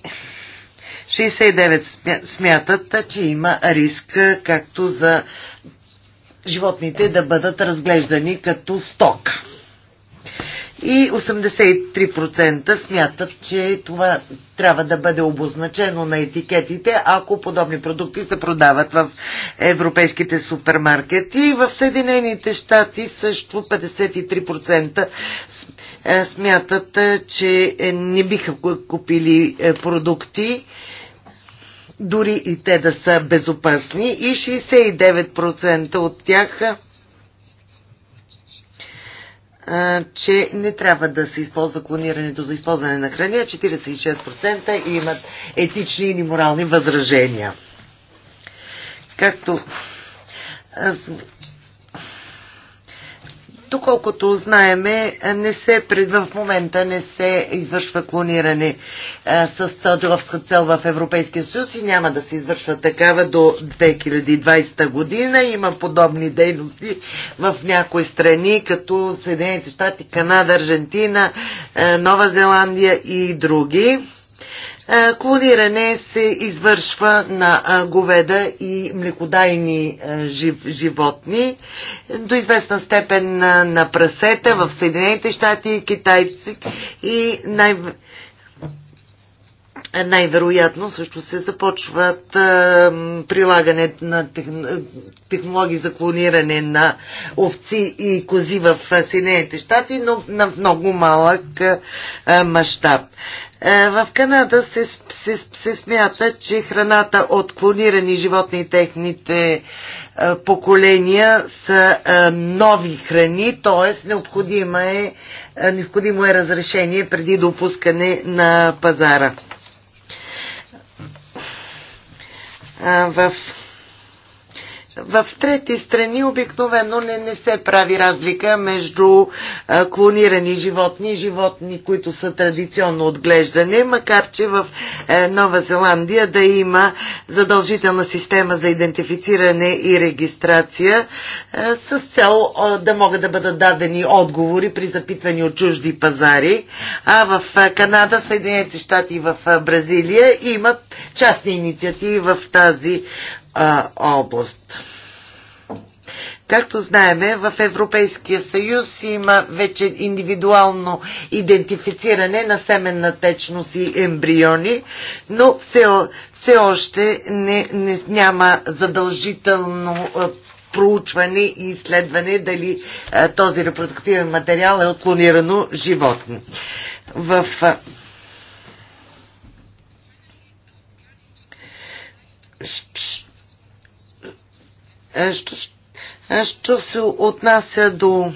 69 смятат, че има риск както за животните да бъдат разглеждани като стока. И 83% смятат, че това трябва да бъде обозначено на етикетите, ако подобни продукти се продават в европейските супермаркети. В Съединените щати също 53% е, смятат, е, че е, не биха купили продукти дори и те да са безопасни и 69% от тях че не трябва да се използва клонирането за използване на храни, а 46% имат етични или морални възражения. Както доколкото знаеме, не се, в момента не се извършва клониране а, с целджовска цел в Европейския съюз и няма да се извършва такава до 2020 година. Има подобни дейности в някои страни, като Съединените щати, Канада, Аржентина, Нова Зеландия и други. Е, клониране се извършва на е, говеда и млекодайни е, животни, до известна степен на прасета в Съединените щати и китайци и най- най-вероятно също се започват а, прилагане на тех, технологии за клониране на овци и кози в Съединените щати, но на много малък мащаб. Е, в Канада се, се, се смята, че храната от клонирани животни и техните е, поколения са е, нови храни, т.е. необходимо е, необходимо е разрешение преди допускане на пазара. В в трети страни обикновено не, не се прави разлика между а, клонирани животни и животни, които са традиционно отглеждане, макар че в а, е, Нова Зеландия да има задължителна система за идентифициране и регистрация а, е, с цел а, е, да могат да бъдат дадени отговори при запитвани от чужди пазари. А в а, Канада, Съединените щати и в а, Бразилия има частни инициативи в тази а, област. Както знаеме, в Европейския съюз има вече индивидуално идентифициране на семенна течност и ембриони, но все, все още не, не, няма задължително проучване и изследване дали а, този репродуктивен материал е от клонирано животно. В а, ш, Що, що се отнася до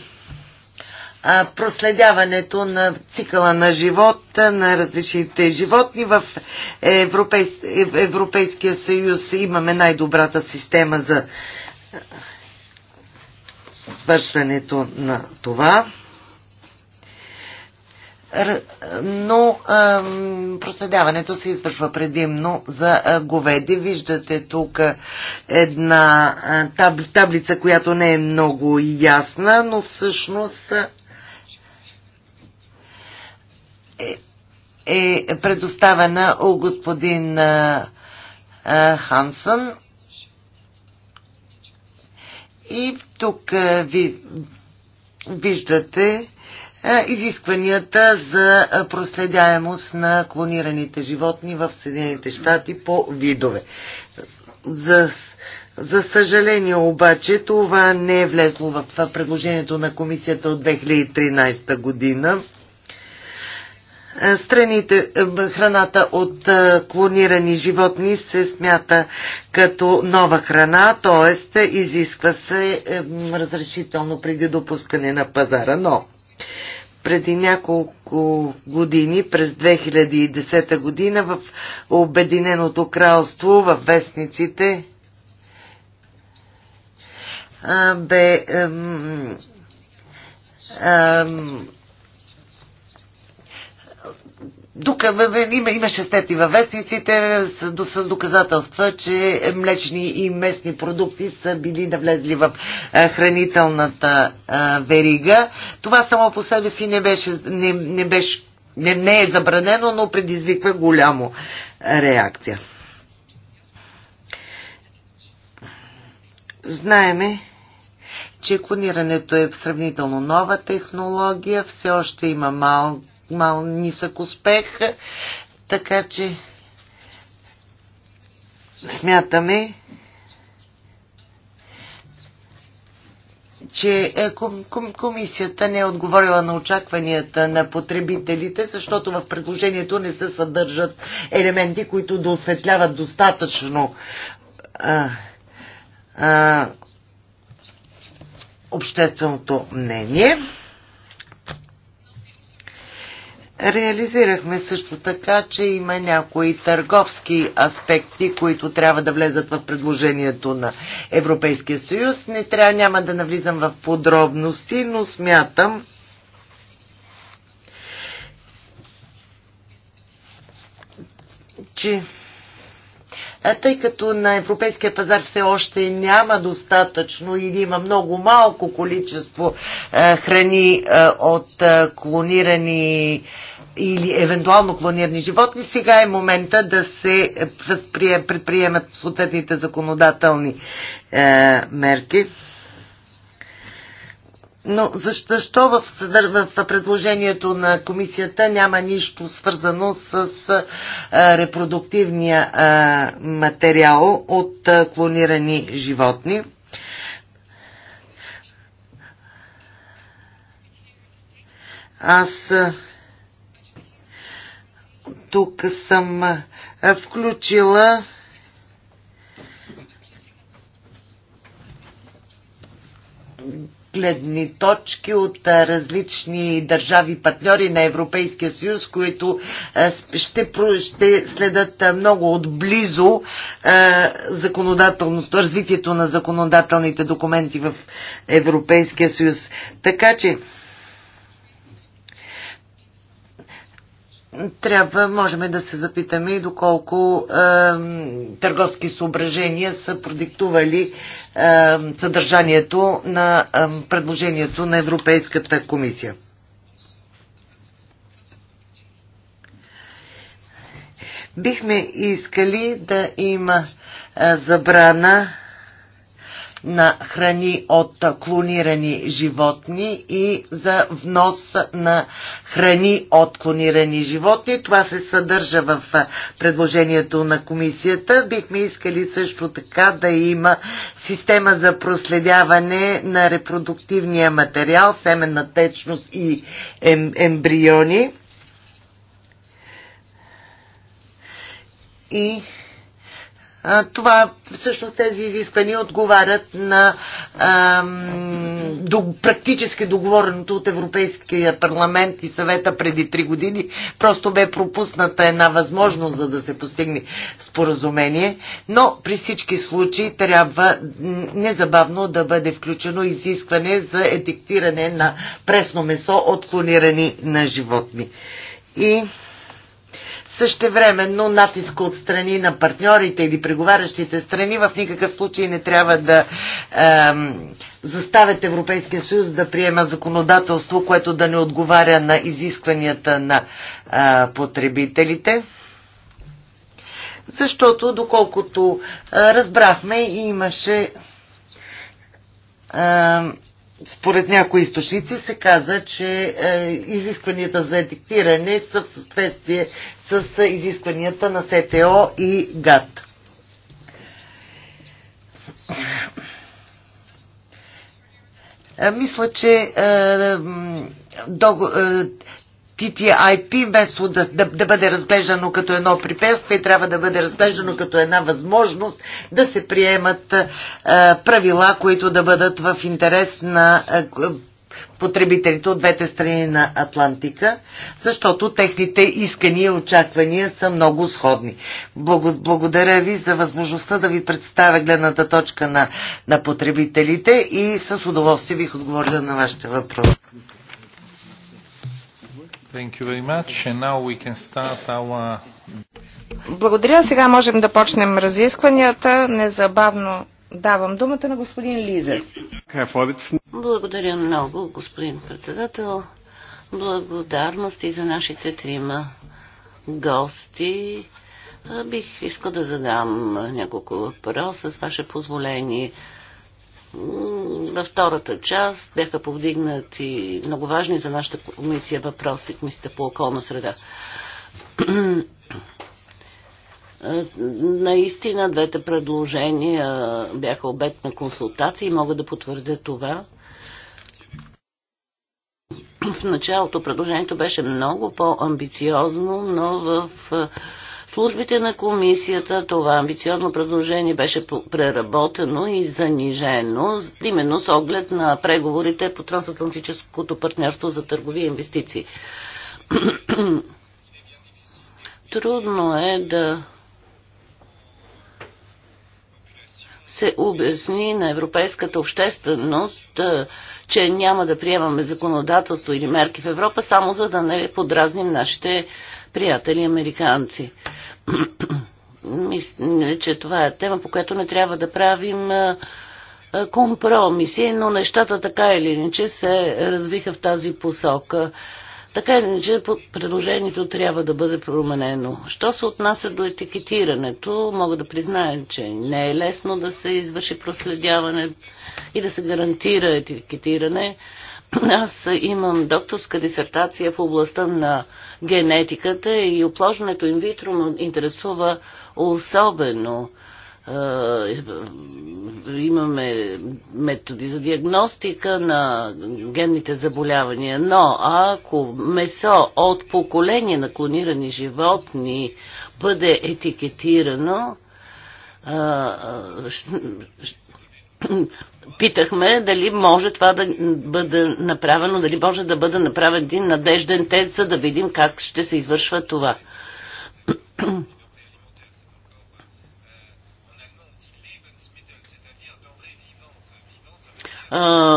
проследяването на цикъла на живота на различните животни. В Европейс... Европейския съюз имаме най-добрата система за свършването на това но проследяването се извършва предимно за говеди. Виждате тук една таблица, която не е много ясна, но всъщност е, е, предоставена от господин Хансън. И тук ви виждате е, изискванията за е, проследяемост на клонираните животни в Съединените щати по видове. За, за съжаление обаче това не е влезло в предложението на комисията от 2013 година. Е, страните, храната от клонирани животни се смята като нова храна, т.е. изисква се разрешително преди допускане на пазара. Но преди няколко години, през 2010 година, в Обединеното кралство, в вестниците, бе ам, ам, Дока има, имаше стети във вестниците с, с доказателства, че млечни и местни продукти са били навлезли в а, хранителната а, верига. Това само по себе си не беше, не, не беше не, не е забранено, но предизвиква голямо реакция. Знаеме, че клонирането е сравнително нова технология, все още има малко мал нисък успех, така че смятаме, че е, комисията не е отговорила на очакванията на потребителите, защото в предложението не се съдържат елементи, които да осветляват достатъчно а, а, общественото мнение. Реализирахме също така, че има някои търговски аспекти, които трябва да влезат в предложението на Европейския съюз. Не трябва, няма да навлизам в подробности, но смятам, че тъй като на европейския пазар все още няма достатъчно или има много малко количество храни от клонирани или евентуално планирани животни, сега е момента да се предприемат съответните законодателни е, мерки. Но защо, защо в, в предложението на комисията няма нищо свързано с а, е, репродуктивния а, е, материал от а, е, клонирани животни? Аз а, тук съм включила гледни точки от различни държави партньори на Европейския съюз, които ще, ще следят много отблизо законодателното, развитието на законодателните документи в Европейския съюз. Така че трябва, можем да се запитаме и доколко е, търговски съображения са продиктували е, съдържанието на е, предложението на Европейската комисия. Бихме искали да има е, забрана на храни от клонирани животни и за внос на храни от клонирани животни. Това се съдържа в предложението на комисията. Бихме искали също така да има система за проследяване на репродуктивния материал, семенна течност и ем, ембриони. И това всъщност тези изисквания отговарят на ам, до, практически договореното от Европейския парламент и съвета преди три години. Просто бе пропусната една възможност за да се постигне споразумение, но при всички случаи трябва незабавно да бъде включено изискване за етиктиране на пресно месо от клонирани на животни. И Същевременно натиск от страни на партньорите или преговарящите страни в никакъв случай не трябва да е, заставят Европейския съюз да приема законодателство, което да не отговаря на изискванията на е, потребителите. Защото, доколкото е, разбрахме, имаше. Е, според някои източници се каза, че е, изискванията за етиктиране са в съответствие с е, изискванията на СТО и ГАТ. Мисля, че е, дог... е, TTIP, вместо да, да, да бъде разглеждано като едно препятствие, трябва да бъде разглеждано като една възможност да се приемат е, правила, които да бъдат в интерес на е, потребителите от двете страни на Атлантика, защото техните искания и очаквания са много сходни. Благодаря ви за възможността да ви представя гледната точка на, на потребителите и с удоволствие бих отговорила на вашите въпроси. Our... Благодаря. Сега можем да почнем разискванията. Незабавно давам думата на господин Лизер. Благодаря много, господин председател. Благодарности за нашите трима гости. Бих искал да задам няколко въпроса с ваше позволение. Във втората част бяха повдигнати много важни за нашата комисия въпроси, комисията по околна среда. Наистина, двете предложения бяха обект на консултации и мога да потвърдя това. В началото предложението беше много по-амбициозно, но в службите на комисията. Това амбициозно предложение беше преработено и занижено, именно с оглед на преговорите по трансатлантическото партньорство за търговия и инвестиции. Трудно е да се обясни на европейската общественост, че няма да приемаме законодателство или мерки в Европа, само за да не подразним нашите приятели американци. Мисля, че това е тема, по която не трябва да правим компромиси, но нещата така или иначе се развиха в тази посока. Така е, че предложението трябва да бъде променено. Що се отнася до етикетирането, мога да призная, че не е лесно да се извърши проследяване и да се гарантира етикетиране. Аз имам докторска дисертация в областта на генетиката и оплождането инвитро ме интересува особено имаме методи за диагностика на генните заболявания, но ако месо от поколение на клонирани животни бъде етикетирано, питахме дали може това да бъде направено, дали може да бъде направен един надежден тест, за да видим как ще се извършва това.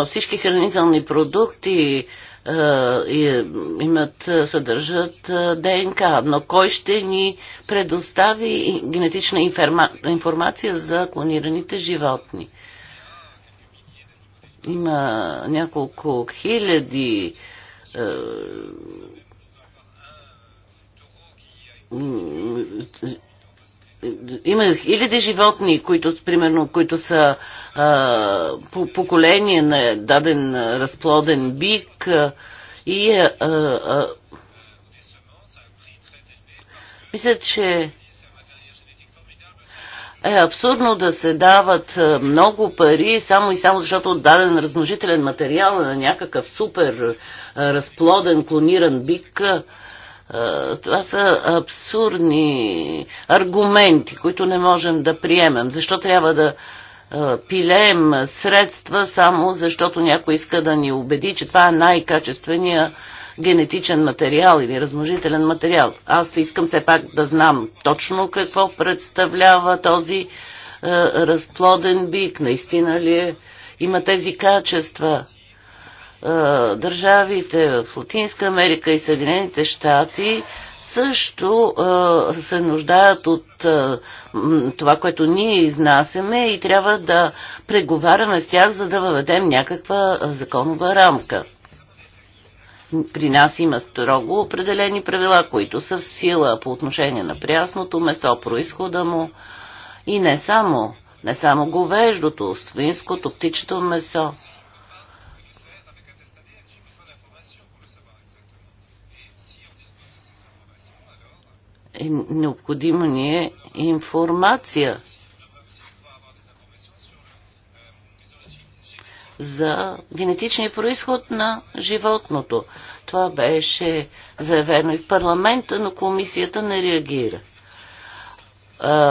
всички хранителни продукти и, имат, съдържат ДНК, но кой ще ни предостави генетична информа, информация за клонираните животни? Има няколко хиляди е, има хиляди животни, които, примерно, които са а, по поколение на даден разплоден бик а, и а, а, мисля, че е абсурдно да се дават много пари само и само защото даден размножителен материал е на някакъв супер разплоден клониран бик е, това са абсурдни аргументи, които не можем да приемем. Защо трябва да е, пилеем средства само защото някой иска да ни убеди, че това е най-качествения генетичен материал или размножителен материал. Аз искам все пак да знам точно какво представлява този е, разплоден бик. Наистина ли е, има тези качества? Е, държавите в Латинска Америка и Съединените щати също е, се нуждаят от е, това, което ние изнасяме и трябва да преговаряме с тях, за да въведем някаква законова рамка. При нас има строго определени правила, които са в сила по отношение на прясното месо, происхода му и не само, не само говеждото, свинското, птичето месо. е, необходима ни е информация за генетичния происход на животното. Това беше заявено и в парламента, но комисията не реагира.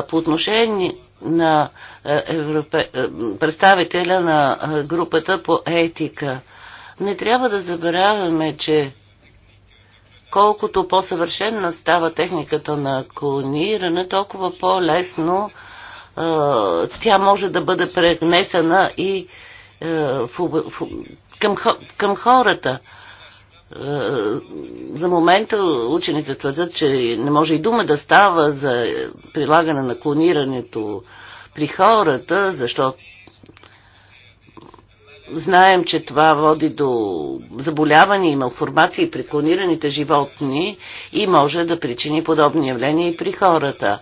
По отношение на европе... представителя на групата по етика, не трябва да забравяме, че колкото по-съвършенна става техниката на клониране, толкова по-лесно е, тя може да бъде пренесена и е, в, в, към, към хората. Е, за момента учените твърдят, че не може и дума да става за прилагане на клонирането при хората, защото Знаем, че това води до заболявания и малформации при клонираните животни и може да причини подобни явления и при хората.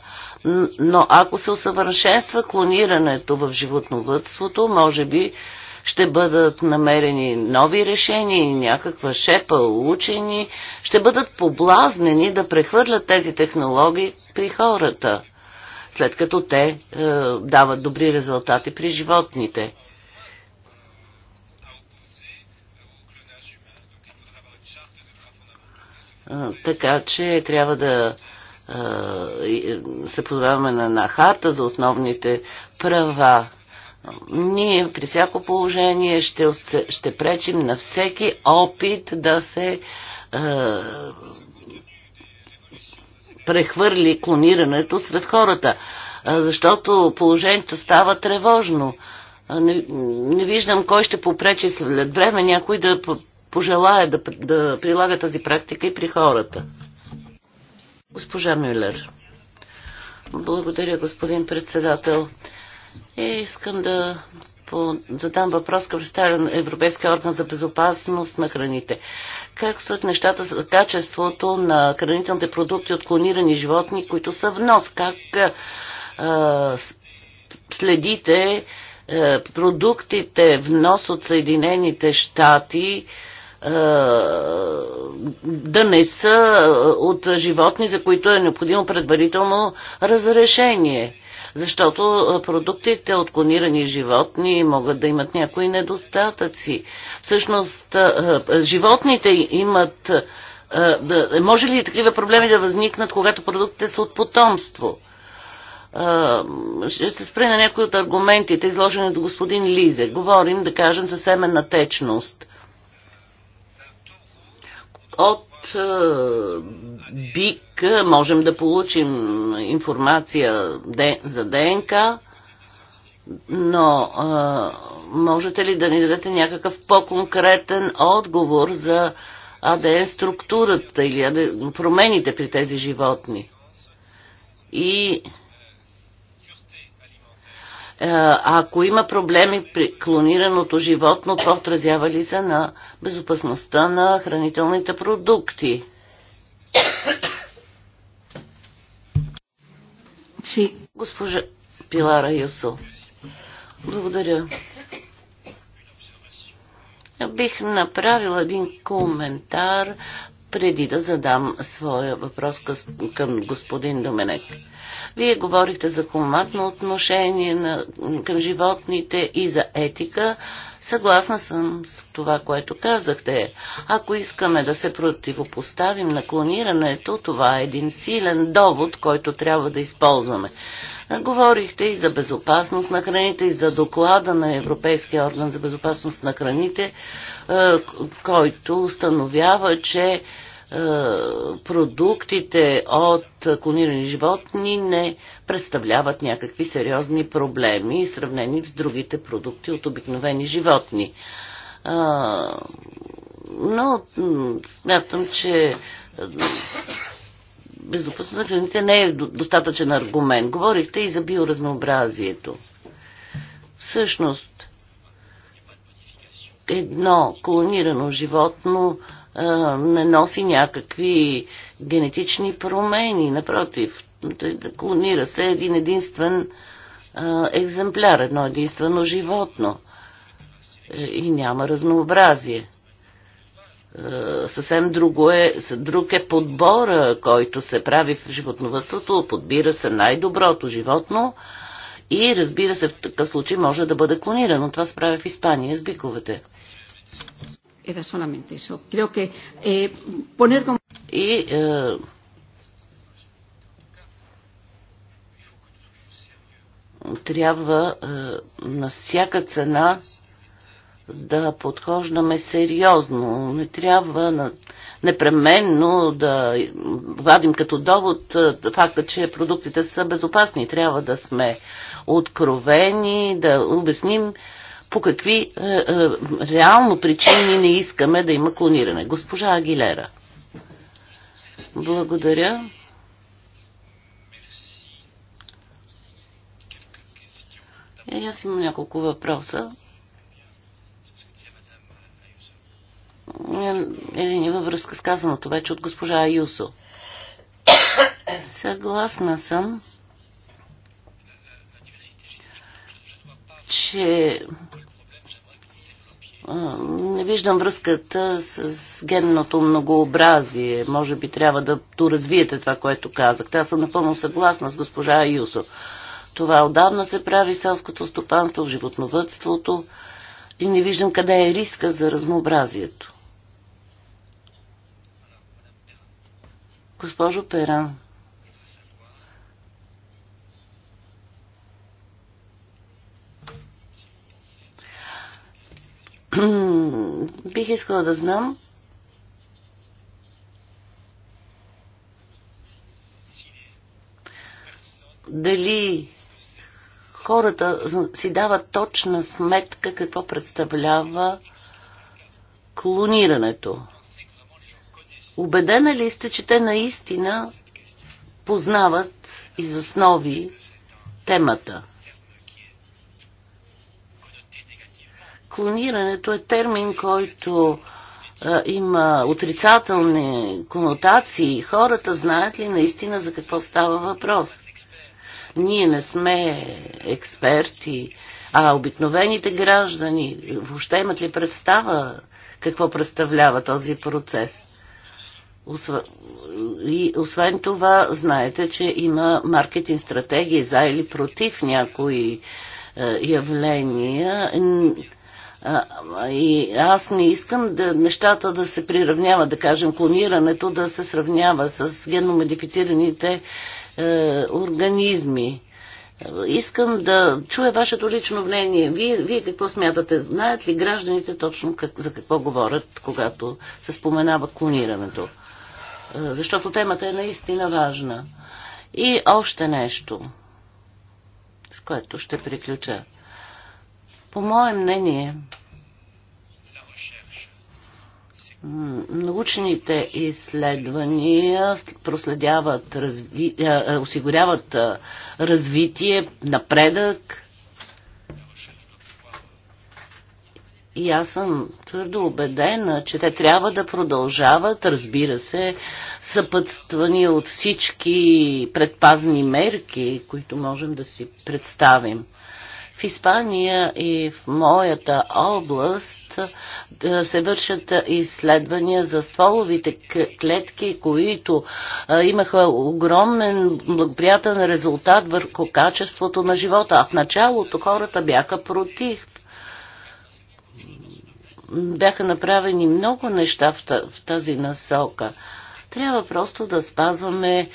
Но ако се усъвършенства клонирането в животновътството, може би ще бъдат намерени нови решения и някаква шепа учени ще бъдат поблазнени да прехвърлят тези технологии при хората, след като те е, дават добри резултати при животните. Така че трябва да се подаваме на, на харта за основните права. Ние при всяко положение ще, ще пречим на всеки опит да се е, прехвърли клонирането сред хората, защото положението става тревожно. Не, не виждам кой ще попречи след време някой да пожелая да, да прилага тази практика и при хората. Госпожа Мюллер. Благодаря, господин председател. И искам да по, задам въпрос към представя на Европейския орган за безопасност на храните. Как стоят нещата за качеството на хранителните продукти от клонирани животни, които са внос? Как а, следите а, продуктите внос от Съединените щати? А, е, да не са е, от животни, за които е необходимо предварително разрешение. Защото е, продуктите от клонирани животни могат да имат някои недостатъци. Всъщност, животните имат. Може ли такива проблеми да възникнат, когато продуктите са от потомство? ще се спре на някои от аргументите, изложени от господин Лизе. Говорим, да кажем, за семенна течност от е, БИК можем да получим информация за ДНК, но е, можете ли да ни дадете някакъв по-конкретен отговор за АДН структурата или промените при тези животни? И е, ако има проблеми при клонираното животно, то отразява ли се на безопасността на хранителните продукти? Си. Госпожа Пилара Юсо. Благодаря. Бих направил един коментар преди да задам своя въпрос към господин Доменек. Вие говорихте за хуманно отношение на, към животните и за етика. Съгласна съм с това, което казахте. Ако искаме да се противопоставим на клонирането, това е един силен довод, който трябва да използваме. Говорихте и за безопасност на храните, и за доклада на Европейския орган за безопасност на храните, е, който установява, че е, продуктите от клонирани животни не представляват някакви сериозни проблеми, сравнени с другите продукти от обикновени животни. Но смятам, че е, безопасност на храните не е достатъчен аргумент. Говорихте и за биоразнообразието. Всъщност, едно колонирано животно не носи някакви генетични промени. Напротив, клонира се един единствен екземпляр, едно единствено животно. И няма разнообразие. Съвсем друго е, друг е подбора, който се прави в животновътството. Подбира се най-доброто животно и разбира се, в такъв случай може да бъде клонирано. Това се прави в Испания с биковете. Era solamente eso. Creo que eh, poner como. Y, uh... трябва е, на всяка цена да подхождаме сериозно. Не трябва на, непременно да вадим като довод э, факта, че продуктите са безопасни. Трябва да сме откровени, да обясним по какви е, е, реално причини не искаме да има клониране. Госпожа Агилера. Благодаря. Е, аз имам няколко въпроса. Е, един е във връзка с казаното вече от госпожа Аюсо. Съгласна съм, че не виждам връзката с генното многообразие. Може би трябва да доразвиете това, което казахте. Аз съм напълно съгласна с госпожа Юсо. Това отдавна се прави селското стопанство, в животновътството и не виждам къде е риска за разнообразието. Госпожо Перан. Бих искала да знам дали хората си дават точна сметка какво представлява клонирането. Убедена ли сте, че те наистина познават из основи темата? Клонирането е термин, който а, има отрицателни конотации. Хората знаят ли наистина за какво става въпрос? Ние не сме експерти, а обикновените граждани въобще имат ли представа какво представлява този процес? Освен, и освен това, знаете, че има маркетинг стратегии за или против някои е, явления. И аз не искам да, нещата да се приравняват, да кажем, клонирането да се сравнява с генномодифицираните е, организми. Искам да чуя вашето лично мнение. Вие, вие какво смятате? Знаят ли гражданите точно как, за какво говорят, когато се споменава клонирането? Е, защото темата е наистина важна. И още нещо, с което ще приключа. По мое мнение, научните изследвания проследяват, разви... осигуряват развитие, напредък. И аз съм твърдо убедена, че те трябва да продължават, разбира се, съпътствани от всички предпазни мерки, които можем да си представим. В Испания и в моята област е, се вършат изследвания за стволовите клетки, които е, имаха огромен благоприятен резултат върху качеството на живота. А в началото хората бяха против бяха направени много неща в тази насока. Трябва просто да спазваме е,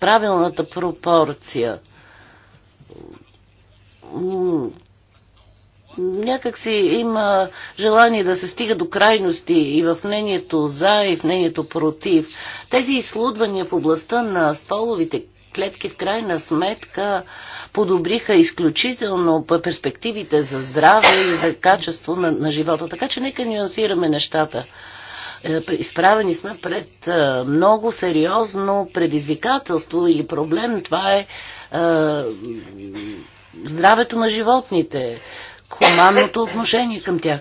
правилната пропорция някак си има желание да се стига до крайности и в мнението за, и в мнението против. Тези изследвания в областта на стволовите клетки в крайна сметка подобриха изключително перспективите за здраве и за качество на, на живота. Така че нека нюансираме нещата. Е, изправени сме пред е, много сериозно предизвикателство или проблем. Това е, е здравето на животните, хуманното отношение към тях.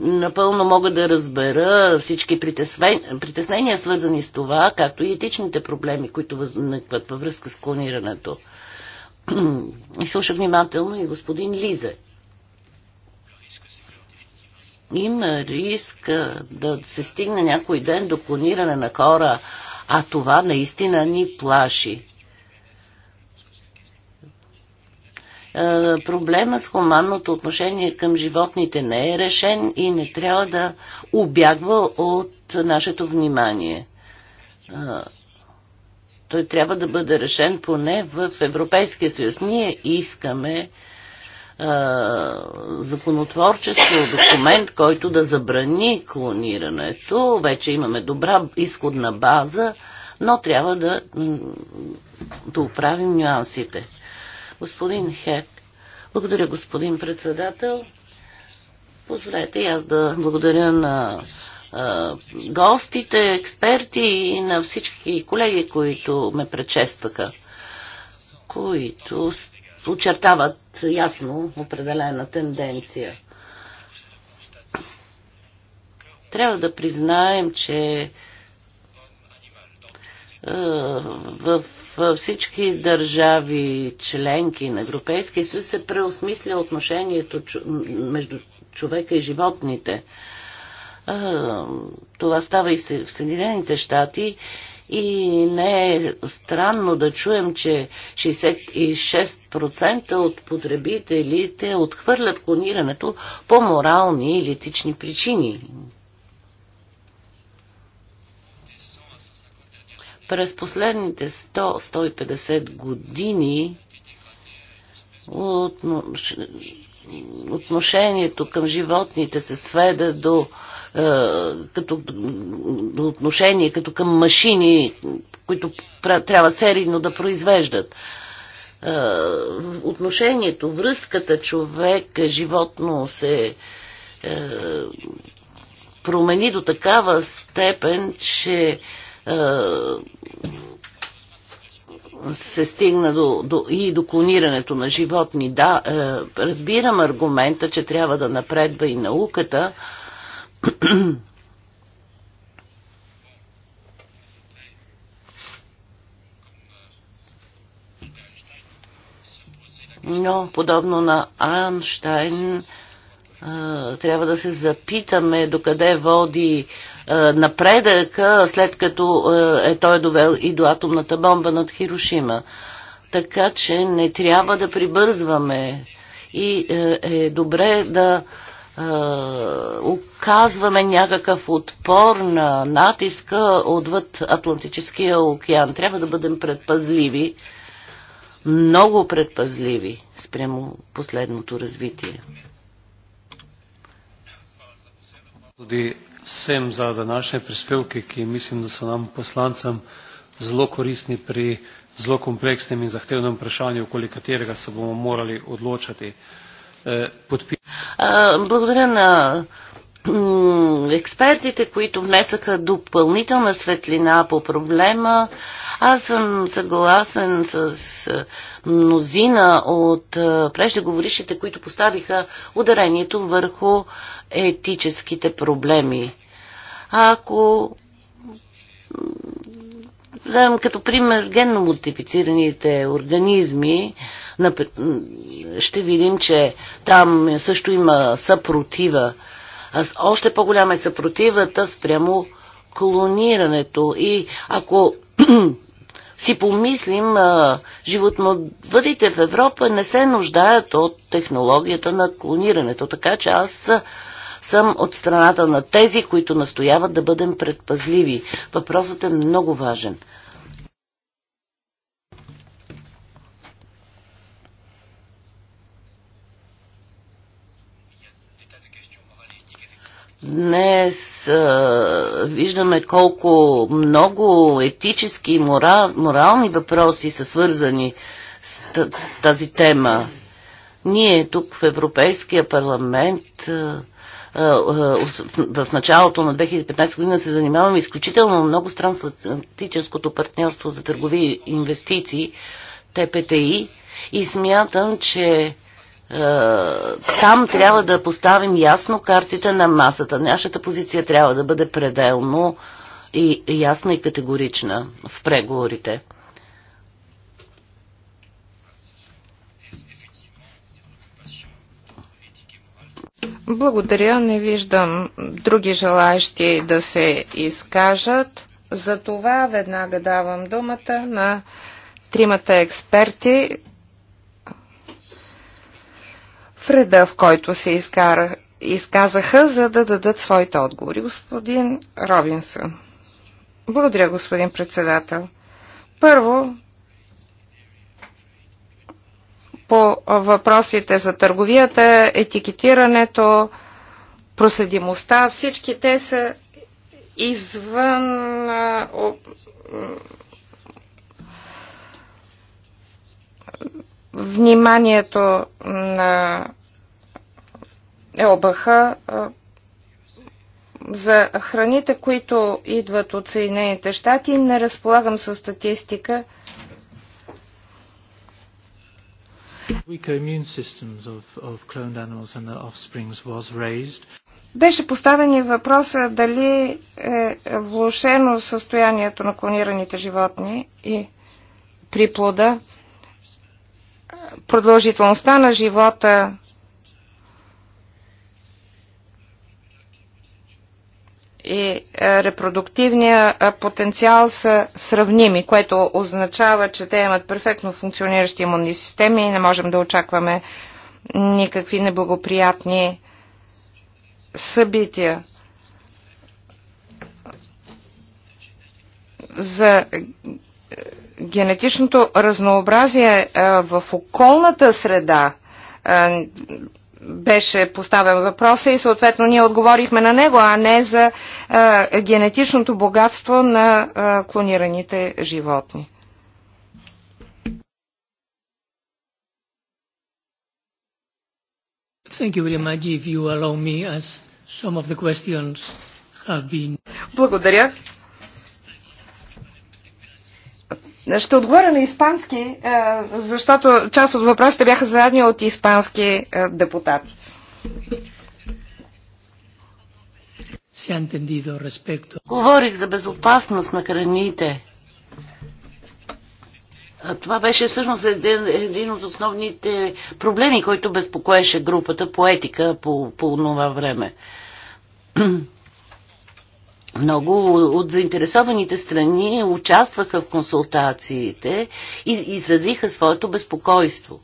Напълно мога да разбера всички притеснения, свързани с това, както и етичните проблеми, които възникват във връзка с клонирането. И слушах внимателно и господин Лизе. Има риск да се стигне някой ден до клониране на хора, а това наистина ни плаши. Е, проблема с хуманното отношение към животните не е решен и не трябва да обягва от нашето внимание. Е, той трябва да бъде решен поне в Европейския съюз. Ние искаме е, законотворчество, документ, който да забрани клонирането. Вече имаме добра изходна база, но трябва да, да оправим нюансите. Господин Хек. Благодаря, господин председател. Позволете и аз да благодаря на гостите, експерти и на всички колеги, които ме предшестваха, които очертават ясно определена тенденция. Трябва да признаем, че в всички държави членки на Европейския съюз се преосмисля отношението между човека и животните. Това става и в Съединените щати и не е странно да чуем, че 66% от потребителите отхвърлят клонирането по морални или етични причини. През последните 100-150 години отношението към животните се сведа до, е, като, до отношение като към машини, които трябва серийно да произвеждат. Е, отношението, връзката човек-животно се е, промени до такава степен, че е, се стигна до, до, и до клонирането на животни. Да, е, разбирам аргумента, че трябва да напредва и науката. Но, подобно на Айнштайн, е, трябва да се запитаме докъде води е, е, напредъка, след като е, е той довел и до атомната бомба над Хирошима. Така че не трябва да прибързваме и е, е добре да оказваме някакъв отпор на натиска отвъд Атлантическия океан. Трябва да бъдем предпазливи, много предпазливи спрямо последното развитие vsem za današnje prispevke, ki mislim, da so nam poslancem zelo koristni pri zelo kompleksnem in zahtevnem vprašanju, okoli katerega se bomo morali odločati. Podpi... Благодаря на експертите, които внесаха допълнителна светлина по проблема. Аз съм съгласен с мнозина от преждеговорившите, които поставиха ударението върху етическите проблеми. Ако вземем като пример генно модифицираните организми, ще видим, че там също има съпротива още по-голяма е съпротивата спрямо клонирането. И ако си помислим, животновъдите в Европа не се нуждаят от технологията на клонирането. Така че аз съм от страната на тези, които настояват да бъдем предпазливи. Въпросът е много важен. Днес а, виждаме колко много етически и морал, морални въпроси са свързани с тази тема. Ние тук в Европейския парламент а, в началото на 2015 година се занимаваме изключително много с трансатлантическото партньорство за търгови и инвестиции, ТПТИ, и смятам, че е, там трябва да поставим ясно картите на масата. Нашата позиция трябва да бъде пределно и ясна и категорична в преговорите. Благодаря. Не виждам други желаящи да се изкажат. За това веднага давам думата на тримата експерти, в реда, в който се изкара, изказаха, за да дадат своите отговори. Господин Робинсън. Благодаря, господин председател. Първо, по въпросите за търговията, етикетирането, проследимостта, всички те са извън вниманието на ЕОБХ за храните, които идват от Съединените щати, не разполагам със статистика. Беше поставен и въпроса дали е влушено състоянието на клонираните животни и при плода продължителността на живота и е, репродуктивния е, потенциал са сравними, което означава, че те имат перфектно функциониращи имунни системи и не можем да очакваме никакви неблагоприятни събития. За генетичното разнообразие е, в околната среда е, беше поставен въпроса и съответно ние отговорихме на него, а не за е, генетичното богатство на клонираните животни. Thank you very much if you allow me as some of the questions have been Благодаря. Ще отговоря на испански, е, защото част от въпросите бяха зададени от испански е, депутати. Говорих за безопасност на храните. Това беше всъщност един, един от основните проблеми, който безпокоеше групата по етика по, по това време много от заинтересованите страни участваха в консултациите и изразиха своето безпокойство.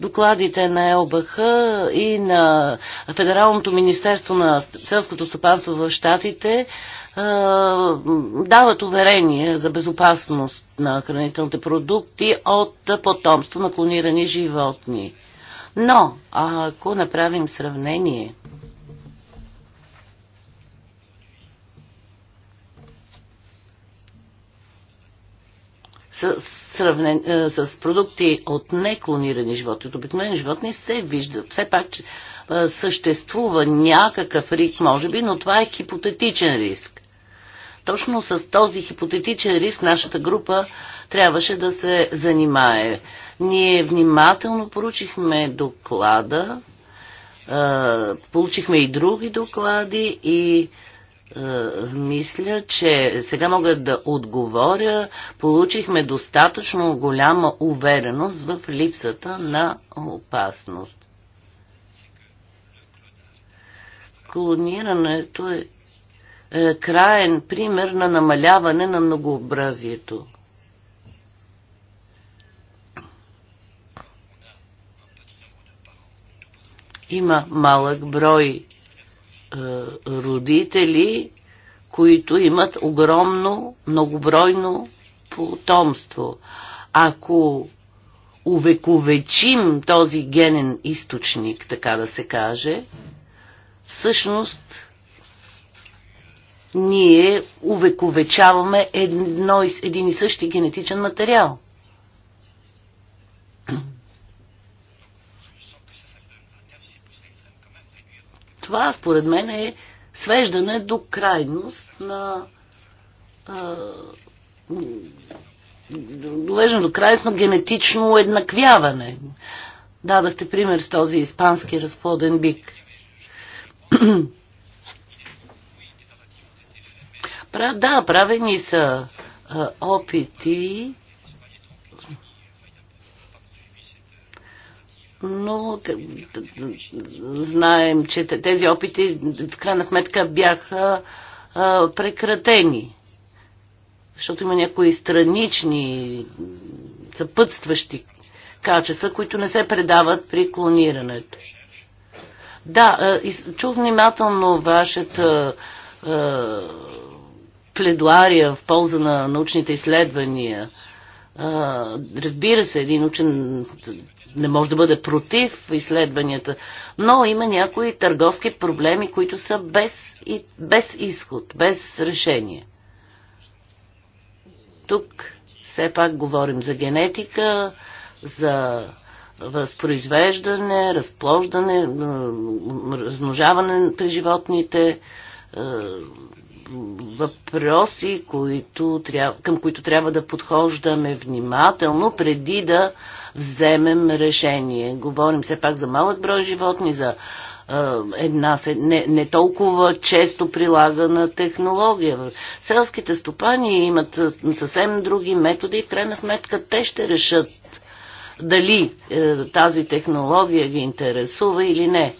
Докладите на ЕОБХ и на Федералното министерство на селското стопанство в Штатите дават уверение за безопасност на хранителните продукти от потомство на клонирани животни. Но, ако направим сравнение с, е, с продукти от неклонирани животни, от обикновени животни се вижда. Все пак че, е, съществува някакъв риск, може би, но това е хипотетичен риск. Точно с този хипотетичен риск нашата група трябваше да се занимае. Ние внимателно поручихме доклада, получихме и други доклади и мисля, че сега мога да отговоря. Получихме достатъчно голяма увереност в липсата на опасност. Клонирането е е, краен пример на намаляване на многообразието. Има малък брой е, родители, които имат огромно, многобройно потомство. Ако увековечим този генен източник, така да се каже, всъщност ние увековечаваме едно, един и същи генетичен материал. Това, според мен, е свеждане до крайност на а, довеждане до крайност на генетично еднаквяване. Дадахте пример с този испански разплоден бик да, правени са опити, но знаем, че тези опити в крайна сметка бяха прекратени, защото има някои странични, съпътстващи качества, които не се предават при клонирането. Да, чух внимателно вашата пледуария в полза на научните изследвания. Разбира се, един учен не може да бъде против изследванията, но има някои търговски проблеми, които са без, и, без изход, без решение. Тук все пак говорим за генетика, за възпроизвеждане, разплождане, размножаване при животните, въпроси, които трябва, към които трябва да подхождаме внимателно, преди да вземем решение. Говорим все пак за малък брой животни, за една не, не толкова често прилагана технология. Селските стопани имат съвсем други методи и в крайна сметка те ще решат дали е, тази технология ги интересува или не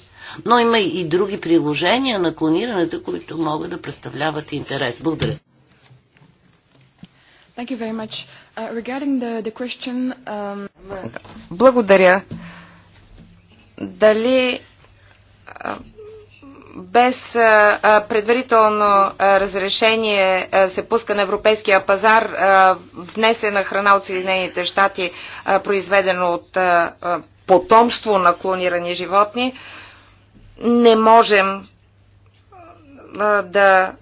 но има и други приложения на клонирането, които могат да представляват интерес. Благодаря. Thank you very much. Uh, regarding the, the question, um... Благодаря. Дали без предварително разрешение се пуска на европейския пазар внесена храна от Съединените щати, произведено от потомство на клонирани животни не можем да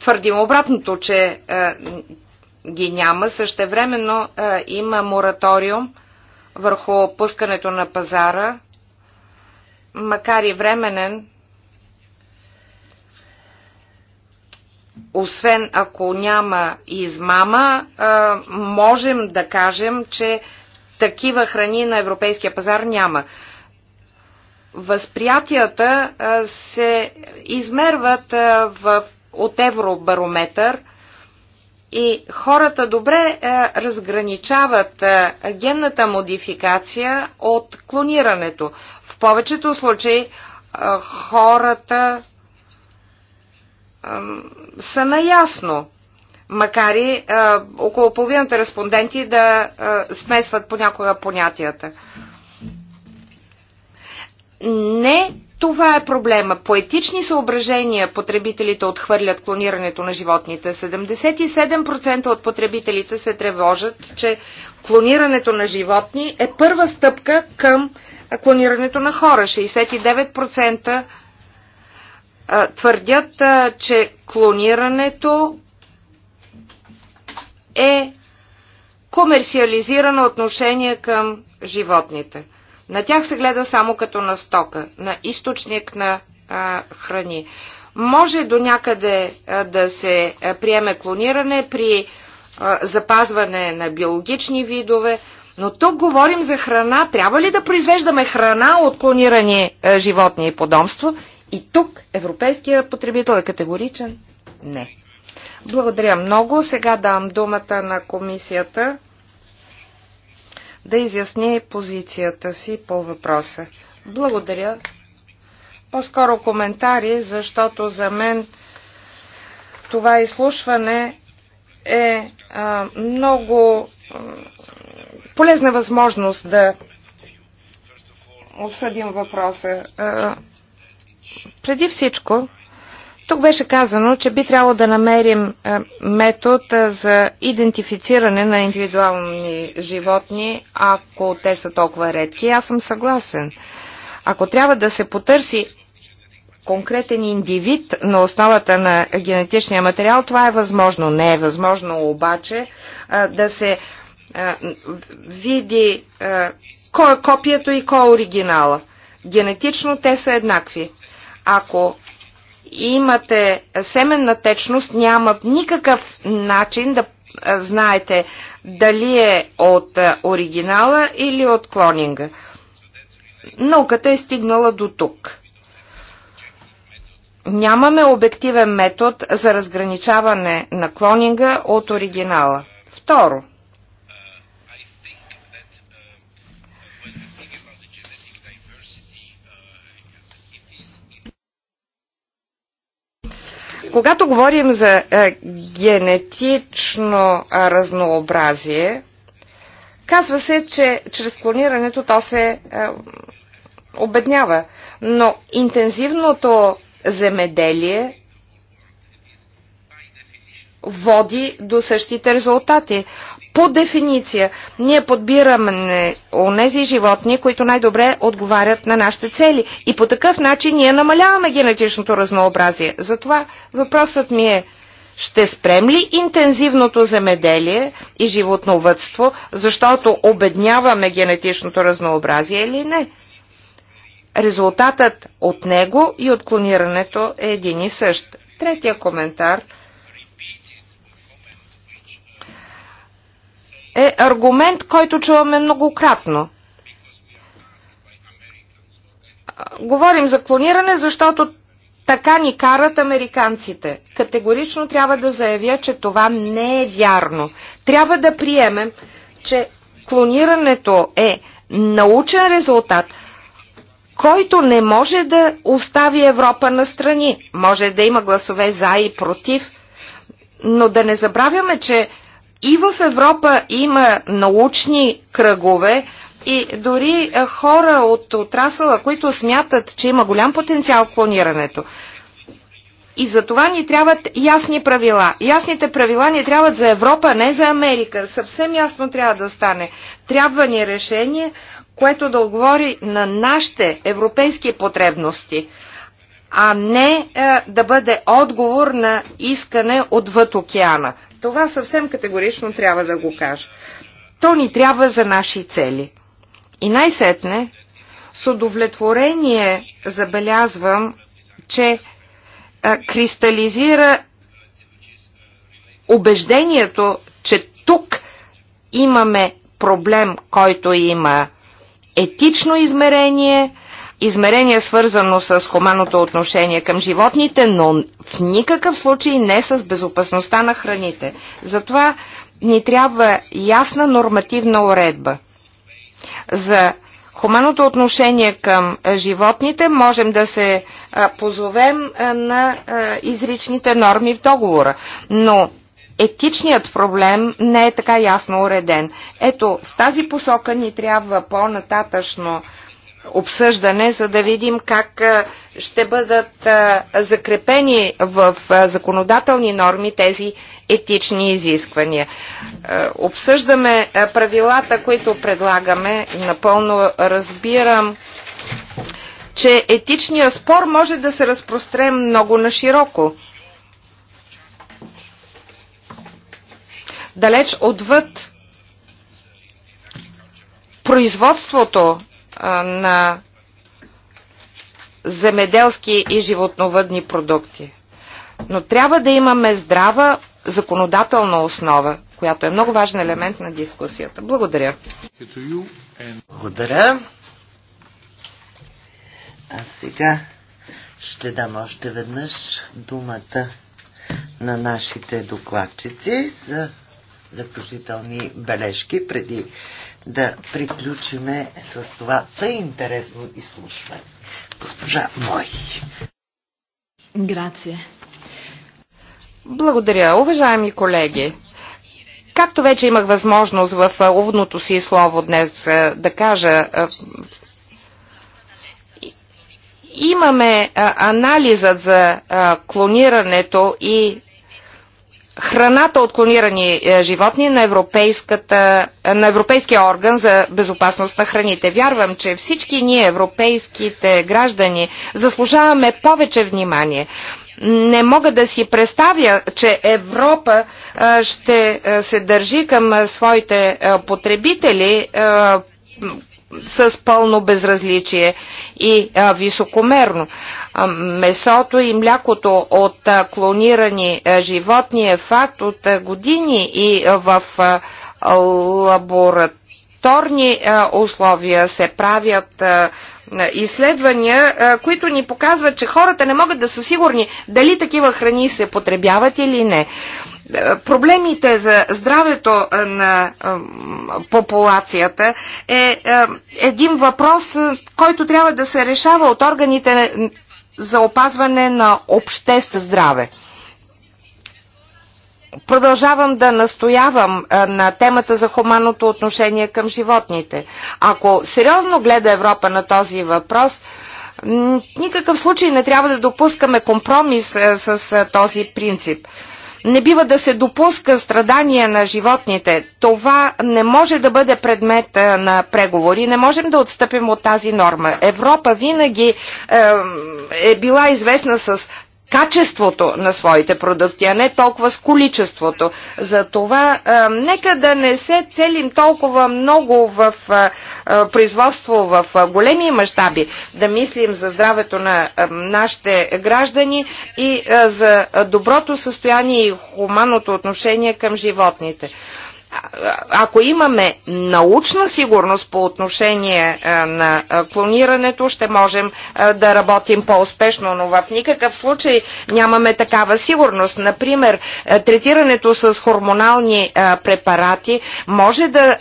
твърдим обратното, че ги няма. Същевременно има мораториум върху пускането на пазара, макар и временен, освен ако няма измама, можем да кажем, че такива храни на европейския пазар няма. Възприятията се измерват в, от евробарометър и хората добре разграничават генната модификация от клонирането. В повечето случаи хората са наясно, макар и около половината респонденти да смесват понякога понятията не това е проблема. По етични съображения потребителите отхвърлят клонирането на животните. 77% от потребителите се тревожат, че клонирането на животни е първа стъпка към клонирането на хора. 69% твърдят, че клонирането е комерциализирано отношение към животните. На тях се гледа само като на стока, на източник на а, храни. Може до някъде а, да се а, приеме клониране при а, запазване на биологични видове, но тук говорим за храна. Трябва ли да произвеждаме храна от клонирани а, животни и подомство? И тук европейският потребител е категоричен. Не. Благодаря много. Сега дам думата на комисията да изясни позицията си по въпроса. Благодаря. По-скоро коментари, защото за мен това изслушване е а, много а, полезна възможност да обсъдим въпроса. А, преди всичко, тук беше казано, че би трябвало да намерим е, метод е, за идентифициране на индивидуални животни, ако те са толкова редки. Аз съм съгласен. Ако трябва да се потърси конкретен индивид на основата на генетичния материал, това е възможно. Не е възможно обаче е, да се види кой е копието и кой е оригинала. Генетично те са еднакви. Ако имате семенна течност, няма никакъв начин да знаете дали е от оригинала или от клонинга. Науката е стигнала до тук. Нямаме обективен метод за разграничаване на клонинга от оригинала. Второ, Когато говорим за е, генетично разнообразие, казва се, че чрез клонирането то се е, обеднява. Но интензивното земеделие води до същите резултати по дефиниция ние подбираме онези животни, които най-добре отговарят на нашите цели. И по такъв начин ние намаляваме генетичното разнообразие. Затова въпросът ми е, ще спрем ли интензивното земеделие и животновътство, защото обедняваме генетичното разнообразие или не? Резултатът от него и от клонирането е един и същ. Третия коментар – е аргумент, който чуваме многократно. Говорим за клониране, защото така ни карат американците. Категорично трябва да заявя, че това не е вярно. Трябва да приемем, че клонирането е научен резултат, който не може да остави Европа на страни. Може да има гласове за и против, но да не забравяме, че и в Европа има научни кръгове и дори е, хора от отрасъла, които смятат, че има голям потенциал в клонирането. И за това ни трябват ясни правила. Ясните правила ни трябват за Европа, не за Америка. Съвсем ясно трябва да стане. Трябва ни решение, което да отговори на нашите европейски потребности, а не е, да бъде отговор на искане отвъд океана. Това съвсем категорично трябва да го кажа. То ни трябва за наши цели. И най-сетне, с удовлетворение забелязвам, че а, кристализира убеждението, че тук имаме проблем, който има етично измерение, измерение свързано с хуманното отношение към животните, но в никакъв случай не с безопасността на храните. Затова ни трябва ясна нормативна уредба. За хуманното отношение към животните можем да се позовем на изричните норми в договора, но етичният проблем не е така ясно уреден. Ето, в тази посока ни трябва по-нататъчно обсъждане, за да видим как ще бъдат закрепени в законодателни норми тези етични изисквания. Обсъждаме правилата, които предлагаме. Напълно разбирам, че етичният спор може да се разпростре много нашироко. Далеч отвъд производството на земеделски и животновъдни продукти. Но трябва да имаме здрава законодателна основа, която е много важен елемент на дискусията. Благодаря. Благодаря. А сега ще дам още веднъж думата на нашите докладчици за заключителни бележки преди да приключиме с това тъй интересно изслушване. Госпожа Мой. Грация. Благодаря, уважаеми колеги. Както вече имах възможност в увното си слово днес да кажа, имаме анализът за клонирането и храната от клонирани е, животни на, европейската, е, на Европейския орган за безопасност на храните. Вярвам, че всички ние, европейските граждани, заслужаваме повече внимание. Не мога да си представя, че Европа е, ще се държи към своите потребители с пълно безразличие и а, високомерно. А, месото и млякото от а, клонирани а, животни е факт от а, години и а, в а, лабораторни а, условия се правят а, изследвания, а, които ни показват, че хората не могат да са сигурни дали такива храни се потребяват или не проблемите за здравето на популацията е един въпрос, който трябва да се решава от органите за опазване на общество здраве. Продължавам да настоявам на темата за хуманното отношение към животните. Ако сериозно гледа Европа на този въпрос, никакъв случай не трябва да допускаме компромис с този принцип. Не бива да се допуска страдания на животните. Това не може да бъде предмет на преговори. Не можем да отстъпим от тази норма. Европа винаги е, е била известна с качеството на своите продукти, а не толкова с количеството. Затова а, нека да не се целим толкова много в а, производство в а, големи мащаби, да мислим за здравето на а, нашите граждани и а, за доброто състояние и хуманното отношение към животните ако имаме научна сигурност по отношение е, на е, клонирането, ще можем е, да работим по-успешно, но в никакъв случай нямаме такава сигурност. Например, третирането с хормонални препарати може да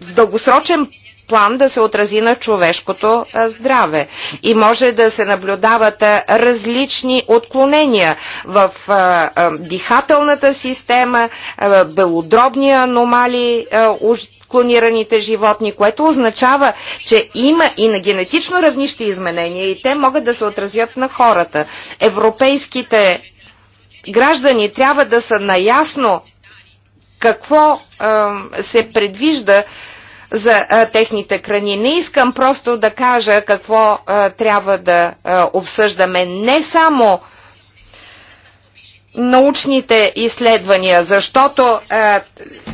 в дългосрочен план да се отрази на човешкото здраве. И може да се наблюдават различни отклонения в дихателната система, белодробни аномалии, клонираните животни, което означава, че има и на генетично равнище изменения и те могат да се отразят на хората. Европейските граждани трябва да са наясно какво е, се предвижда за а, техните крани. Не искам просто да кажа какво а, трябва да а, обсъждаме не само а, научните изследвания, защото е,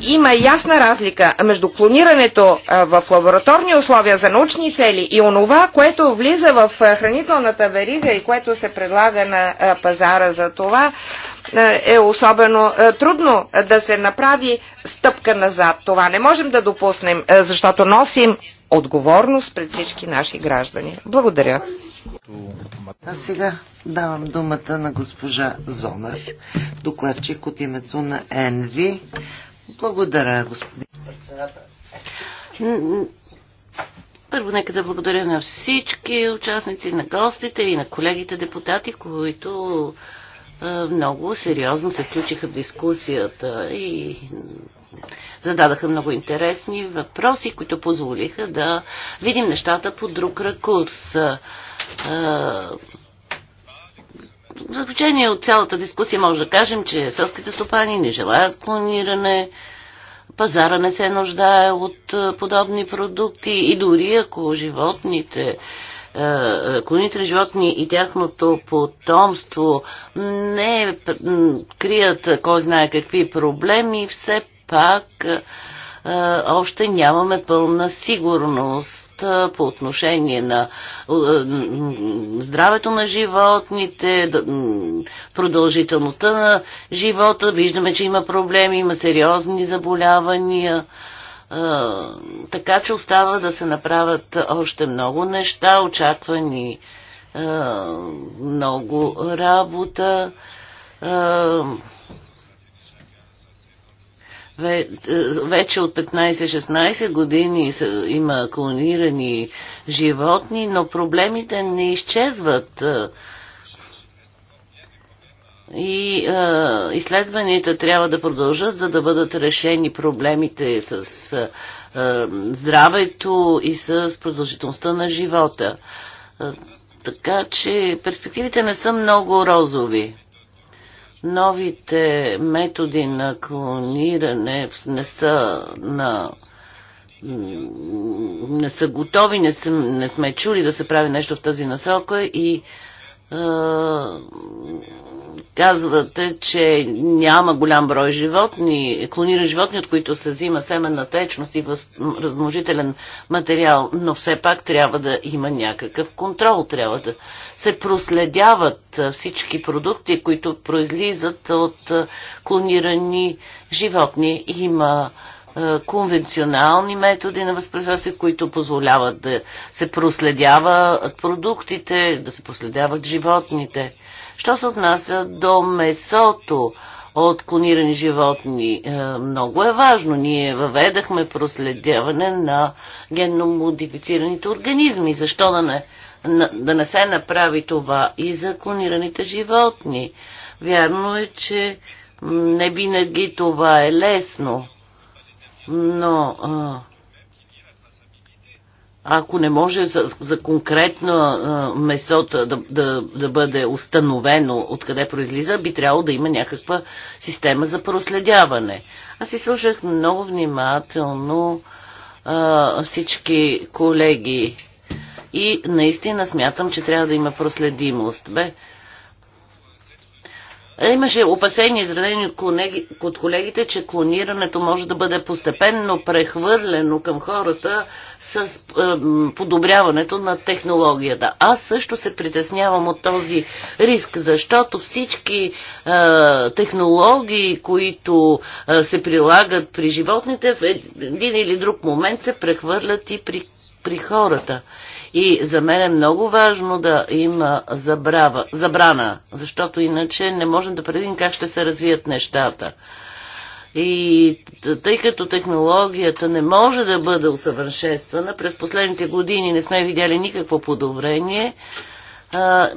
има ясна разлика между клонирането е, в лабораторни условия за научни цели и онова, което влиза в е, хранителната верига и което се предлага на е, пазара за това е, е особено е, трудно да се направи стъпка назад. Това не можем да допуснем, защото носим отговорност пред всички наши граждани. Благодаря. А сега давам думата на госпожа Зонар, докладчик от името на ЕНВИ. Благодаря, господин председател. Първо нека да благодаря на всички участници, на гостите и на колегите депутати, които много сериозно се включиха в дискусията и зададаха много интересни въпроси, които позволиха да видим нещата по друг ракурс. В заключение от цялата дискусия може да кажем, че селските стопани не желаят клониране, пазара не се нуждае от подобни продукти и дори ако животните клонителни животни и тяхното потомство не е, крият кой знае какви проблеми, все пак е, още нямаме пълна сигурност е, по отношение на е, здравето на животните, продължителността на живота. Виждаме, че има проблеми, има сериозни заболявания така че остава да се направят още много неща, Очаквани, много работа. Е, вече от 15-16 години има клонирани животни, но проблемите не изчезват. Е. И а, е, изследванията трябва да продължат, за да бъдат решени проблемите с а, здравето и с продължителността на живота. А, така че перспективите не са много розови. Новите методи на клониране не са на не са готови, не, са, не сме чули да се прави нещо в тази насока и Казвате, че няма голям брой животни, клонирани животни, от които се взима семенна течност и въз... размножителен материал, но все пак трябва да има някакъв контрол. Трябва да се проследяват всички продукти, които произлизат от клонирани животни. Има конвенционални методи на възпроизводство, които позволяват да се проследяват продуктите, да се проследяват животните. Що се отнася до месото от клонирани животни, е, много е важно. Ние въведахме проследяване на генно модифицираните организми. Защо да не, да не се направи това и за клонираните животни? Вярно е, че не винаги това е лесно, но е, ако не може за, за конкретно а, месото да, да, да бъде установено откъде произлиза, би трябвало да има някаква система за проследяване. Аз си слушах много внимателно а, всички колеги и наистина смятам, че трябва да има проследимост. Бе, е, имаше опасения, изразени от колегите, че клонирането може да бъде постепенно прехвърлено към хората с подобряването на технологията. Аз също се притеснявам от този риск, защото всички е, технологии, които е, се прилагат при животните, в един или друг момент се прехвърлят и при при хората. И за мен е много важно да има забрава, забрана, защото иначе не можем да предвидим как ще се развият нещата. И тъй като технологията не може да бъде усъвършенствана, през последните години не сме видяли никакво подобрение, а,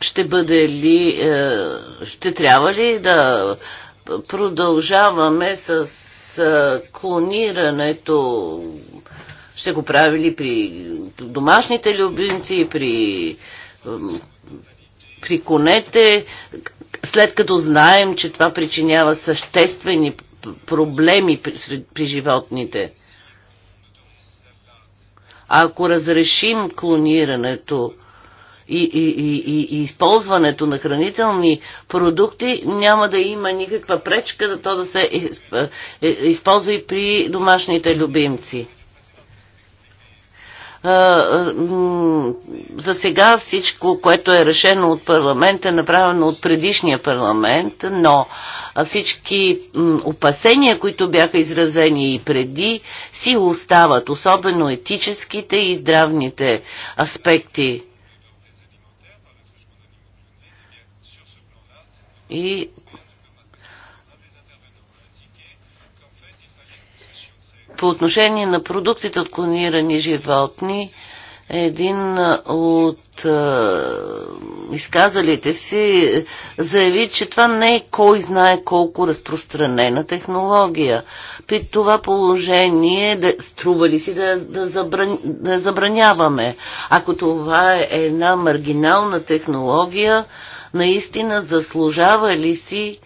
ще бъде ли, е, ще трябва ли да продължаваме с е, клонирането, ще го прави ли при домашните любимци, при, е, при конете, след като знаем, че това причинява съществени проблеми при, при животните. Ако разрешим клонирането, и, и, и, и използването на хранителни продукти, няма да има никаква пречка да то да се е, е, използва и при домашните любимци. За сега всичко, което е решено от парламента, е направено от предишния парламент, но всички опасения, които бяха изразени и преди, си остават, особено етическите и здравните аспекти И по отношение на продуктите от клонирани животни, един от а, изказалите си заяви, че това не е кой знае колко разпространена технология. При това положение да, струва ли си да, да, забран, да забраняваме? Ако това е една маргинална технология, наистина заслужава ли си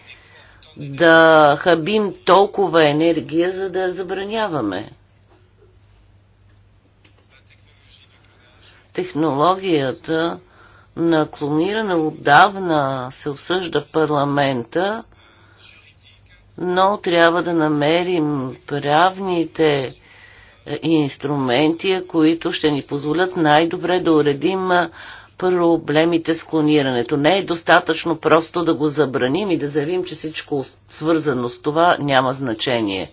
да хабим толкова енергия, за да я забраняваме? Технологията на клониране отдавна се обсъжда в парламента, но трябва да намерим правните е, инструменти, които ще ни позволят най-добре да уредим е, проблемите с клонирането. Не е достатъчно просто да го забраним и да заявим, че всичко свързано с това няма значение.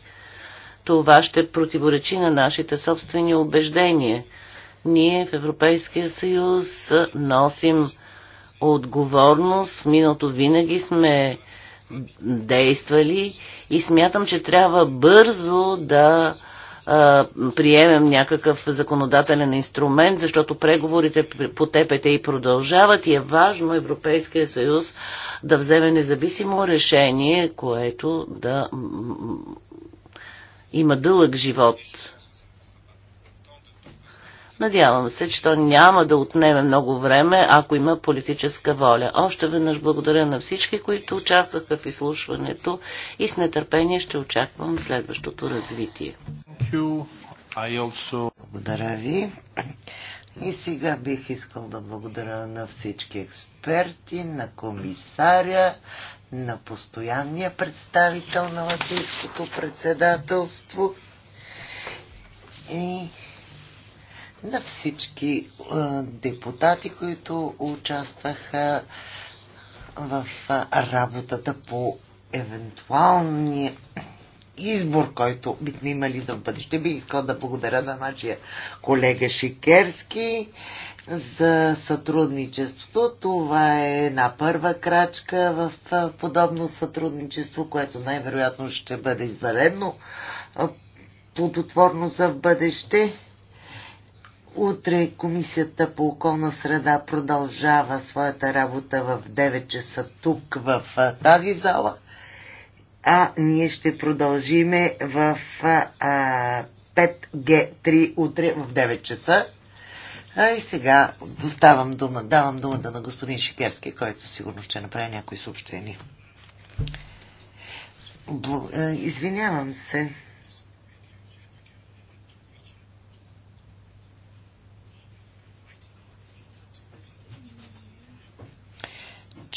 Това ще противоречи на нашите собствени убеждения. Ние в Европейския съюз носим отговорност. Миналото винаги сме действали и смятам, че трябва бързо да а, приемем някакъв законодателен инструмент, защото преговорите по ТПТ и продължават и е важно Европейския съюз да вземе независимо решение, което да има дълъг живот Надявам се, че то няма да отнеме много време, ако има политическа воля. Още веднъж благодаря на всички, които участваха в изслушването и с нетърпение ще очаквам следващото развитие. Also... Благодаря ви. И сега бих искал да благодаря на всички експерти, на комисаря, на постоянния представител на Латинското председателство и на всички депутати, които участваха в работата по евентуалния избор, който бихме имали за бъдеще. Бих искала да благодаря на нашия колега Шикерски за сътрудничеството. Това е една първа крачка в подобно сътрудничество, което най-вероятно ще бъде изваредно плодотворно за в бъдеще. Утре Комисията по околна среда продължава своята работа в 9 часа тук в тази зала, а ние ще продължиме в 5G3 утре в 9 часа. А и сега доставам дума, давам думата на господин Шикерски, който сигурно ще направи някои съобщения. Бл... Извинявам се.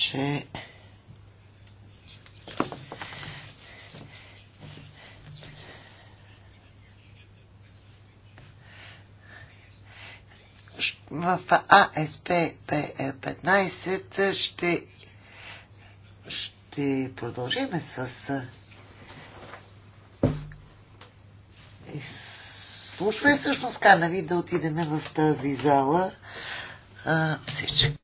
че в АСП 15 ще, ще продължиме с слушай Всъщност кана ви да отидем в тази зала всички.